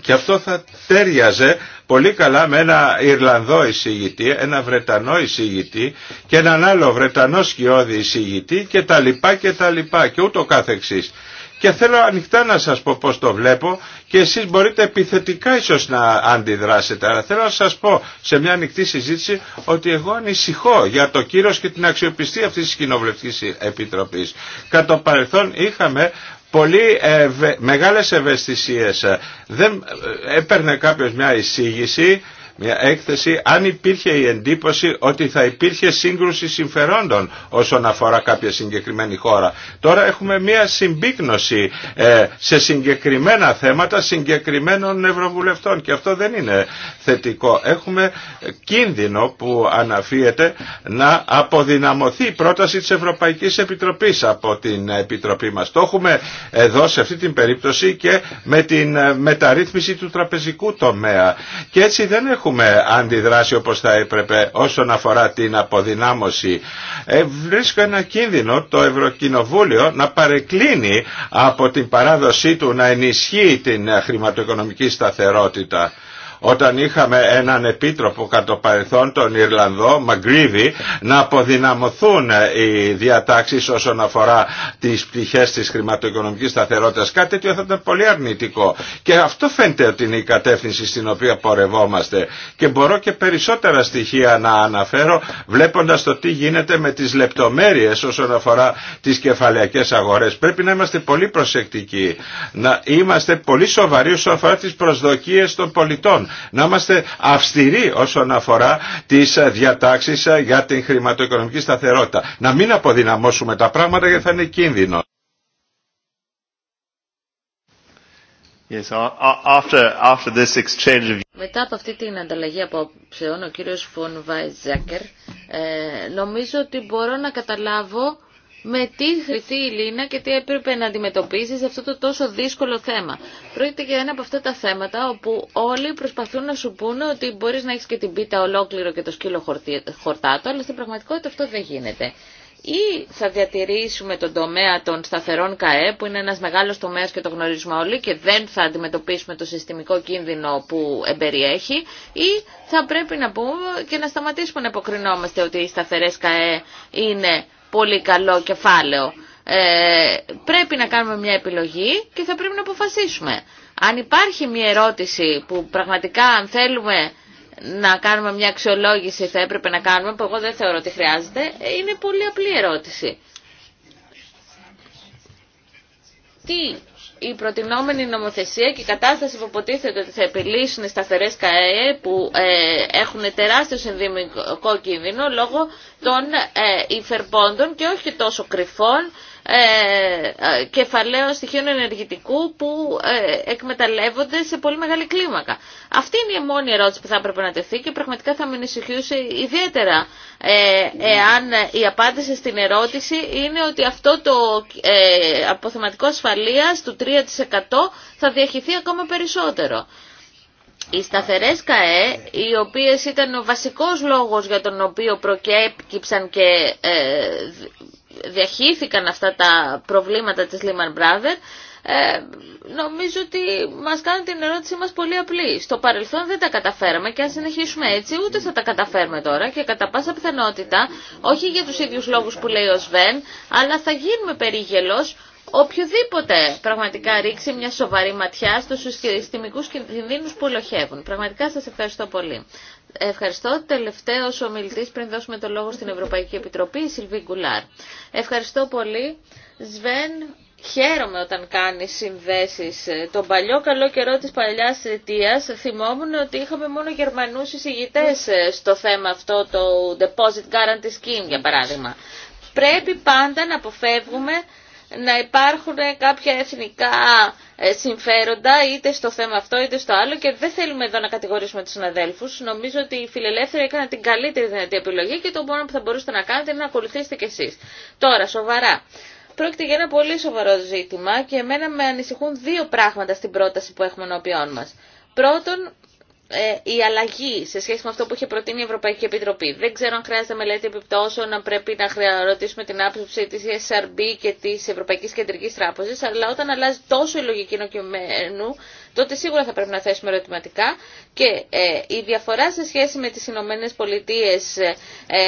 και αυτό θα τέριαζε πολύ καλά με ένα Ιρλανδό εισηγητή, ένα Βρετανό εισηγητή και έναν άλλο Βρετανό σκιώδη εισηγητή και τα λοιπά και τα λοιπά και ούτω καθεξής. Και θέλω ανοιχτά να σας πω πώς το βλέπω και εσείς μπορείτε επιθετικά ίσως να αντιδράσετε. Αλλά θέλω να σας πω σε μια ανοιχτή συζήτηση ότι εγώ ανησυχώ για το κύρος και την αξιοπιστία αυτής της κοινοβουλευτικής επιτροπής. Κατά παρελθόν είχαμε πολύ ευε, μεγάλες ευαισθησίες. Δεν ε, έπαιρνε κάποιος μια εισήγηση μια έκθεση αν υπήρχε η εντύπωση ότι θα υπήρχε σύγκρουση συμφερόντων όσον αφορά κάποια συγκεκριμένη χώρα. Τώρα έχουμε μια συμπίκνωση ε, σε συγκεκριμένα θέματα συγκεκριμένων ευρωβουλευτών και αυτό δεν είναι θετικό. Έχουμε κίνδυνο που αναφύεται να αποδυναμωθεί η πρόταση της Ευρωπαϊκής Επιτροπής από την Επιτροπή μας. Το έχουμε εδώ σε αυτή την περίπτωση και με την ε, μεταρρύθμιση του τραπεζικού τομέα. Και έτσι δεν έχουμε έχουμε αντιδράσει όπως θα έπρεπε όσον αφορά την αποδυνάμωση. Ε, βρίσκω ένα κίνδυνο το Ευρωκοινοβούλιο να παρεκκλίνει από την παράδοσή του να ενισχύει την χρηματοοικονομική σταθερότητα όταν είχαμε έναν επίτροπο κατ' παρελθόν τον Ιρλανδό Μαγκρίβι να αποδυναμωθούν οι διατάξεις όσον αφορά τις πτυχές της χρηματοοικονομικής σταθερότητας. Κάτι τέτοιο θα ήταν πολύ αρνητικό και αυτό φαίνεται ότι είναι η κατεύθυνση στην οποία πορευόμαστε και μπορώ και περισσότερα στοιχεία να αναφέρω βλέποντας το τι γίνεται με τις λεπτομέρειες όσον αφορά τις κεφαλαιακές αγορές. Πρέπει να είμαστε πολύ προσεκτικοί, να είμαστε πολύ σοβαροί όσον αφορά τις προσδοκίες των πολιτών να είμαστε αυστηροί όσον αφορά τις ε, διατάξεις ε, για την χρηματοοικονομική σταθερότητα. Να μην αποδυναμώσουμε τα πράγματα γιατί θα είναι κίνδυνο. Μετά από αυτή την ανταλλαγή απόψεων, ο κύριος Φων Βάιτζάκερ, ε, νομίζω ότι μπορώ να καταλάβω με τι χρηθεί η Λίνα και τι έπρεπε να αντιμετωπίσει αυτό το τόσο δύσκολο θέμα. Πρόκειται για ένα από αυτά τα θέματα όπου όλοι προσπαθούν να σου πούνε ότι μπορείς να έχεις και την πίτα ολόκληρο και το σκύλο χορτάτο, αλλά στην πραγματικότητα αυτό δεν γίνεται ή θα διατηρήσουμε τον τομέα των σταθερών ΚΑΕ που είναι ένας μεγάλος τομέας και το γνωρίζουμε όλοι και δεν θα αντιμετωπίσουμε το συστημικό κίνδυνο που εμπεριέχει ή θα πρέπει να πούμε και να σταματήσουμε να υποκρινόμαστε ότι οι σταθερές ΚΑΕ είναι πολύ καλό κεφάλαιο. Ε, πρέπει να κάνουμε μια επιλογή και θα πρέπει να αποφασίσουμε. Αν υπάρχει μια ερώτηση που πραγματικά αν θέλουμε να κάνουμε μια αξιολόγηση θα έπρεπε να κάνουμε, που εγώ δεν θεωρώ ότι χρειάζεται, ε, είναι πολύ απλή ερώτηση. Τι η προτινόμενη νομοθεσία και η κατάσταση που αποτίθεται ότι θα επιλύσουν οι σταθερές ΚΑΕ που ε, έχουν τεράστιο συνδυμικό κίνδυνο λόγω των ε, υφερπόντων και όχι τόσο κρυφών ε, ε, κεφαλαίων στοιχείων ενεργητικού που ε, εκμεταλλεύονται σε πολύ μεγάλη κλίμακα. Αυτή είναι η μόνη ερώτηση που θα έπρεπε να τεθεί και πραγματικά θα με ανησυχούσε ιδιαίτερα εάν η απάντηση στην ερώτηση είναι ότι αυτό το αποθεματικό ασφαλείας του 3% θα διαχυθεί ακόμα περισσότερο. Οι σταθερές ΚΑΕ, οι οποίες ήταν ο βασικός λόγος για τον οποίο προκέπκυψαν και διαχύθηκαν αυτά τα προβλήματα της Lehman Brothers, ε, νομίζω ότι μας κάνει την ερώτησή μας πολύ απλή. Στο παρελθόν δεν τα καταφέραμε και αν συνεχίσουμε έτσι ούτε θα τα καταφέρουμε τώρα και κατά πάσα πιθανότητα, όχι για τους ίδιους λόγους που λέει ο Σβέν, αλλά θα γίνουμε περίγελος οποιοδήποτε πραγματικά ρίξει μια σοβαρή ματιά στους συστημικούς κινδύνους που ολοχεύουν. Πραγματικά σας ευχαριστώ πολύ. Ευχαριστώ. Τελευταίο ο πριν δώσουμε το λόγο στην Ευρωπαϊκή Επιτροπή, η Σιλβί Γκουλάρ. Ευχαριστώ πολύ. Σβέν, χαίρομαι όταν κάνεις συνδέσει Τον παλιό καλό καιρό της παλιάς θητείας θυμόμουν ότι είχαμε μόνο Γερμανούς εισηγητέ στο θέμα αυτό, το Deposit Guarantee Scheme για παράδειγμα. Πρέπει πάντα να αποφεύγουμε να υπάρχουν κάποια εθνικά ε, συμφέροντα είτε στο θέμα αυτό είτε στο άλλο και δεν θέλουμε εδώ να κατηγορήσουμε τους συναδέλφους. Νομίζω ότι οι φιλελεύθεροι έκαναν την καλύτερη δυνατή επιλογή και το μόνο που θα μπορούσατε να κάνετε είναι να ακολουθήσετε κι εσείς. Τώρα, σοβαρά. Πρόκειται για ένα πολύ σοβαρό ζήτημα και εμένα με ανησυχούν δύο πράγματα στην πρόταση που έχουμε ενώπιόν μας. Πρώτον, ε, η αλλαγή σε σχέση με αυτό που είχε προτείνει η Ευρωπαϊκή Επιτροπή. Δεν ξέρω αν χρειάζεται μελέτη επιπτώσεων, αν πρέπει να ρωτήσουμε την άποψη της e SRB και της Ευρωπαϊκής Κεντρικής Τράπεζας, αλλά όταν αλλάζει τόσο η λογική νοκειμένου, τότε σίγουρα θα πρέπει να θέσουμε ερωτηματικά και ε, η διαφορά σε σχέση με τις Ηνωμένε Πολιτείε ε,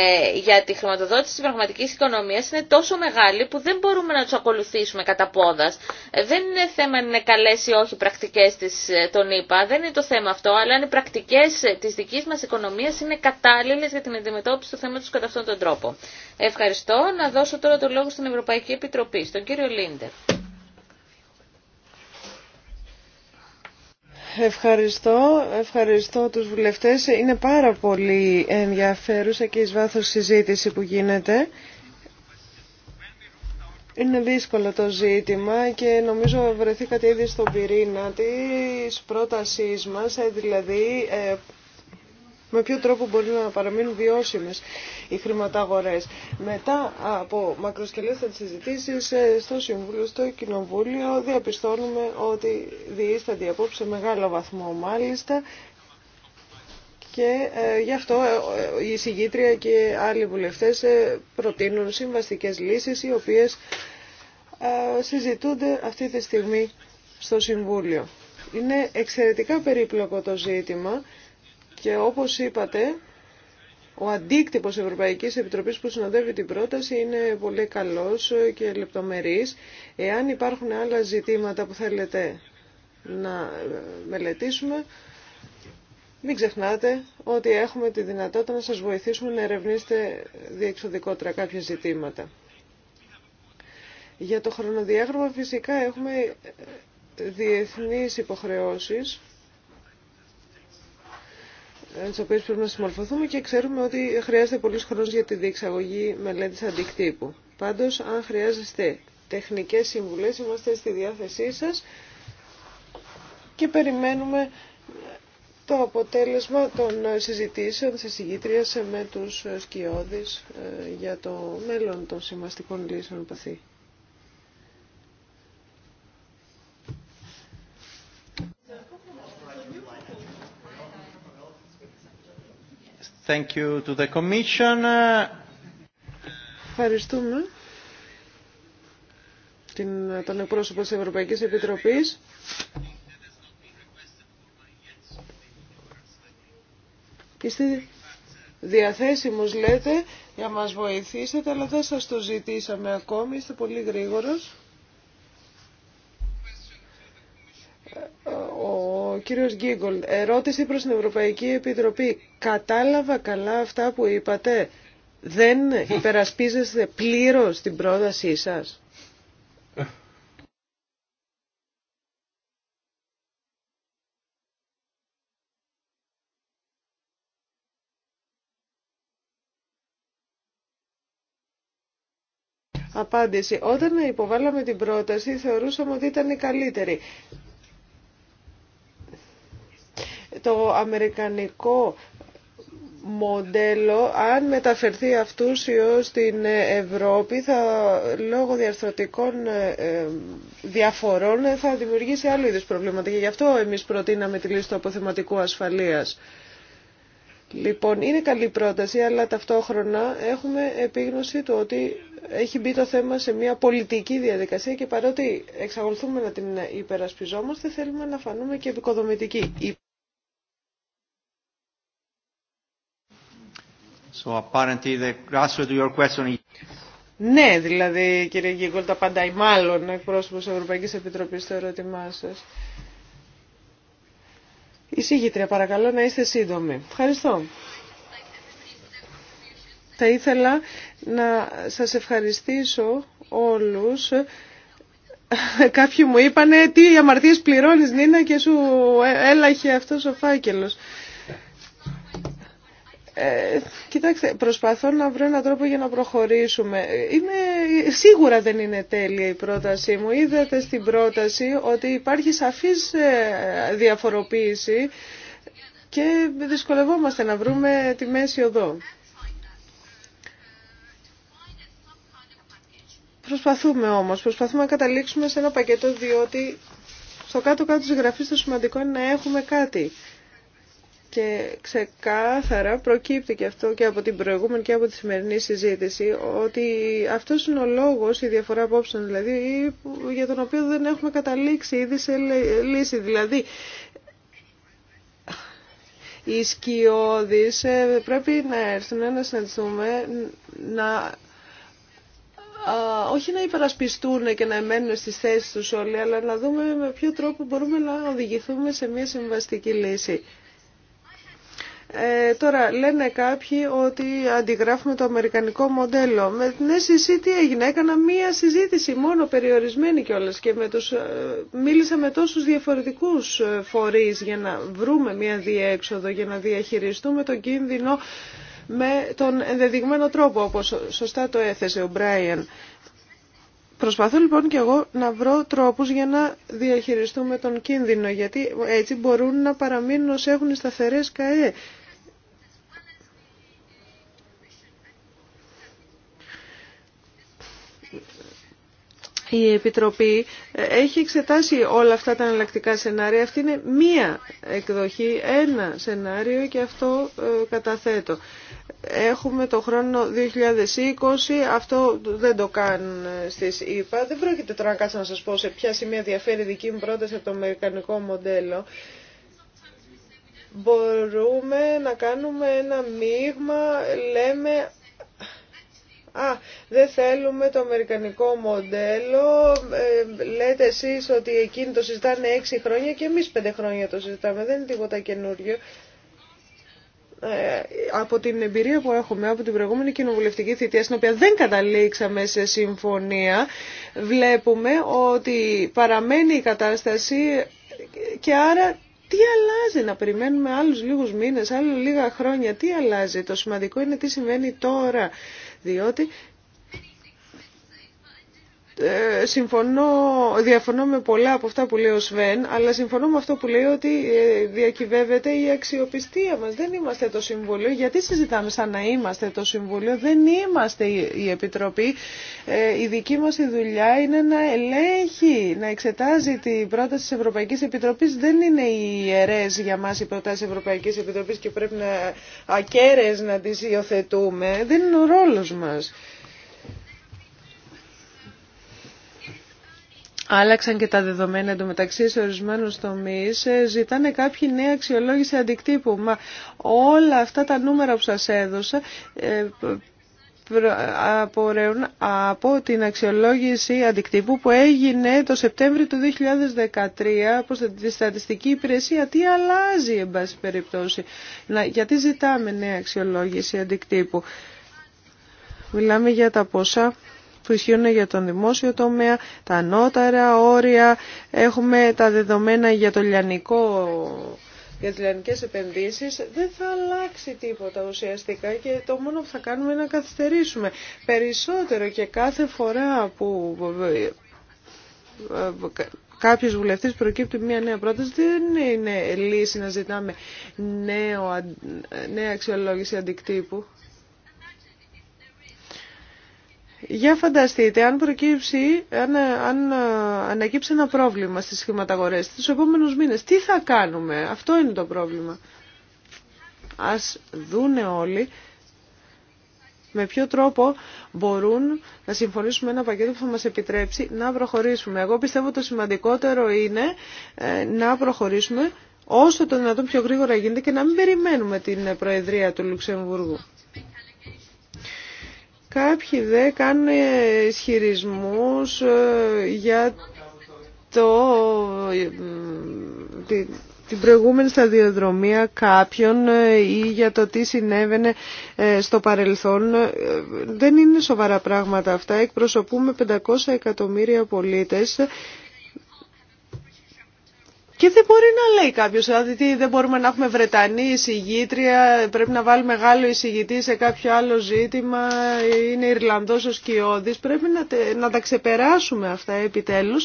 για τη χρηματοδότηση της πραγματικής οικονομίας είναι τόσο μεγάλη που δεν μπορούμε να τους ακολουθήσουμε κατά πόδας. Ε, δεν είναι θέμα αν είναι καλές ή όχι πρακτικές της, των ΗΠΑ, δεν είναι το θέμα αυτό, αλλά αν οι πρακτικές της δικής μας οικονομίας είναι κατάλληλες για την αντιμετώπιση του θέματος κατά αυτόν τον τρόπο. Ευχαριστώ. Να δώσω τώρα το λόγο στην Ευρωπαϊκή Επιτροπή, στον κύριο Λίντερ. Ευχαριστώ. Ευχαριστώ τους βουλευτές. Είναι πάρα πολύ ενδιαφέρουσα και εις βάθος συζήτηση που γίνεται. Είναι δύσκολο το ζήτημα και νομίζω βρεθήκατε ήδη στον πυρήνα της πρότασής μας, ε, δηλαδή ε, με ποιο τρόπο μπορεί να παραμείνουν βιώσιμες οι χρηματαγορές. Μετά από μακροσκελέστατες συζητήσεις ε, στο Συμβούλιο, στο Κοινοβούλιο, διαπιστώνουμε ότι διείστανται απόψε μεγάλο βαθμό μάλιστα και ε, γι' αυτό ε, η συγγήτρια και άλλοι βουλευτές προτείνουν συμβαστικές λύσεις οι οποίες συζητούνται αυτή τη στιγμή στο Συμβούλιο. Είναι εξαιρετικά περίπλοκο το ζήτημα και όπως είπατε, ο αντίκτυπος Ευρωπαϊκής Επιτροπής που συνοδεύει την πρόταση είναι πολύ καλός και λεπτομερής. Εάν υπάρχουν άλλα ζητήματα που θέλετε να μελετήσουμε, μην ξεχνάτε ότι έχουμε τη δυνατότητα να σας βοηθήσουμε να ερευνήσετε διεξοδικότερα κάποια ζητήματα. Για το χρονοδιάγραμμα φυσικά έχουμε διεθνείς υποχρεώσεις ε, τις οποίες πρέπει να συμμορφωθούμε και ξέρουμε ότι χρειάζεται πολλούς χρόνος για τη διεξαγωγή μελέτης αντικτύπου. Πάντως, αν χρειάζεστε τεχνικές συμβουλές, είμαστε στη διάθεσή σας και περιμένουμε το αποτέλεσμα των συζητήσεων της εισηγήτριας με τους σκιώδεις ε, για το μέλλον των σημαστικών λύσεων παθή. Thank you to the Commission. Ευχαριστούμε την, τον εκπρόσωπο της Ευρωπαϊκής Επιτροπής. Είστε διαθέσιμος λέτε για μας βοηθήσετε, αλλά δεν σας το ζητήσαμε ακόμη, είστε πολύ γρήγορος. ο κύριος Γκίγκολ, ερώτηση προς την Ευρωπαϊκή Επιτροπή. Κατάλαβα καλά αυτά που είπατε. Δεν υπερασπίζεστε πλήρως την πρότασή σας. Απάντηση. Όταν υποβάλαμε την πρόταση θεωρούσαμε ότι ήταν η καλύτερη το αμερικανικό μοντέλο, αν μεταφερθεί αυτούσιο στην Ευρώπη, θα, λόγω διαρθρωτικών ε, ε, διαφορών θα δημιουργήσει άλλου είδους προβλήματα. Και γι' αυτό εμείς προτείναμε τη λύση του αποθεματικού ασφαλείας. Λοιπόν, είναι καλή πρόταση, αλλά ταυτόχρονα έχουμε επίγνωση του ότι έχει μπει το θέμα σε μια πολιτική διαδικασία και παρότι εξακολουθούμε να την υπερασπιζόμαστε, θέλουμε να φανούμε και επικοδομητικοί. So apparently the answer to your question is... Ναι, δηλαδή κύριε Γίγκολ, τα πάντα ή μάλλον εκπρόσωπος της Ευρωπαϊκής Επιτροπής στο ερώτημά σας. Εισήγητρια, παρακαλώ να είστε σύντομοι. Ευχαριστώ. Θα ήθελα να σας ευχαριστήσω όλους. Κάποιοι μου είπανε τι αμαρτίες πληρώνεις Νίνα και σου έλαχε αυτός ο φάκελος. Ε, κοιτάξτε, προσπαθώ να βρω έναν τρόπο για να προχωρήσουμε. Είμαι, σίγουρα δεν είναι τέλεια η πρότασή μου. Είδατε στην πρόταση ότι υπάρχει σαφής ε, διαφοροποίηση και δυσκολευόμαστε να βρούμε τη μέση οδό. Προσπαθούμε όμως, προσπαθούμε να καταλήξουμε σε ένα πακέτο διότι στο κάτω-κάτω της γραφής το σημαντικό είναι να έχουμε κάτι. Και ξεκάθαρα προκύπτει και αυτό και από την προηγούμενη και από τη σημερινή συζήτηση ότι αυτός είναι ο λόγος, η διαφορά απόψεων δηλαδή, για τον οποίο δεν έχουμε καταλήξει ήδη σε λύση. Δηλαδή, οι σκιώδεις ε, πρέπει να έρθουν να συναντηθούμε, να όχι να υπερασπιστούν και να εμένουν στις θέσεις τους όλοι, αλλά να δούμε με ποιο τρόπο μπορούμε να οδηγηθούμε σε μια συμβαστική λύση. Ε, τώρα λένε κάποιοι ότι αντιγράφουμε το αμερικανικό μοντέλο. Με την ναι, SEC τι έγινε, έκανα μία συζήτηση μόνο περιορισμένη κιόλα και με τους, ε, μίλησα με τόσους διαφορετικούς ε, φορείς για να βρούμε μία διέξοδο, για να διαχειριστούμε τον κίνδυνο με τον ενδεδειγμένο τρόπο όπως σωστά το έθεσε ο Μπράιεν. Προσπαθώ λοιπόν και εγώ να βρω τρόπους για να διαχειριστούμε τον κίνδυνο, γιατί έτσι μπορούν να παραμείνουν όσοι έχουν σταθερές ΚαΕ. η Επιτροπή ε, έχει εξετάσει όλα αυτά τα εναλλακτικά σενάρια. Αυτή είναι μία εκδοχή, ένα σενάριο και αυτό ε, καταθέτω. Έχουμε το χρόνο 2020, αυτό δεν το κάνουν ε, στις ΗΠΑ. Δεν πρόκειται τώρα να κάτσω να σας πω σε ποια σημεία διαφέρει δική μου πρόταση από το αμερικανικό μοντέλο μπορούμε να κάνουμε ένα μείγμα, λέμε Α, δεν θέλουμε το αμερικανικό μοντέλο. Ε, λέτε εσεί ότι εκείνοι το συζητάνε έξι χρόνια και εμεί πέντε χρόνια το συζητάμε. Δεν είναι τίποτα καινούριο. Ε, από την εμπειρία που έχουμε από την προηγούμενη κοινοβουλευτική θητεία στην οποία δεν καταλήξαμε σε συμφωνία βλέπουμε ότι παραμένει η κατάσταση και άρα τι αλλάζει να περιμένουμε άλλους λίγους μήνες, άλλους λίγα χρόνια, τι αλλάζει. Το σημαντικό είναι τι συμβαίνει τώρα διότι ε, συμφωνώ, διαφωνώ με πολλά από αυτά που λέει ο Σβέν, αλλά συμφωνώ με αυτό που λέει ότι ε, διακυβεύεται η αξιοπιστία μας. Δεν είμαστε το Συμβούλιο. Γιατί συζητάμε σαν να είμαστε το Συμβούλιο. Δεν είμαστε η Επιτροπή. Ε, η δική μας η δουλειά είναι να ελέγχει, να εξετάζει την πρόταση της Ευρωπαϊκής Επιτροπής. Δεν είναι οι ιερές για μας οι προτάσεις της Ευρωπαϊκής Επιτροπής και πρέπει να ακέρες να τις υιοθετούμε. Δεν είναι ο ρόλος μας. Άλλαξαν και τα δεδομένα εντωμεταξύ σε ορισμένου τομεί, ε, Ζητάνε κάποιοι νέα αξιολόγηση αντικτύπου. Μα όλα αυτά τα νούμερα που σας έδωσα ε, απορρέουν από την αξιολόγηση αντικτύπου που έγινε το Σεπτέμβριο του 2013 από τη Στατιστική Υπηρεσία. Τι αλλάζει, εν πάση περιπτώσει. γιατί ζητάμε νέα αξιολόγηση αντικτύπου. Μιλάμε για τα ποσά που ισχύουν για τον δημόσιο τομέα, τα ανώτερα όρια, έχουμε τα δεδομένα για το λιανικό για τις λιανικές επενδύσεις δεν θα αλλάξει τίποτα ουσιαστικά και το μόνο που θα κάνουμε είναι να καθυστερήσουμε περισσότερο και κάθε φορά που κάποιος βουλευτής προκύπτει μια νέα πρόταση δεν είναι λύση να ζητάμε νέο, νέα αξιολόγηση αντικτύπου. Για φανταστείτε, αν προκύψει, αν, αν ανακύψει ένα πρόβλημα στις χρηματαγορές τους επόμενους μήνες, τι θα κάνουμε, αυτό είναι το πρόβλημα. Ας δούνε όλοι με ποιο τρόπο μπορούν να συμφωνήσουμε ένα πακέτο που θα μας επιτρέψει να προχωρήσουμε. Εγώ πιστεύω το σημαντικότερο είναι ε, να προχωρήσουμε όσο το δυνατόν πιο γρήγορα γίνεται και να μην περιμένουμε την Προεδρία του Λουξεμβούργου. Κάποιοι δε κάνουν ισχυρισμού ε, για το, ε, την προηγούμενη σταδιοδρομία κάποιον ε, ή για το τι συνέβαινε στο παρελθόν. Δεν είναι σοβαρά πράγματα αυτά. Εκπροσωπούμε 500 εκατομμύρια πολίτες και δεν μπορεί να λέει κάποιο, δηλαδή δεν μπορούμε να έχουμε Βρετανή εισηγήτρια, πρέπει να βάλει μεγάλο εισηγητή σε κάποιο άλλο ζήτημα, είναι Ιρλανδό ο Σκιώδη. Πρέπει να, να τα ξεπεράσουμε αυτά επιτέλου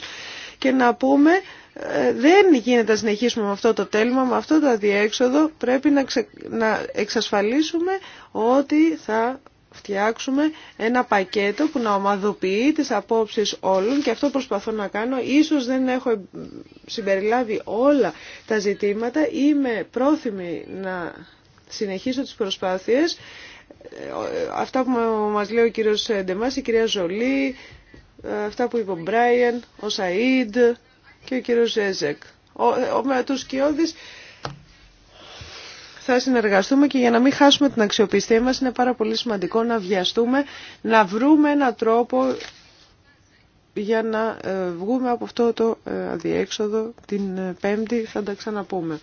και να πούμε ε, δεν γίνεται να συνεχίσουμε με αυτό το τέλμα, με αυτό το αδιέξοδο. Πρέπει να, να εξασφαλίσουμε ότι θα φτιάξουμε ένα πακέτο που να ομαδοποιεί τις απόψεις όλων και αυτό προσπαθώ να κάνω. Ίσως δεν έχω συμπεριλάβει όλα τα ζητήματα. Είμαι πρόθυμη να συνεχίσω τις προσπάθειες. Αυτά που μας λέει ο κύριος Ντεμάς, η κυρία Ζολή, αυτά που είπε ο Μπράιεν, ο Σαΐντ και ο κύριος Ζέζεκ. Ο, ο, τους θα συνεργαστούμε και για να μην χάσουμε την αξιοπιστία μας είναι πάρα πολύ σημαντικό να βιαστούμε, να βρούμε έναν τρόπο για να ε, βγούμε από αυτό το ε, αδιέξοδο την ε, Πέμπτη, θα τα ξαναπούμε.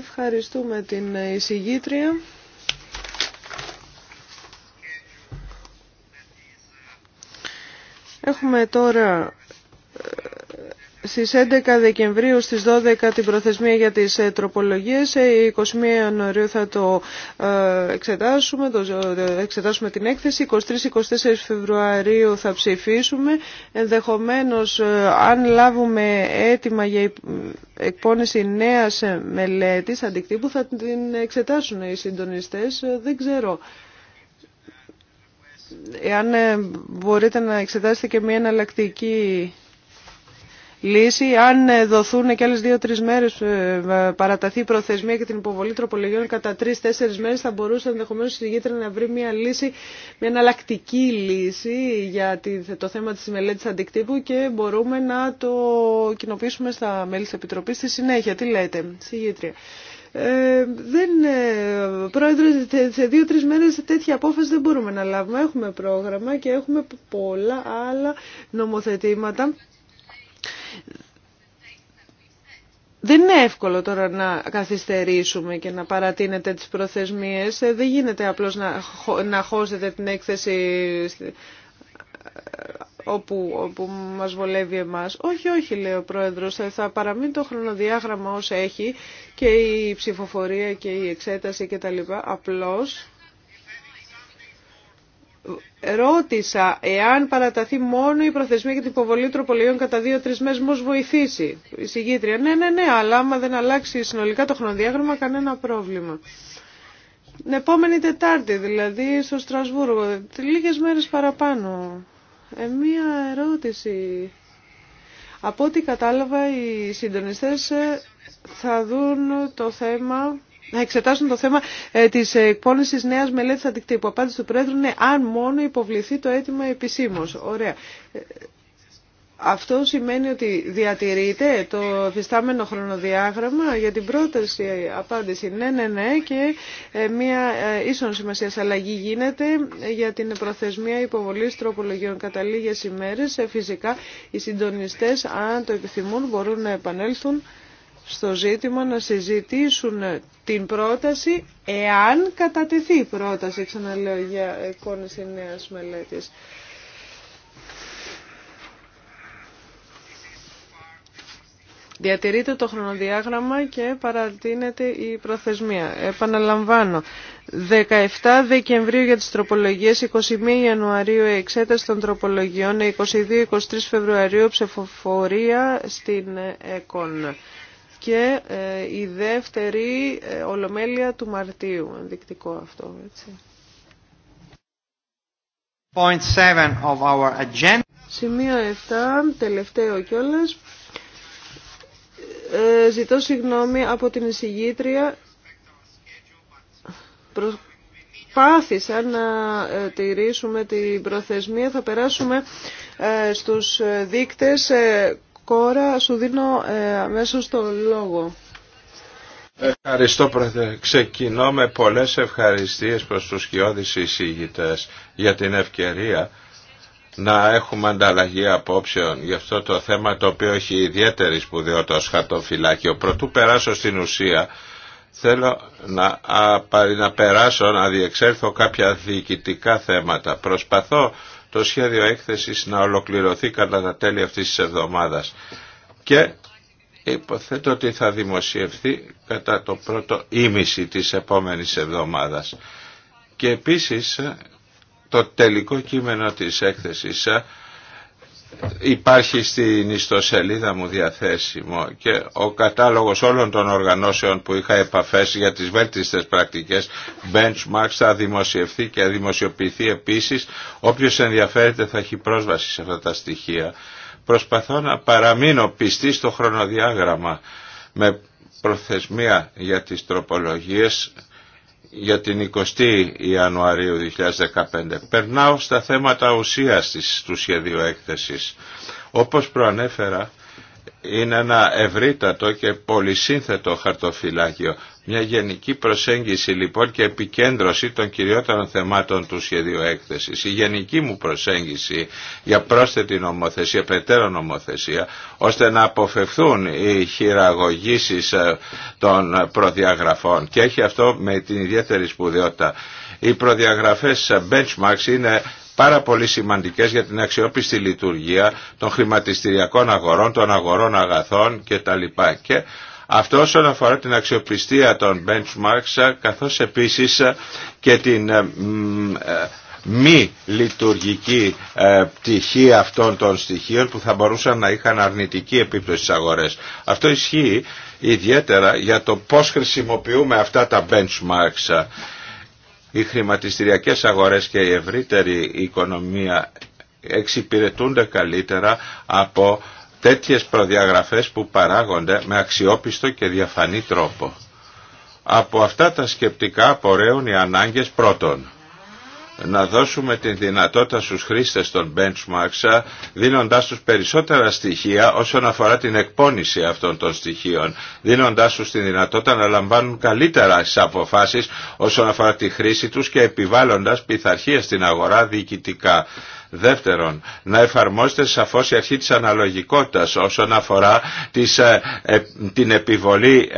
Ευχαριστούμε την εισηγήτρια. Έχουμε τώρα στις 11 Δεκεμβρίου στις 12 την προθεσμία για τις ε, τροπολογίες, 21 ε, Ιανουαρίου θα το ε, εξετάσουμε, το εξετάσουμε την έκθεση, 23-24 Φεβρουαρίου θα ψηφίσουμε, ενδεχομένως αν λάβουμε έτοιμα για εκπόνηση νέας μελέτης αντικτύπου θα την εξετάσουν οι συντονιστές, δεν ξέρω. Εάν μπορείτε να εξετάσετε και μια εναλλακτική λύση. Αν ε, δοθούν και άλλε δύο-τρει μέρε, ε, παραταθεί η προθεσμία και την υποβολή τροπολογιών κατά τρει-τέσσερι μέρε, θα μπορούσε ενδεχομένω η συγγήτρια να βρει μια λύση, μια εναλλακτική λύση για το θέμα τη μελέτη αντικτύπου και μπορούμε να το κοινοποιήσουμε στα μέλη τη Επιτροπή στη συνέχεια. Τι λέτε, συγγήτρια. Ε, δεν, ε, πρόεδρε, σε δύο-τρει μέρε τέτοια απόφαση δεν μπορούμε να λάβουμε. Έχουμε πρόγραμμα και έχουμε πολλά άλλα νομοθετήματα δεν είναι εύκολο τώρα να καθυστερήσουμε και να παρατείνετε τις προθεσμίες. Ε, δεν γίνεται απλώς να, χώσετε την έκθεση ε, όπου, όπου μας βολεύει εμάς. Όχι, όχι, λέει ο Πρόεδρος, ε, θα, παραμείνει το χρονοδιάγραμμα όσο έχει και η ψηφοφορία και η εξέταση κτλ. Απλώς Ρώτησα εάν παραταθεί μόνο η προθεσμία για την υποβολή τροπολογιών κατά δύο-τρει μέρε, μα βοηθήσει. Η συγγήτρια, ναι, ναι, ναι, αλλά άμα δεν αλλάξει συνολικά το χρονοδιάγραμμα, κανένα πρόβλημα. Την επόμενη Τετάρτη, δηλαδή, στο Στρασβούργο, λίγε μέρε παραπάνω. Ε, μία ερώτηση. Από ό,τι κατάλαβα, οι συντονιστέ ε, θα δουν το θέμα να εξετάσουν το θέμα ε, της εκπόνησης νέας μελέτης αντικτύπου. Απάντηση του Πρόεδρου είναι αν μόνο υποβληθεί το αίτημα επισήμως. Ωραία. Ε, αυτό σημαίνει ότι διατηρείται το φυστάμενο χρονοδιάγραμμα για την πρόταση απάντηση ναι, ναι, ναι και ε, μια ε, ίσον σημασία αλλαγή γίνεται για την προθεσμία υποβολής τροπολογιών κατά λίγες ημέρες. Φυσικά οι συντονιστές αν το επιθυμούν μπορούν να επανέλθουν στο ζήτημα να συζητήσουν την πρόταση εάν κατατεθεί η πρόταση, ξαναλέω, για εικόνες νέας μελέτης. Διατηρείται το χρονοδιάγραμμα και παρατείνεται η προθεσμία. Επαναλαμβάνω, 17 Δεκεμβρίου για τις τροπολογίες, 21 Ιανουαρίου εξέταση των τροπολογιών, 22-23 Φεβρουαρίου ψεφοφορία στην ΕΚΟΝ και ε, η δεύτερη ε, ολομέλεια του Μαρτίου. Ενδεικτικό αυτό, έτσι. Point of our agenda. Σημείο 7, τελευταίο κιόλας. Ε, ζητώ συγγνώμη από την εισηγήτρια. Προσπάθησα να τηρήσουμε την προθεσμία. Θα περάσουμε στους δείκτες Κόρα, σου δίνω ε, το λόγο. Ευχαριστώ πρώτα. Ξεκινώ με πολλές ευχαριστίες προς τους σκιώδεις εισήγητες για την ευκαιρία να έχουμε ανταλλαγή απόψεων για αυτό το θέμα το οποίο έχει ιδιαίτερη σπουδαιότητα ως χαρτοφυλάκιο. Πρωτού περάσω στην ουσία θέλω να, α, να περάσω να διεξέλθω κάποια διοικητικά θέματα. Προσπαθώ το σχέδιο έκθεσης να ολοκληρωθεί κατά τα τέλη αυτής της εβδομάδας. Και υποθέτω ότι θα δημοσιευθεί κατά το πρώτο ήμιση της επόμενης εβδομάδας. Και επίσης το τελικό κείμενο της έκθεσης υπάρχει στην ιστοσελίδα μου διαθέσιμο και ο κατάλογος όλων των οργανώσεων που είχα επαφές για τις βέλτιστες πρακτικές benchmarks θα δημοσιευθεί και θα δημοσιοποιηθεί επίσης όποιος ενδιαφέρεται θα έχει πρόσβαση σε αυτά τα στοιχεία προσπαθώ να παραμείνω πιστή στο χρονοδιάγραμμα με προθεσμία για τις τροπολογίες για την 20η Ιανουαρίου 2015. Περνάω στα θέματα ουσίας του σχεδίου έκθεσης. Όπως προανέφερα, είναι ένα ευρύτατο και πολυσύνθετο χαρτοφυλάκιο. Μια γενική προσέγγιση λοιπόν και επικέντρωση των κυριότερων θεμάτων του σχεδίου έκθεσης. Η γενική μου προσέγγιση για πρόσθετη νομοθεσία, περαιτέρω νομοθεσία, ώστε να αποφευθούν οι χειραγωγήσεις ε, των προδιαγραφών. Και έχει αυτό με την ιδιαίτερη σπουδαιότητα. Οι προδιαγραφές ε, benchmarks είναι πάρα πολύ σημαντικές για την αξιόπιστη λειτουργία των χρηματιστηριακών αγορών, των αγορών αγαθών κτλ. Και αυτό όσον αφορά την αξιοπιστία των benchmarks καθώς επίσης και την ε, ε, μη λειτουργική ε, πτυχή αυτών των στοιχείων που θα μπορούσαν να είχαν αρνητική επίπτωση στις αγορές. Αυτό ισχύει ιδιαίτερα για το πώς χρησιμοποιούμε αυτά τα benchmarks. Οι χρηματιστηριακές αγορές και η ευρύτερη οικονομία εξυπηρετούνται καλύτερα από τέτοιες προδιαγραφές που παράγονται με αξιόπιστο και διαφανή τρόπο. Από αυτά τα σκεπτικά απορρέουν οι ανάγκες πρώτων. Να δώσουμε την δυνατότητα στους χρήστες των benchmarks δίνοντάς τους περισσότερα στοιχεία όσον αφορά την εκπόνηση αυτών των στοιχείων, δίνοντάς τους τη δυνατότητα να λαμβάνουν καλύτερα τις αποφάσεις όσον αφορά τη χρήση τους και επιβάλλοντας πειθαρχία στην αγορά διοικητικά. Δεύτερον, να εφαρμόσετε σαφώς η αρχή της αναλογικότητας όσον αφορά ε, ε, την επιβολή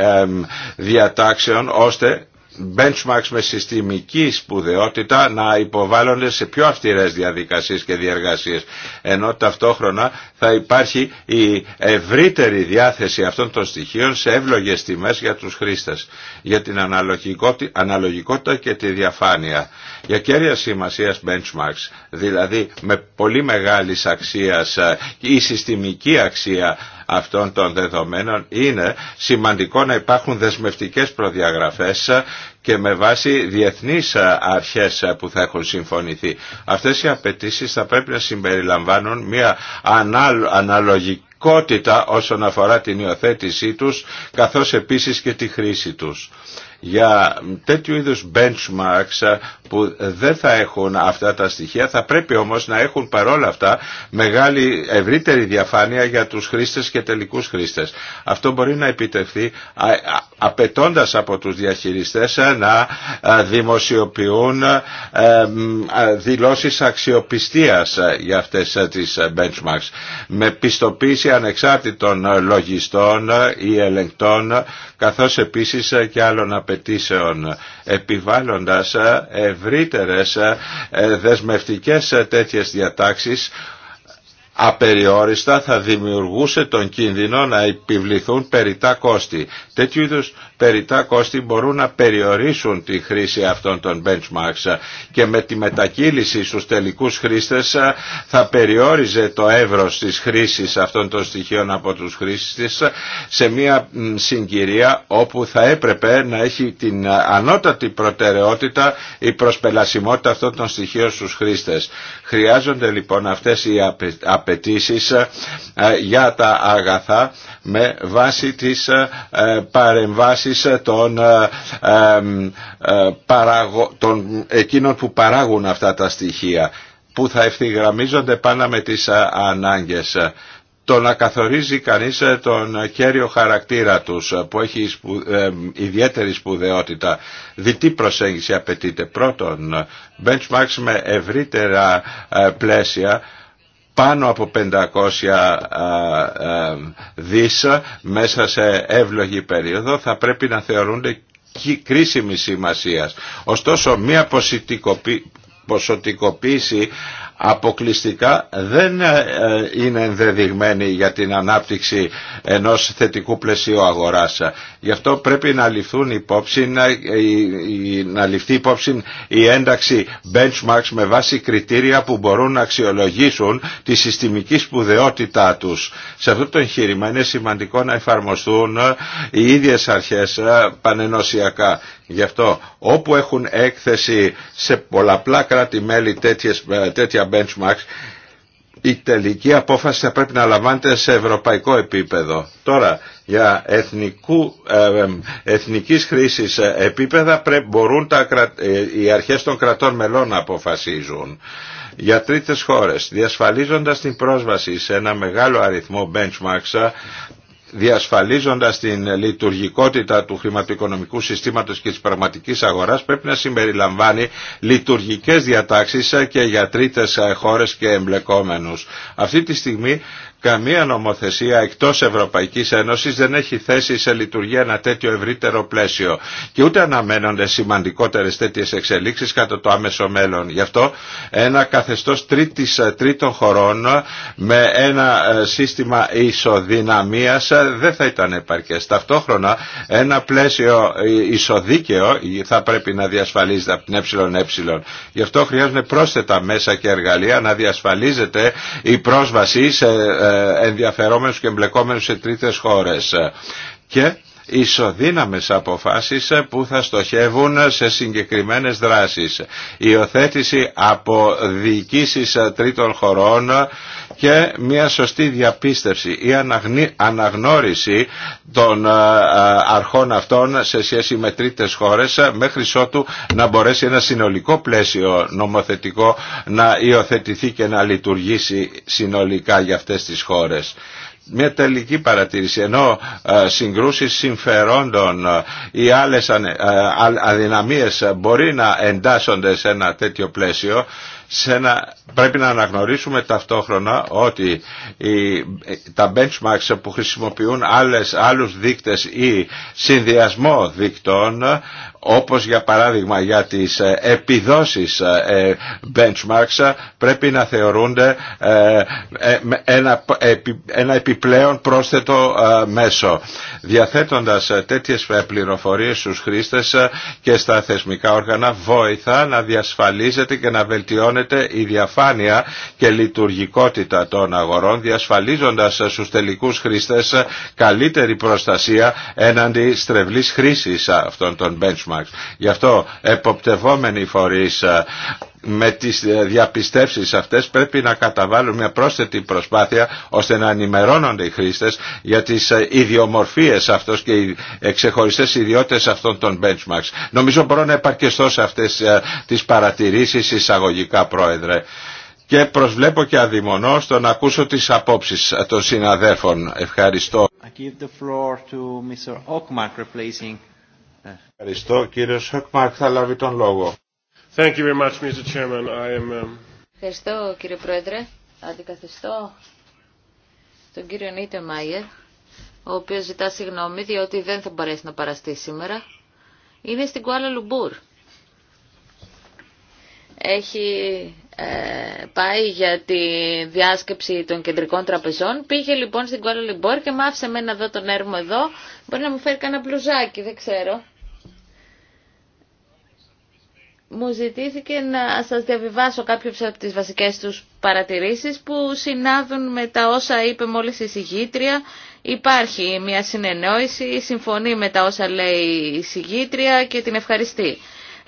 διατάξεων ώστε benchmarks με συστημική σπουδαιότητα να υποβάλλονται σε πιο αυστηρές διαδικασίες και διεργασίες ενώ ταυτόχρονα θα υπάρχει η ευρύτερη διάθεση αυτών των στοιχείων σε εύλογες τιμές για τους χρήστες για την αναλογικότητα και τη διαφάνεια για κέρια σημασία benchmarks δηλαδή με πολύ μεγάλη αξίας ή ε, συστημική αξία αυτών των δεδομένων είναι σημαντικό να υπάρχουν δεσμευτικές προδιαγραφές και με βάση διεθνείς αρχές που θα έχουν συμφωνηθεί. Αυτές οι απαιτήσεις θα πρέπει να συμπεριλαμβάνουν μια αναλογικότητα όσον αφορά την υιοθέτησή τους καθώς επίσης και τη χρήση τους για τέτοιου είδους benchmarks που δεν θα έχουν αυτά τα στοιχεία, θα πρέπει όμως να έχουν παρόλα αυτά μεγάλη ευρύτερη διαφάνεια για τους χρήστες και τελικούς χρήστες. Αυτό μπορεί να επιτευχθεί απαιτώντα από τους διαχειριστές να δημοσιοποιούν δηλώσεις αξιοπιστίας για αυτές τις benchmarks με πιστοποίηση ανεξάρτητων λογιστών ή ελεγκτών καθώς επίσης και άλλων απαιτήσεων επιβάλλοντας ε, ευρύτερες ε, δεσμευτικές ε, τέτοιες διατάξεις απεριόριστα θα δημιουργούσε τον κίνδυνο να επιβληθούν περιτά κόστη. Τέτοιου είδου περιτά κόστη μπορούν να περιορίσουν τη χρήση αυτών των benchmarks και με τη μετακύληση στους τελικούς χρήστες θα περιόριζε το εύρος της χρήσης αυτών των στοιχείων από τους χρήστες σε μια συγκυρία όπου θα έπρεπε να έχει την ανώτατη προτεραιότητα η προσπελασιμότητα αυτών των στοιχείων στους χρήστες. Χρειάζονται λοιπόν αυτές οι ε, για τα αγαθά με βάση τις ε, παρεμβάσεις των, ε, των εκείνων που παράγουν αυτά τα στοιχεία που θα ευθυγραμμίζονται πάνω με τις ανάγκες το να καθορίζει κανείς τον κέριο χαρακτήρα τους που έχει ιδιαίτερη σπουδαιότητα. Διτή προσέγγιση απαιτείται. Πρώτον, benchmarks με ευρύτερα πλαίσια πάνω από 500 δις μέσα σε εύλογη περίοδο θα πρέπει να θεωρούνται κρίσιμη σημασίας. Ωστόσο, μία ποσοτικοποίηση αποκλειστικά δεν ε, ε, είναι ενδεδειγμένη για την ανάπτυξη ενός θετικού πλαισίου αγοράς. Γι' αυτό πρέπει να, ληφθούν υπόψη, ε, να ληφθεί υπόψη η ένταξη benchmarks με βάση κριτήρια που μπορούν να αξιολογήσουν τη συστημική σπουδαιότητά τους. Σε αυτό το εγχείρημα είναι σημαντικό να εφαρμοστούν οι ίδιες αρχές πανενοσιακά Γι' αυτό όπου έχουν έκθεση σε πολλαπλά κράτη-μέλη ε, τέτοια benchmarks, η τελική απόφαση θα πρέπει να λαμβάνεται σε ευρωπαϊκό επίπεδο. Τώρα, για εθνικού, ε, ε, εθνικής χρήσης επίπεδα μπορούν τα, οι αρχές των κρατών μελών να αποφασίζουν. Για τρίτες χώρες, διασφαλίζοντας την πρόσβαση σε ένα μεγάλο αριθμό benchmarks, διασφαλίζοντας την λειτουργικότητα του χρηματοοικονομικού συστήματος και της πραγματικής αγοράς πρέπει να συμπεριλαμβάνει λειτουργικές διατάξεις και για τρίτες ε, χώρες και εμπλεκόμενους. Αυτή τη στιγμή Καμία νομοθεσία εκτός Ευρωπαϊκής Ένωσης δεν έχει θέση σε λειτουργία ένα τέτοιο ευρύτερο πλαίσιο και ούτε αναμένονται σημαντικότερες τέτοιες εξελίξεις κατά το άμεσο μέλλον. Γι' αυτό ένα καθεστώς τρίτης, ε, τρίτων χωρών ε, με ένα ε, σύστημα ισοδυναμίας δεν θα ήταν επαρκές. Ταυτόχρονα ένα πλαίσιο ισοδίκαιο θα πρέπει να διασφαλίζεται από την ΕΕ. Γι' αυτό χρειάζονται πρόσθετα μέσα και εργαλεία να διασφαλίζεται η πρόσβαση ενδιαφερόμενους και εμπλεκόμενους σε τρίτες χώρες. Και ισοδύναμες αποφάσεις που θα στοχεύουν σε συγκεκριμένες δράσεις. Η οθέτηση από διοικήσεις τρίτων χωρών και μια σωστή διαπίστευση ή αναγνώριση των ε, ε, αρχών αυτών σε σχέση με τρίτες χώρες ε, μέχρι ότου να μπορέσει ένα συνολικό πλαίσιο νομοθετικό να υιοθετηθεί και να λειτουργήσει συνολικά για αυτές τις χώρες. Μια τελική παρατήρηση, ενώ συγκρούσεις συμφερόντων ή άλλες αδυναμίες μπορεί να εντάσσονται σε ένα τέτοιο πλαίσιο, σε ένα πρέπει να αναγνωρίσουμε ταυτόχρονα ότι οι, τα benchmarks που χρησιμοποιούν άλλες, άλλους δείκτες ή συνδυασμό δείκτων όπως για παράδειγμα για τις ε, επιδόσεις ε, ε, benchmarks πρέπει να θεωρούνται ένα, ένα επιπλέον πρόσθετο μέσο. Διαθέτοντας τέτοιες πληροφορίες στους χρήστες και στα θεσμικά όργανα βοηθά να διασφαλίζεται και να βελτιώνεται η διαφάνεια και λειτουργικότητα των αγορών διασφαλίζοντας στους τελικούς χρήστες καλύτερη προστασία έναντι στρεβλής χρήσης αυτών των benchmarks. Γι' αυτό εποπτευόμενοι φορείς με τις ε, διαπιστεύσεις αυτές πρέπει να καταβάλουν μια πρόσθετη προσπάθεια ώστε να ενημερώνονται οι χρήστες για τις ε, ιδιομορφίες αυτός και οι εξεχωριστές ιδιότητες αυτών των benchmarks. Νομίζω μπορώ να επαρκεστώ σε αυτές ε, τις παρατηρήσεις εισαγωγικά πρόεδρε. Και προσβλέπω και αδειμονώ στο να ακούσω τις απόψεις των συναδέφων. Ευχαριστώ. Ευχαριστώ. Κύριος Χοκμαρκ θα λάβει τον λόγο. Thank um, Ευχαριστώ κύριε Πρόεδρε. Αντικαθιστώ τον κύριο Νίτε Μάιερ, ο οποίος ζητά συγγνώμη διότι δεν θα μπορέσει να παραστεί σήμερα. Είναι στην Κουάλα Λουμπούρ. Έχει ε, πάει για τη διάσκεψη των κεντρικών τραπεζών. Πήγε λοιπόν στην Κουάλα Λουμπούρ και μ' με να δω τον έρμο εδώ. Μπορεί να μου φέρει κανένα μπλουζάκι, δεν ξέρω μου ζητήθηκε να σας διαβιβάσω κάποιες από τις βασικές τους παρατηρήσεις που συνάδουν με τα όσα είπε μόλις η συγγήτρια. Υπάρχει μια συνεννόηση, συμφωνεί με τα όσα λέει η συγγήτρια και την ευχαριστεί.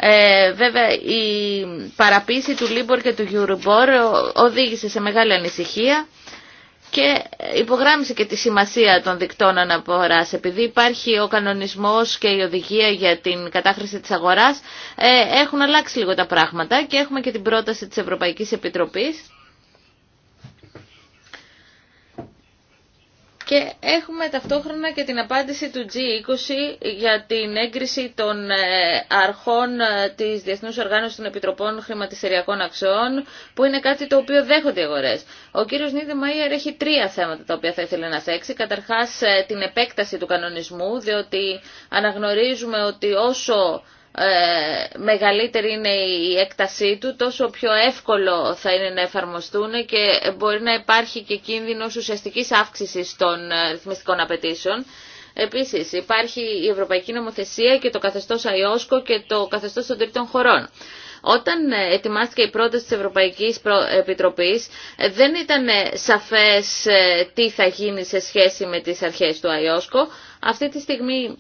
Ε, βέβαια η παραποίηση του Λίμπορ και του Γιουρουμπόρ οδήγησε σε μεγάλη ανησυχία και υπογράμμισε και τη σημασία των δικτών αναποράς. Επειδή υπάρχει ο κανονισμός και η οδηγία για την κατάχρηση της αγοράς, ε, έχουν αλλάξει λίγο τα πράγματα και έχουμε και την πρόταση της Ευρωπαϊκής Επιτροπής Και έχουμε ταυτόχρονα και την απάντηση του G20 για την έγκριση των ε, αρχών ε, της Διεθνούς Οργάνωσης των Επιτροπών Χρηματιστηριακών Αξιών, που είναι κάτι το οποίο δέχονται οι αγορές. Ο κύριος Νίδη Μαΐερ έχει τρία θέματα τα οποία θα ήθελε να θέξει. Καταρχάς ε, την επέκταση του κανονισμού, διότι αναγνωρίζουμε ότι όσο ε, μεγαλύτερη είναι η έκτασή του, τόσο πιο εύκολο θα είναι να εφαρμοστούν και μπορεί να υπάρχει και κίνδυνος ουσιαστικής αύξησης των ε, ρυθμιστικών απαιτήσεων. Επίσης υπάρχει η Ευρωπαϊκή Νομοθεσία και το καθεστώς ΑΙΟΣΚΟ και το καθεστώς των τρίτων χωρών. Όταν ε, ετοιμάστηκε η πρόταση της Ευρωπαϊκής Επιτροπής δεν ήταν σαφές τι θα γίνει σε σχέση με τις αρχές του ΑΙΟΣΚΟ. Αυτή τη στιγμή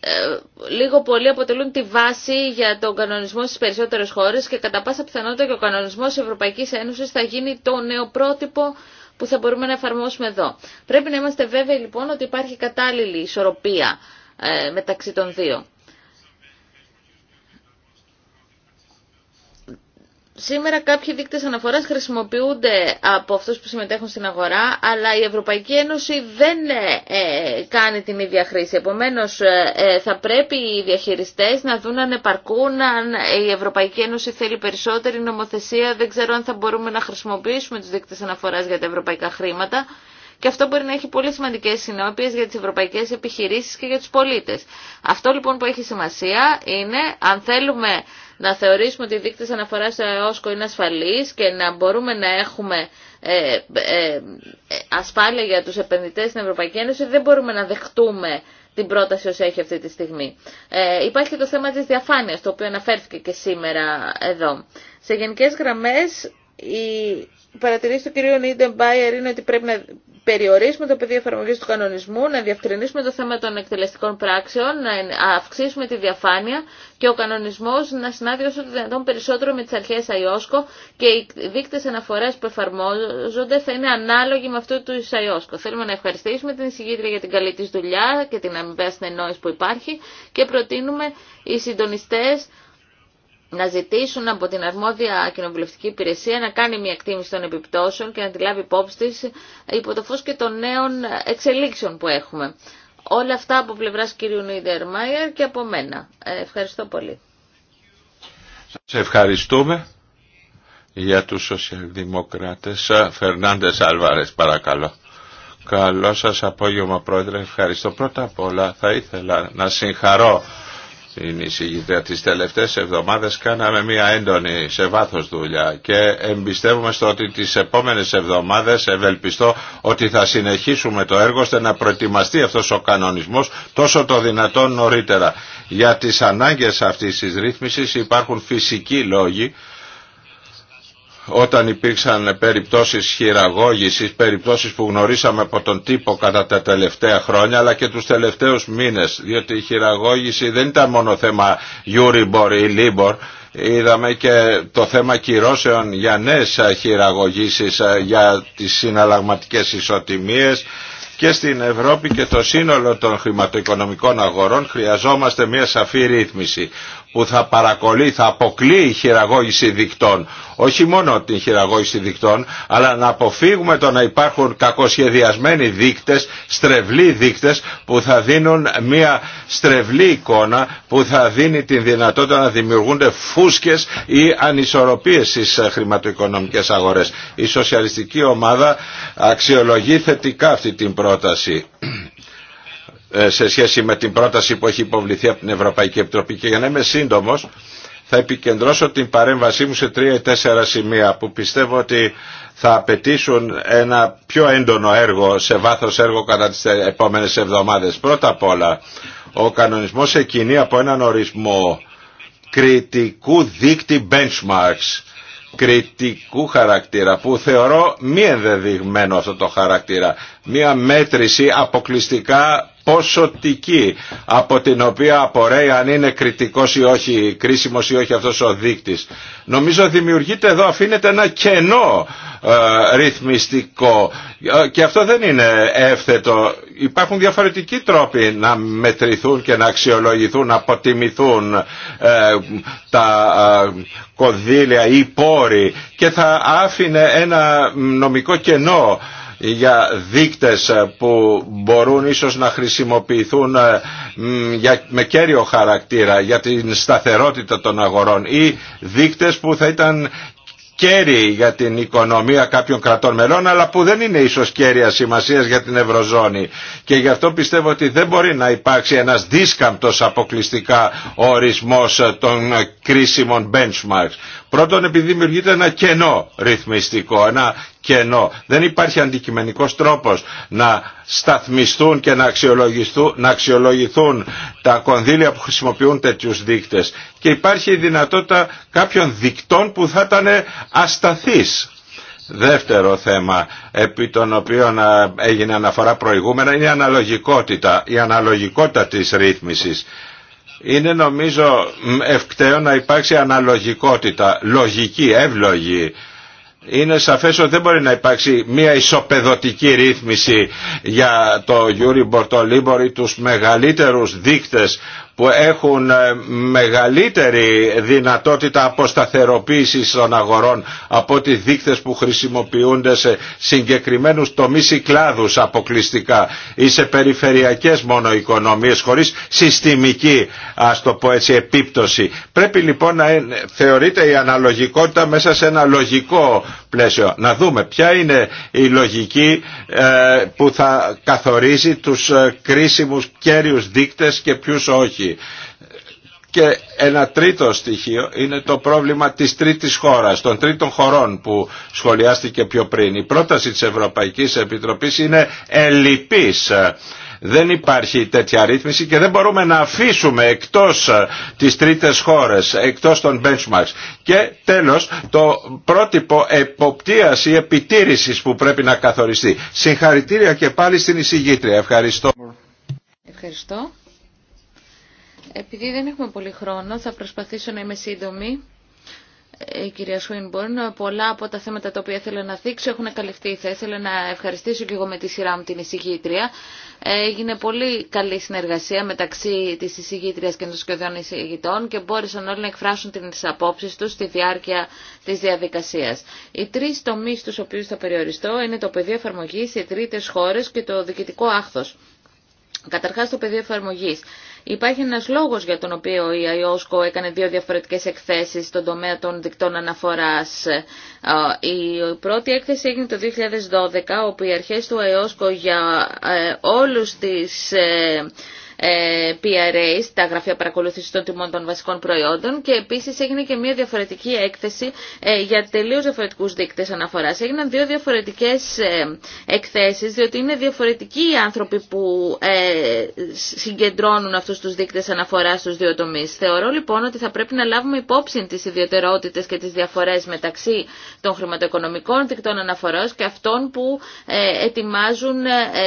ε, λίγο πολύ αποτελούν τη βάση για τον κανονισμό στις περισσότερες χώρες και κατά πάσα πιθανότητα και ο κανονισμός της Ευρωπαϊκής Ένωσης θα γίνει το νέο πρότυπο που θα μπορούμε να εφαρμόσουμε εδώ. Πρέπει να είμαστε βέβαιοι λοιπόν ότι υπάρχει κατάλληλη ισορροπία ε, μεταξύ των δύο. Σήμερα κάποιοι δείκτες αναφοράς χρησιμοποιούνται από αυτούς που συμμετέχουν στην αγορά, αλλά η Ευρωπαϊκή Ένωση δεν ε, ε, κάνει την ίδια χρήση. Επομένως, ε, θα πρέπει οι διαχειριστές να δουν αν επαρκούν, αν η Ευρωπαϊκή Ένωση θέλει περισσότερη νομοθεσία. Δεν ξέρω αν θα μπορούμε να χρησιμοποιήσουμε τους δείκτες αναφοράς για τα ευρωπαϊκά χρήματα και αυτό μπορεί να έχει πολύ σημαντικέ συνόπειε για τι ευρωπαϊκέ επιχειρήσει και για του πολίτε. Αυτό λοιπόν που έχει σημασία είναι αν θέλουμε να θεωρήσουμε ότι οι δείκτε αναφορά στο ΕΟΣΚΟ είναι ασφαλεί και να μπορούμε να έχουμε ε, ε, ασφάλεια για του επενδυτέ στην Ευρωπαϊκή Ένωση, δεν μπορούμε να δεχτούμε την πρόταση όσο έχει αυτή τη στιγμή. Ε, υπάρχει και το θέμα της διαφάνειας, το οποίο αναφέρθηκε και σήμερα εδώ. Σε γενικές γραμμές, η παρατηρήση του κυρίου Νίντεμπάιερ είναι ότι πρέπει να περιορίσουμε το πεδίο εφαρμογή του κανονισμού, να διευκρινίσουμε το θέμα των εκτελεστικών πράξεων, να αυξήσουμε τη διαφάνεια και ο κανονισμό να συνάδει όσο το δυνατόν περισσότερο με τι αρχέ ΑΙΟΣΚΟ και οι δείκτε αναφορέ που εφαρμόζονται θα είναι ανάλογοι με αυτού του ΑΙΟΣΚΟ. Θέλουμε να ευχαριστήσουμε την εισηγήτρια για την καλή τη δουλειά και την αμοιβαία συνεννόηση που υπάρχει και προτείνουμε οι συντονιστέ να ζητήσουν από την αρμόδια κοινοβουλευτική υπηρεσία να κάνει μια εκτίμηση των επιπτώσεων και να τη λάβει υπόψη της υπό το φως και των νέων εξελίξεων που έχουμε. Όλα αυτά από πλευράς κύριου Νίδερ Μάιερ και από μένα. Ε, ευχαριστώ πολύ. Σας ευχαριστούμε για τους σοσιαλδημοκράτες. Φερνάντες Αλβάρες παρακαλώ. Καλό σας απόγευμα πρόεδρε. Ευχαριστώ πρώτα απ' όλα. Θα ήθελα να συγχαρώ είναι εισηγητέα. Τις τελευταίες εβδομάδες κάναμε μια έντονη σε βάθος δουλειά και εμπιστεύουμε στο ότι τις επόμενες εβδομάδες ευελπιστώ ότι θα συνεχίσουμε το έργο ώστε να προετοιμαστεί αυτός ο κανονισμός τόσο το δυνατόν νωρίτερα. Για τις ανάγκες αυτής της ρύθμισης υπάρχουν φυσικοί λόγοι όταν υπήρξαν περιπτώσεις χειραγώγησης, περιπτώσεις που γνωρίσαμε από τον τύπο κατά τα τελευταία χρόνια αλλά και τους τελευταίους μήνες διότι η χειραγώγηση δεν ήταν μόνο θέμα Euribor ή Libor είδαμε και το θέμα κυρώσεων για νέες χειραγωγήσεις για τις συναλλαγματικές ισοτιμίες και στην Ευρώπη και το σύνολο των χρηματοοικονομικών αγορών χρειαζόμαστε μια σαφή ρύθμιση που θα παρακολεί, θα αποκλείει η χειραγώγηση δικτών. Όχι μόνο την χειραγώγηση δικτών, αλλά να αποφύγουμε το να υπάρχουν κακοσχεδιασμένοι δείκτες, στρεβλοί δείκτες που θα δίνουν μια στρεβλή εικόνα που θα δίνει την δυνατότητα να δημιουργούνται φούσκες ή ανισορροπίες στις χρηματοοικονομικές αγορές. Η σοσιαλιστική ομάδα αξιολογεί θετικά αυτή την πρόταση ε, σε σχέση με την πρόταση που έχει υποβληθεί από την Ευρωπαϊκή Επιτροπή και για να είμαι σύντομος θα επικεντρώσω την παρέμβασή μου σε τρία ή τέσσερα σημεία που πιστεύω ότι θα απαιτήσουν ένα πιο έντονο έργο, σε βάθος έργο κατά τις επόμενες εβδομάδες. Πρώτα απ' όλα, ο κανονισμός εκκινεί από έναν ορισμό κριτικού δίκτυ benchmarks, κριτικού χαρακτήρα, που θεωρώ μη ενδεδειγμένο αυτό το χαρακτήρα μια μέτρηση αποκλειστικά ποσοτική από την οποία απορρέει αν είναι κριτικός ή όχι, κρίσιμος ή όχι αυτός ο δείκτης. Νομίζω δημιουργείται εδώ, αφήνεται ένα κενό ε, ρυθμιστικό ε, και αυτό δεν είναι εύθετο. Υπάρχουν διαφορετικοί τρόποι να μετρηθούν και να αξιολογηθούν, να αποτιμηθούν ε, τα ε, κονδύλια ή πόροι και θα άφηνε ένα νομικό κενό για δείκτες που μπορούν ίσως να χρησιμοποιηθούν ε, με κέριο χαρακτήρα για την σταθερότητα των αγορών ή δείκτες που θα ήταν κέρι για την οικονομία κάποιων κρατών μελών αλλά που δεν είναι ίσως κέρια σημασίας για την Ευρωζώνη και γι' αυτό πιστεύω ότι δεν μπορεί να υπάρξει ένας δίσκαμπτος αποκλειστικά ορισμός των κρίσιμων benchmarks. Πρώτον επειδή δημιουργείται ένα κενό ρυθμιστικό, ένα ενώ Δεν υπάρχει αντικειμενικός τρόπος να σταθμιστούν και να αξιολογηθούν, να αξιολογηθούν τα κονδύλια που χρησιμοποιούν τέτοιους δείκτες. Και υπάρχει η δυνατότητα κάποιων δικτών που θα ήταν ασταθείς. Δεύτερο θέμα επί των οποίων έγινε αναφορά προηγούμενα είναι η αναλογικότητα, η αναλογικότητα της ρύθμισης. Είναι νομίζω ευκταίο να υπάρξει αναλογικότητα, λογική, εύλογη είναι σαφές ότι δεν μπορεί να υπάρξει μια ισοπεδωτική ρύθμιση για το Γιούρι το του ή τους μεγαλύτερους δείκτες που έχουν ε, μεγαλύτερη δυνατότητα αποσταθεροποίησης των αγορών από ότι δείκτες που χρησιμοποιούνται σε συγκεκριμένους τομείς ή κλάδους αποκλειστικά ή σε περιφερειακές μόνο οικονομίες χωρίς συστημική α το πω έτσι επίπτωση. Πρέπει λοιπόν να θεωρείται η αναλογικότητα μέσα σε ένα λογικό πλαίσιο. Να δούμε ποια είναι η λογική ε, που θα καθορίζει τους ε, κρίσιμους κέριους δίκτες και ποιους όχι. Και ένα τρίτο στοιχείο είναι το πρόβλημα της τρίτης χώρας, των τρίτων χωρών που σχολιάστηκε πιο πριν. Η πρόταση της Ευρωπαϊκής Επιτροπής είναι ελλειπής δεν υπάρχει τέτοια ρύθμιση και δεν μπορούμε να αφήσουμε εκτός ε, τις τρίτες χώρες, εκτός των benchmarks. Και τέλος, το πρότυπο εποπτείας ή επιτήρησης που πρέπει να καθοριστεί. Συγχαρητήρια και πάλι στην εισηγήτρια. Ευχαριστώ. Ευχαριστώ. Επειδή δεν έχουμε πολύ χρόνο, θα προσπαθήσω να είμαι σύντομη η ε, κυρία Σουίνμπορν. Πολλά από τα θέματα τα οποία θέλω να δείξω έχουν καλυφθεί. Θα ήθελα να ευχαριστήσω και εγώ με τη σειρά μου την εισηγήτρια. Έγινε πολύ καλή συνεργασία μεταξύ τη εισηγήτρια και των σχεδόν εισηγητών και μπόρεσαν όλοι να εκφράσουν τι απόψει του στη διάρκεια τη διαδικασία. Οι τρει τομεί στους οποίου θα περιοριστώ είναι το πεδίο εφαρμογή, οι τρίτε χώρε και το διοικητικό άχθο. Καταρχά το πεδίο εφαρμογή. Υπάρχει ένας λόγος για τον οποίο η ΑΙΟΣΚΟ έκανε δύο διαφορετικές εκθέσεις στον τομέα των δικτών αναφοράς. Η πρώτη έκθεση έγινε το 2012, όπου οι αρχές του ΑΙΟΣΚΟ για ε, όλους τις ε, ε, PRAs, τα γραφεία παρακολουθήσης των τιμών των βασικών προϊόντων και επίσης έγινε και μια διαφορετική έκθεση ε, για τελείως διαφορετικούς δείκτες αναφοράς. Έγιναν δύο διαφορετικές ε, εκθέσεις, διότι είναι διαφορετικοί οι άνθρωποι που συγκεντρώνουν αυτούς τους δείκτες αναφοράς στους δύο τομείς. Θεωρώ λοιπόν ότι θα πρέπει να λάβουμε υπόψη τις ιδιαιτερότητες και τις διαφορές μεταξύ των χρηματοοικονομικών δικτών αναφοράς και αυτών που ετοιμάζουν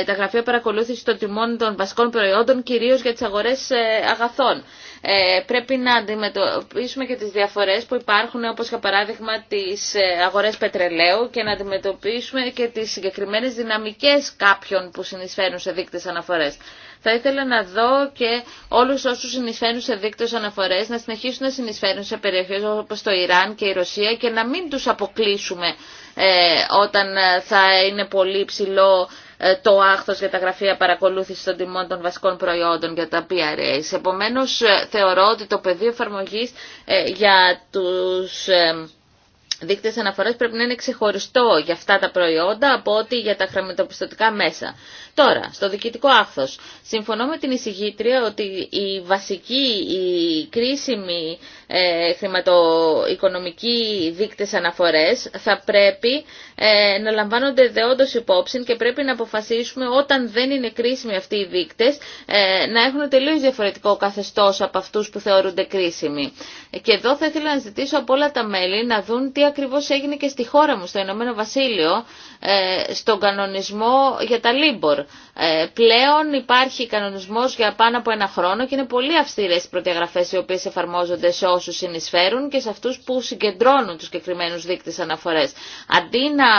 τα γραφεία παρακολούθησης των τιμών των βασικών προϊόντων κυρίως για τις αγορές ε, αγαθών. Ε, πρέπει να αντιμετωπίσουμε και τις διαφορές που υπάρχουν όπως για παράδειγμα τις ε, αγορές πετρελαίου και να αντιμετωπίσουμε και τις συγκεκριμένες δυναμικές κάποιων που συνεισφέρουν σε δείκτες αναφορές. Θα ήθελα να δω και όλους όσους συνεισφέρουν σε δείκτες αναφορές να συνεχίσουν να συνεισφέρουν σε περιοχέ όπω το Ιράν και η Ρωσία και να μην τους αποκλείσουμε ε, όταν θα είναι πολύ ψηλό ε, το άχθος για τα γραφεία παρακολούθησης των τιμών των βασικών προϊόντων για τα PRAs. Επομένως, ε, θεωρώ ότι το πεδίο εφαρμογής ε, για τους δείκτες αναφοράς πρέπει να είναι ξεχωριστό για αυτά τα προϊόντα από ότι για τα χρηματοπιστωτικά μέσα. Τώρα, στο διοικητικό άχθος. Συμφωνώ με την εισηγήτρια ότι η βασική, η κρίσιμη ε, χρηματοοικονομικοί δείκτες αναφορές θα πρέπει ε, να λαμβάνονται δεόντως υπόψη και πρέπει να αποφασίσουμε όταν δεν είναι κρίσιμοι αυτοί οι δείκτες ε, να έχουν τελείως διαφορετικό καθεστώς από αυτούς που θεωρούνται κρίσιμοι. Και εδώ θα ήθελα να ζητήσω από όλα τα μέλη να δουν τι ακριβώς έγινε και στη χώρα μου, στο Ηνωμένο Βασίλειο, στον κανονισμό για τα Λίμπορ. Πλέον υπάρχει κανονισμός για πάνω από ένα χρόνο και είναι πολύ αυστηρές οι προδιαγραφές οι οποίες εφαρμόζονται όσους συνεισφέρουν και σε αυτούς που συγκεντρώνουν τους συγκεκριμένου δείκτες αναφορές. Αντί να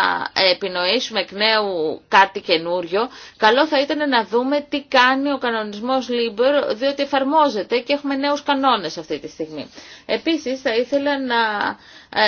επινοήσουμε εκ νέου κάτι καινούριο, καλό θα ήταν να δούμε τι κάνει ο κανονισμός Λίμπερ, διότι εφαρμόζεται και έχουμε νέους κανόνες αυτή τη στιγμή. Επίσης θα ήθελα να ε,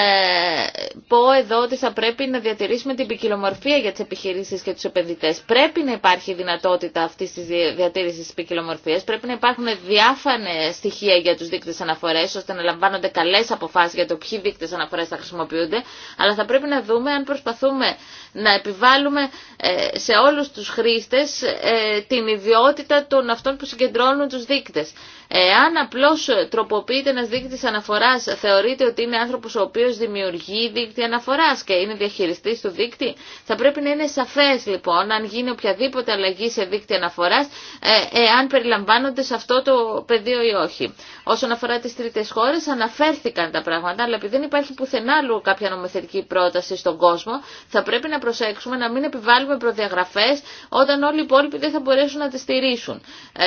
πω εδώ ότι θα πρέπει να διατηρήσουμε την ποικιλομορφία για τις επιχειρήσεις και τους επενδυτές. Πρέπει να υπάρχει δυνατότητα αυτής της διατήρησης της ποικιλομορφίας, πρέπει να υπάρχουν διάφανε στοιχεία για τους δείκτες αναφορές, ώστε να λαμβάνονται καλές αποφάσεις για το ποιοι δείκτες αναφορές θα χρησιμοποιούνται, αλλά θα πρέπει να δούμε αν προσπαθούμε να επιβάλλουμε ε, σε όλους τους χρήστες ε, την ιδιότητα των αυτών που συγκεντρώνουν τους δείκτες. Εάν απλώς τροποποιείται ένας δείκτης αναφοράς, θεωρείται ότι είναι άνθρωπος ο οποίος δημιουργεί δείκτη αναφοράς και είναι διαχειριστής του δείκτη, θα πρέπει να είναι σαφές λοιπόν αν γίνει οποιαδήποτε αλλαγή σε δείκτη αναφοράς, ε, εάν περιλαμβάνονται σε αυτό το πεδίο ή όχι. Όσον αφορά τις τρίτες χώρες αναφέρθηκαν τα πράγματα, αλλά επειδή δεν υπάρχει πουθενά κάποια νομοθετική πρόταση στον κόσμο, θα πρέπει να προσέξουμε να μην επιβάλλουμε προδιαγραφές όταν όλοι οι υπόλοιποι δεν θα μπορέσουν να τις στηρίσουν. Ε,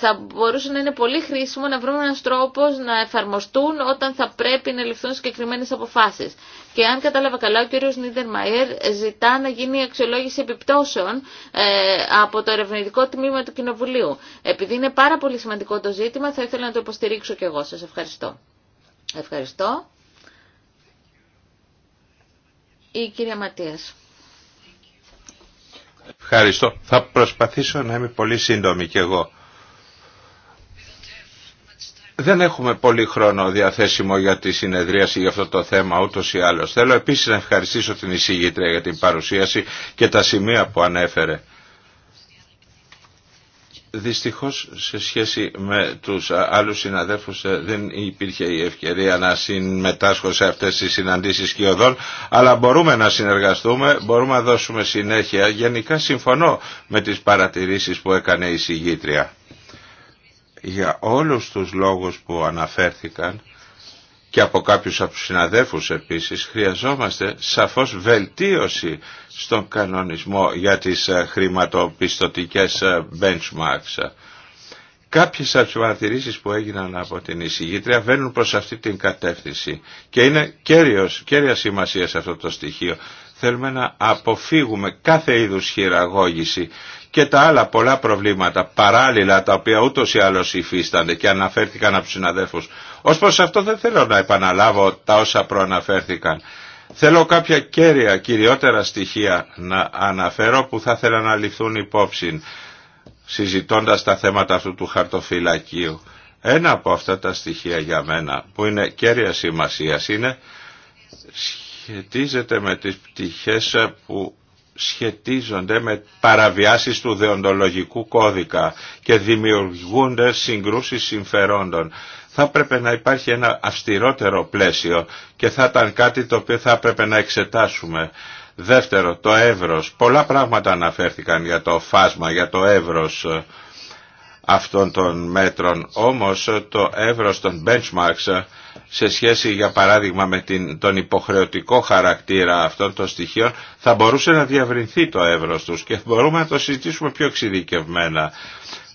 θα μπορούσε να είναι πολύ χρήσιμο να βρούμε έναν τρόπο να εφαρμοστούν όταν θα πρέπει να ληφθούν συγκεκριμένε αποφάσεις. Και αν κατάλαβα καλά, ο κύριος Νίτερ ζητά να γίνει η αξιολόγηση επιπτώσεων ε, από το ερευνητικό τμήμα του Κοινοβουλίου. Επειδή είναι πάρα πολύ σημαντικό το ζήτημα, θα ήθελα να το υποστηρίξω και εγώ. Σας ευχαριστώ. Ευχαριστώ. Η κυρία Ματίας. Ευχαριστώ. Θα προσπαθήσω να είμαι πολύ σύντομη κι εγώ. Δεν έχουμε πολύ χρόνο διαθέσιμο για τη συνεδρίαση για αυτό το θέμα ούτως ή άλλως. Θέλω επίσης να ευχαριστήσω την εισηγήτρια για την παρουσίαση και τα σημεία που ανέφερε. Δυστυχώς σε σχέση με τους άλλους συναδέλφους ε, δεν υπήρχε η ευκαιρία να συμμετάσχω σε αυτές τις συναντήσεις και αλλά μπορούμε να συνεργαστούμε, μπορούμε να δώσουμε συνέχεια. Γενικά συμφωνώ με τις παρατηρήσεις που έκανε η συγγήτρια. Για όλους τους λόγους που αναφέρθηκαν και από κάποιους από τους συναδέλφους επίσης χρειαζόμαστε σαφώς βελτίωση στον κανονισμό για τις ε, χρηματοπιστωτικές ε, benchmarks. Κάποιες από τις που έγιναν από την εισηγήτρια βαίνουν προς αυτή την κατεύθυνση και είναι κέριος, κέρια σημασία σε αυτό το στοιχείο. Θέλουμε να αποφύγουμε κάθε είδους χειραγώγηση και τα άλλα πολλά προβλήματα παράλληλα τα οποία ούτως ή άλλως υφίστανται και αναφέρθηκαν από τους συναδέλφους. Ως προς αυτό δεν θέλω να επαναλάβω τα όσα προαναφέρθηκαν. Θέλω κάποια κέρια, κυριότερα στοιχεία να αναφέρω που θα ήθελα να ληφθούν υπόψη συζητώντας τα θέματα αυτού του χαρτοφυλακίου. Ένα από αυτά τα στοιχεία για μένα που είναι κέρια σημασίας είναι σχετίζεται με τις πτυχές που σχετίζονται με παραβιάσεις του δεοντολογικού κώδικα και δημιουργούνται συγκρούσεις συμφερόντων θα έπρεπε να υπάρχει ένα αυστηρότερο πλαίσιο και θα ήταν κάτι το οποίο θα έπρεπε να εξετάσουμε. Δεύτερο, το εύρος. Πολλά πράγματα αναφέρθηκαν για το φάσμα, για το εύρος αυτών των μέτρων. Όμως το εύρος των benchmarks σε σχέση για παράδειγμα με την, τον υποχρεωτικό χαρακτήρα αυτών των στοιχείων θα μπορούσε να διαβρινθεί το εύρος τους και μπορούμε να το συζητήσουμε πιο εξειδικευμένα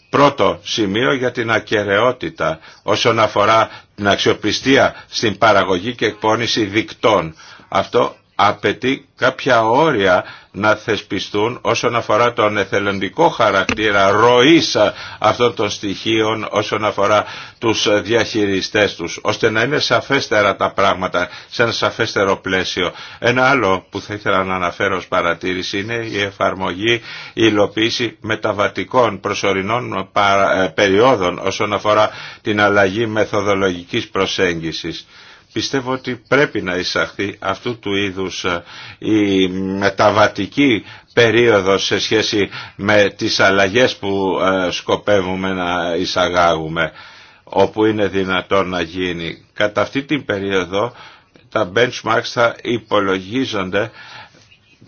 πρώτο σημείο για την ακαιρεότητα όσον αφορά την αξιοπιστία στην παραγωγή και εκπόνηση δικτών. Αυτό απαιτεί κάποια όρια να θεσπιστούν όσον αφορά τον εθελοντικό χαρακτήρα ροής αυτών των στοιχείων όσον αφορά τους διαχειριστές τους ώστε να είναι σαφέστερα τα πράγματα σε ένα σαφέστερο πλαίσιο. Ένα άλλο που θα ήθελα να αναφέρω ως παρατήρηση είναι η εφαρμογή, η υλοποίηση μεταβατικών προσωρινών ε, περιόδων όσον αφορά την αλλαγή μεθοδολογικής προσέγγισης. Πιστεύω ότι πρέπει να εισαχθεί αυτού του είδους ε, η μεταβατική περίοδος σε σχέση με τις αλλαγές που ε, σκοπεύουμε να εισαγάγουμε, όπου είναι δυνατόν να γίνει. Κατά αυτή την περίοδο τα benchmarks θα υπολογίζονται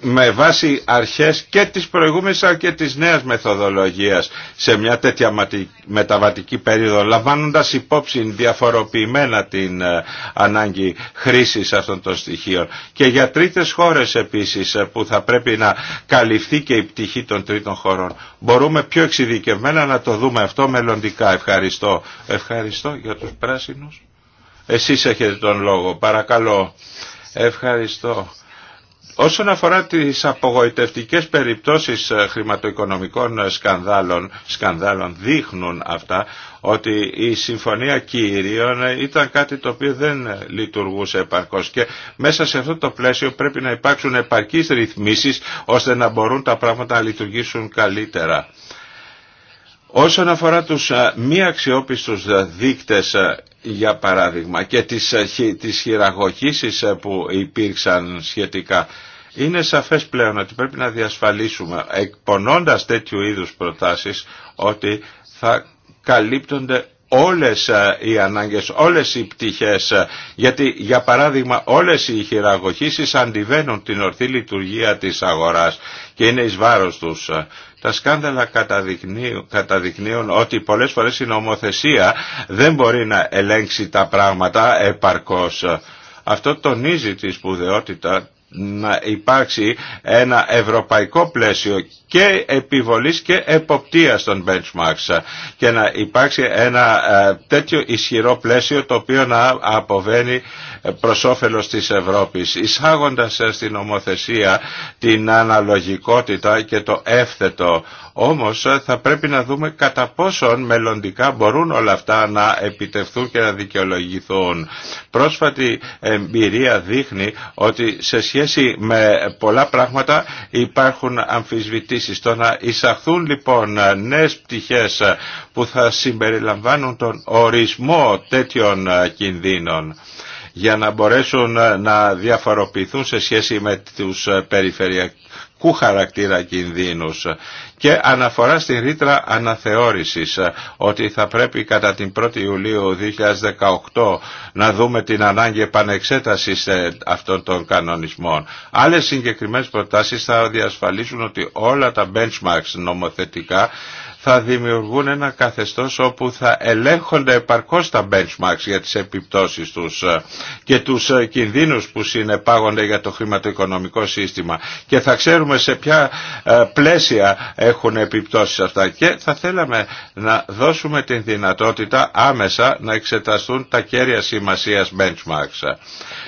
με βάση αρχές και της προηγούμενης αλλά και της νέας μεθοδολογίας σε μια τέτοια μεταβατική περίοδο λαμβάνοντας υπόψη διαφοροποιημένα την ε, ανάγκη χρήσης αυτών των στοιχείων και για τρίτες χώρες επίσης ε, που θα πρέπει να καλυφθεί και η πτυχή των τρίτων χωρών μπορούμε πιο εξειδικευμένα να το δούμε αυτό μελλοντικά ευχαριστώ ευχαριστώ για τους πράσινους εσείς έχετε τον λόγο παρακαλώ ευχαριστώ Όσον αφορά τις απογοητευτικές περιπτώσεις ε, χρηματοοικονομικών ε, σκανδάλων, σκανδάλων δείχνουν αυτά ότι η συμφωνία κυρίων ε, ήταν κάτι το οποίο δεν λειτουργούσε επαρκώς και μέσα σε αυτό το πλαίσιο πρέπει να υπάρξουν επαρκείς ρυθμίσεις ώστε να μπορούν τα πράγματα να λειτουργήσουν καλύτερα. Όσον αφορά τους μη αξιόπιστους δείκτες για παράδειγμα και τις, τις χειραγωγήσεις που υπήρξαν σχετικά είναι σαφές πλέον ότι πρέπει να διασφαλίσουμε εκπονώντας τέτοιου είδους προτάσεις ότι θα καλύπτονται όλες ε, οι ανάγκες, όλες οι πτυχές, γιατί για παράδειγμα όλες οι χειραγωγήσεις αντιβαίνουν την ορθή λειτουργία της αγοράς και είναι εις βάρος τους. Τα σκάνδαλα καταδεικνύουν, ότι πολλές φορές η νομοθεσία δεν μπορεί να ελέγξει τα πράγματα επαρκώς. Αυτό τονίζει τη σπουδαιότητα να υπάρξει ένα ευρωπαϊκό πλαίσιο και επιβολής και εποπτείας των benchmarks και να υπάρξει ένα ε, τέτοιο ισχυρό πλαίσιο το οποίο να αποβαίνει προς όφελος της Ευρώπης εισάγοντας στην ομοθεσία την αναλογικότητα και το εύθετο όμως ε, θα πρέπει να δούμε κατά πόσον μελλοντικά μπορούν όλα αυτά να επιτευθούν και να δικαιολογηθούν. Πρόσφατη εμπειρία δείχνει ότι σε σχέση με πολλά πράγματα υπάρχουν αμφισβητήσεις. Το να εισαχθούν λοιπόν νέες πτυχές που θα συμπεριλαμβάνουν τον ορισμό τέτοιων κινδύνων για να μπορέσουν να διαφοροποιηθούν σε σχέση με τους περιφερειακούς χαρακτήρα κινδύνους και αναφορά στη ρήτρα αναθεώρησης ότι θα πρέπει κατά την 1η Ιουλίου 2018 να δούμε την ανάγκη επανεξέτασης ε, αυτών των κανονισμών. Άλλες συγκεκριμένες προτάσεις θα διασφαλίσουν ότι όλα τα benchmarks νομοθετικά θα δημιουργούν ένα καθεστώς όπου θα ελέγχονται επαρκώς τα benchmarks για τις επιπτώσεις τους ε, και τους ε, κινδύνους που συνεπάγονται για το χρηματοοικονομικό σύστημα και θα ξέρουμε σε ποια ε, πλαίσια έχουν επιπτώσεις αυτά και θα θέλαμε να δώσουμε την δυνατότητα άμεσα να εξεταστούν τα κέρια σημασίας benchmarks.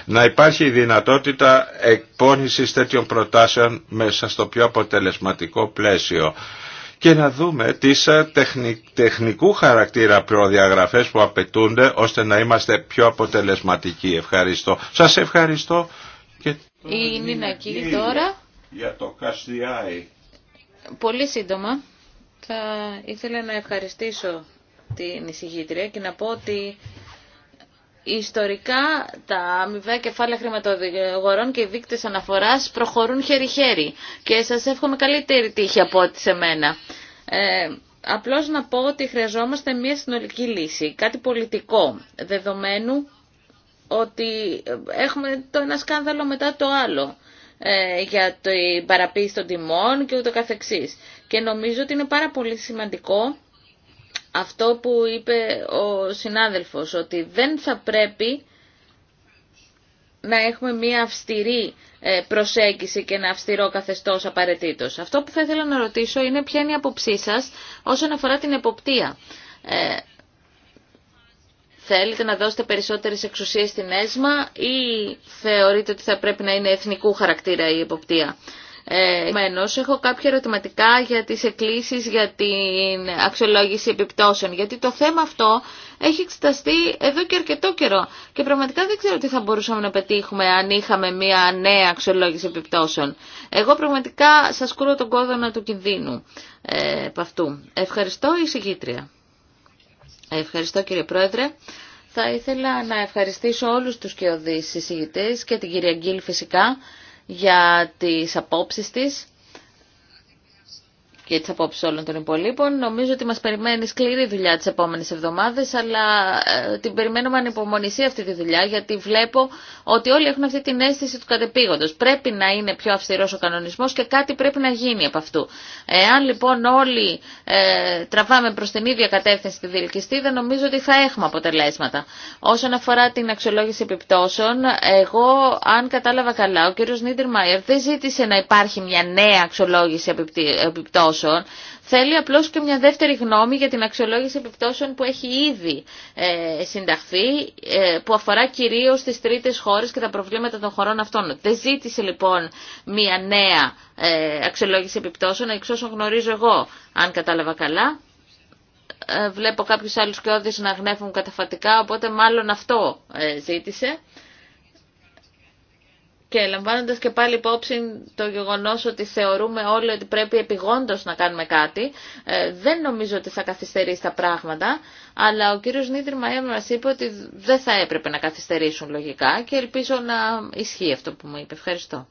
Να υπάρχει η δυνατότητα εκπόνησης τέτοιων προτάσεων μέσα στο πιο αποτελεσματικό πλαίσιο και να δούμε τις ε, τεχνικού χαρακτήρα προδιαγραφές που απαιτούνται ώστε να είμαστε πιο αποτελεσματικοί. Ευχαριστώ. Σας ευχαριστώ. Και... Η Νίνα εκεί τώρα. Για το Καστιάι. Πολύ σύντομα. Θα ήθελα να ευχαριστήσω την εισηγήτρια και να πω ότι Ιστορικά τα αμοιβαία κεφάλαια χρηματογορών και οι δείκτες αναφοράς προχωρούν χέρι-χέρι και σας εύχομαι καλύτερη τύχη από ό,τι σε μένα. Ε, απλώς να πω ότι χρειαζόμαστε μια συνολική λύση, κάτι πολιτικό, δεδομένου ότι έχουμε το ένα σκάνδαλο μετά το άλλο ε, για την παραποίηση των τιμών και ούτω καθεξής. Και νομίζω ότι είναι πάρα πολύ σημαντικό αυτό που είπε ο συνάδελφος, ότι δεν θα πρέπει να έχουμε μία αυστηρή ε, προσέγγιση και ένα αυστηρό καθεστώς απαραίτητος. Αυτό που θα ήθελα να ρωτήσω είναι ποια είναι η αποψή σας όσον αφορά την εποπτεία. Ε, θέλετε να δώσετε περισσότερες εξουσίες στην ΕΣΜΑ ή θεωρείτε ότι θα πρέπει να είναι εθνικού χαρακτήρα η εποπτεία. Επομένως, έχω κάποια ερωτηματικά για τις εκκλήσεις για την αξιολόγηση επιπτώσεων, γιατί το θέμα αυτό έχει εξεταστεί εδώ και αρκετό καιρό και πραγματικά δεν ξέρω τι θα μπορούσαμε να πετύχουμε αν είχαμε μια νέα αξιολόγηση επιπτώσεων. Εγώ πραγματικά σας κούρω τον κόδωνα του κινδύνου ε, από αυτού. Ευχαριστώ η Ευχαριστώ κύριε Πρόεδρε. Θα ήθελα να ευχαριστήσω όλους τους κοιοδείς συζητητές και την κυρία Γκίλ φυσικά για τις απόψεις της και τις απόψεις όλων των υπολείπων. Νομίζω ότι μας περιμένει σκληρή δουλειά τις επόμενες εβδομάδες, αλλά ε, την περιμένουμε ανυπομονησία αυτή τη δουλειά, γιατί βλέπω ότι όλοι έχουν αυτή την αίσθηση του κατεπήγοντος. Πρέπει να είναι πιο αυστηρός ο κανονισμός και κάτι πρέπει να γίνει από αυτού. Εάν λοιπόν όλοι ε, τραβάμε προς την ίδια κατεύθυνση τη διελκυστίδα, νομίζω ότι θα έχουμε αποτελέσματα. Όσον αφορά την αξιολόγηση επιπτώσεων, εγώ αν κατάλαβα καλά, ο κ. Νίτερ Μάιερ δεν ζήτησε να υπάρχει μια νέα αξιολόγηση επιπτώσεων θέλει απλώς και μια δεύτερη γνώμη για την αξιολόγηση επιπτώσεων που έχει ήδη ε, συνταχθεί, ε, που αφορά κυρίως τις τρίτες χώρες και τα προβλήματα των χωρών αυτών. Δεν ζήτησε λοιπόν μια νέα ε, αξιολόγηση επιπτώσεων, εξ όσων γνωρίζω εγώ, αν κατάλαβα καλά. Ε, βλέπω κάποιους άλλους και να γνέφουν καταφατικά, οπότε μάλλον αυτό ζήτησε. Και λαμβάνοντας και πάλι υπόψη το γεγονός ότι θεωρούμε όλοι ότι πρέπει επιγόντως να κάνουμε κάτι, ε, δεν νομίζω ότι θα καθυστερήσει τα πράγματα, αλλά ο κύριος Νίτρη Μαέμ μας είπε ότι δεν θα έπρεπε να καθυστερήσουν λογικά και ελπίζω να ισχύει αυτό που μου είπε. Ευχαριστώ.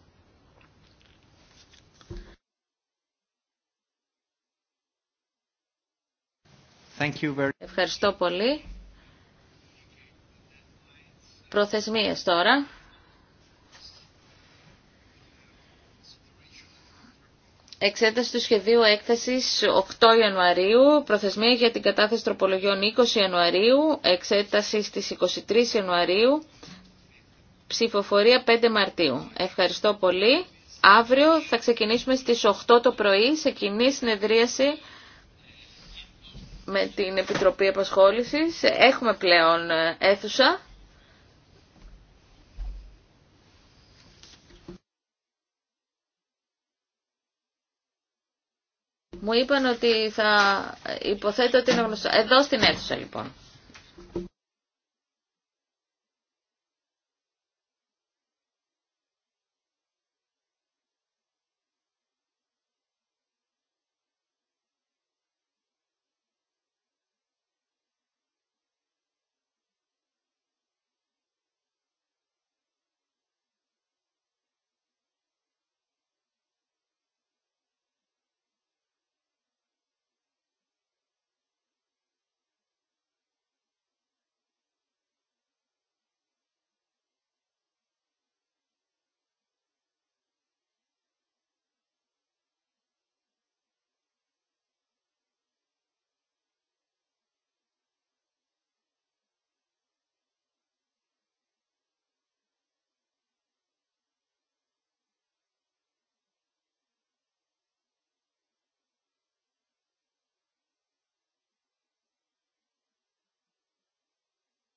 Ευχαριστώ πολύ. Προθεσμίες τώρα. Εξέταση του σχεδίου έκθεσης 8 Ιανουαρίου, προθεσμία για την κατάθεση τροπολογιών 20 Ιανουαρίου, εξέταση στις 23 Ιανουαρίου, ψηφοφορία 5 Μαρτίου. Ευχαριστώ πολύ. Αύριο θα ξεκινήσουμε στις 8 το πρωί σε κοινή συνεδρίαση με την Επιτροπή Επασχόλησης. Έχουμε πλέον ε, αίθουσα. Μου είπαν ότι θα υποθέτω ότι είναι γνωστό. Εδώ στην αίθουσα λοιπόν.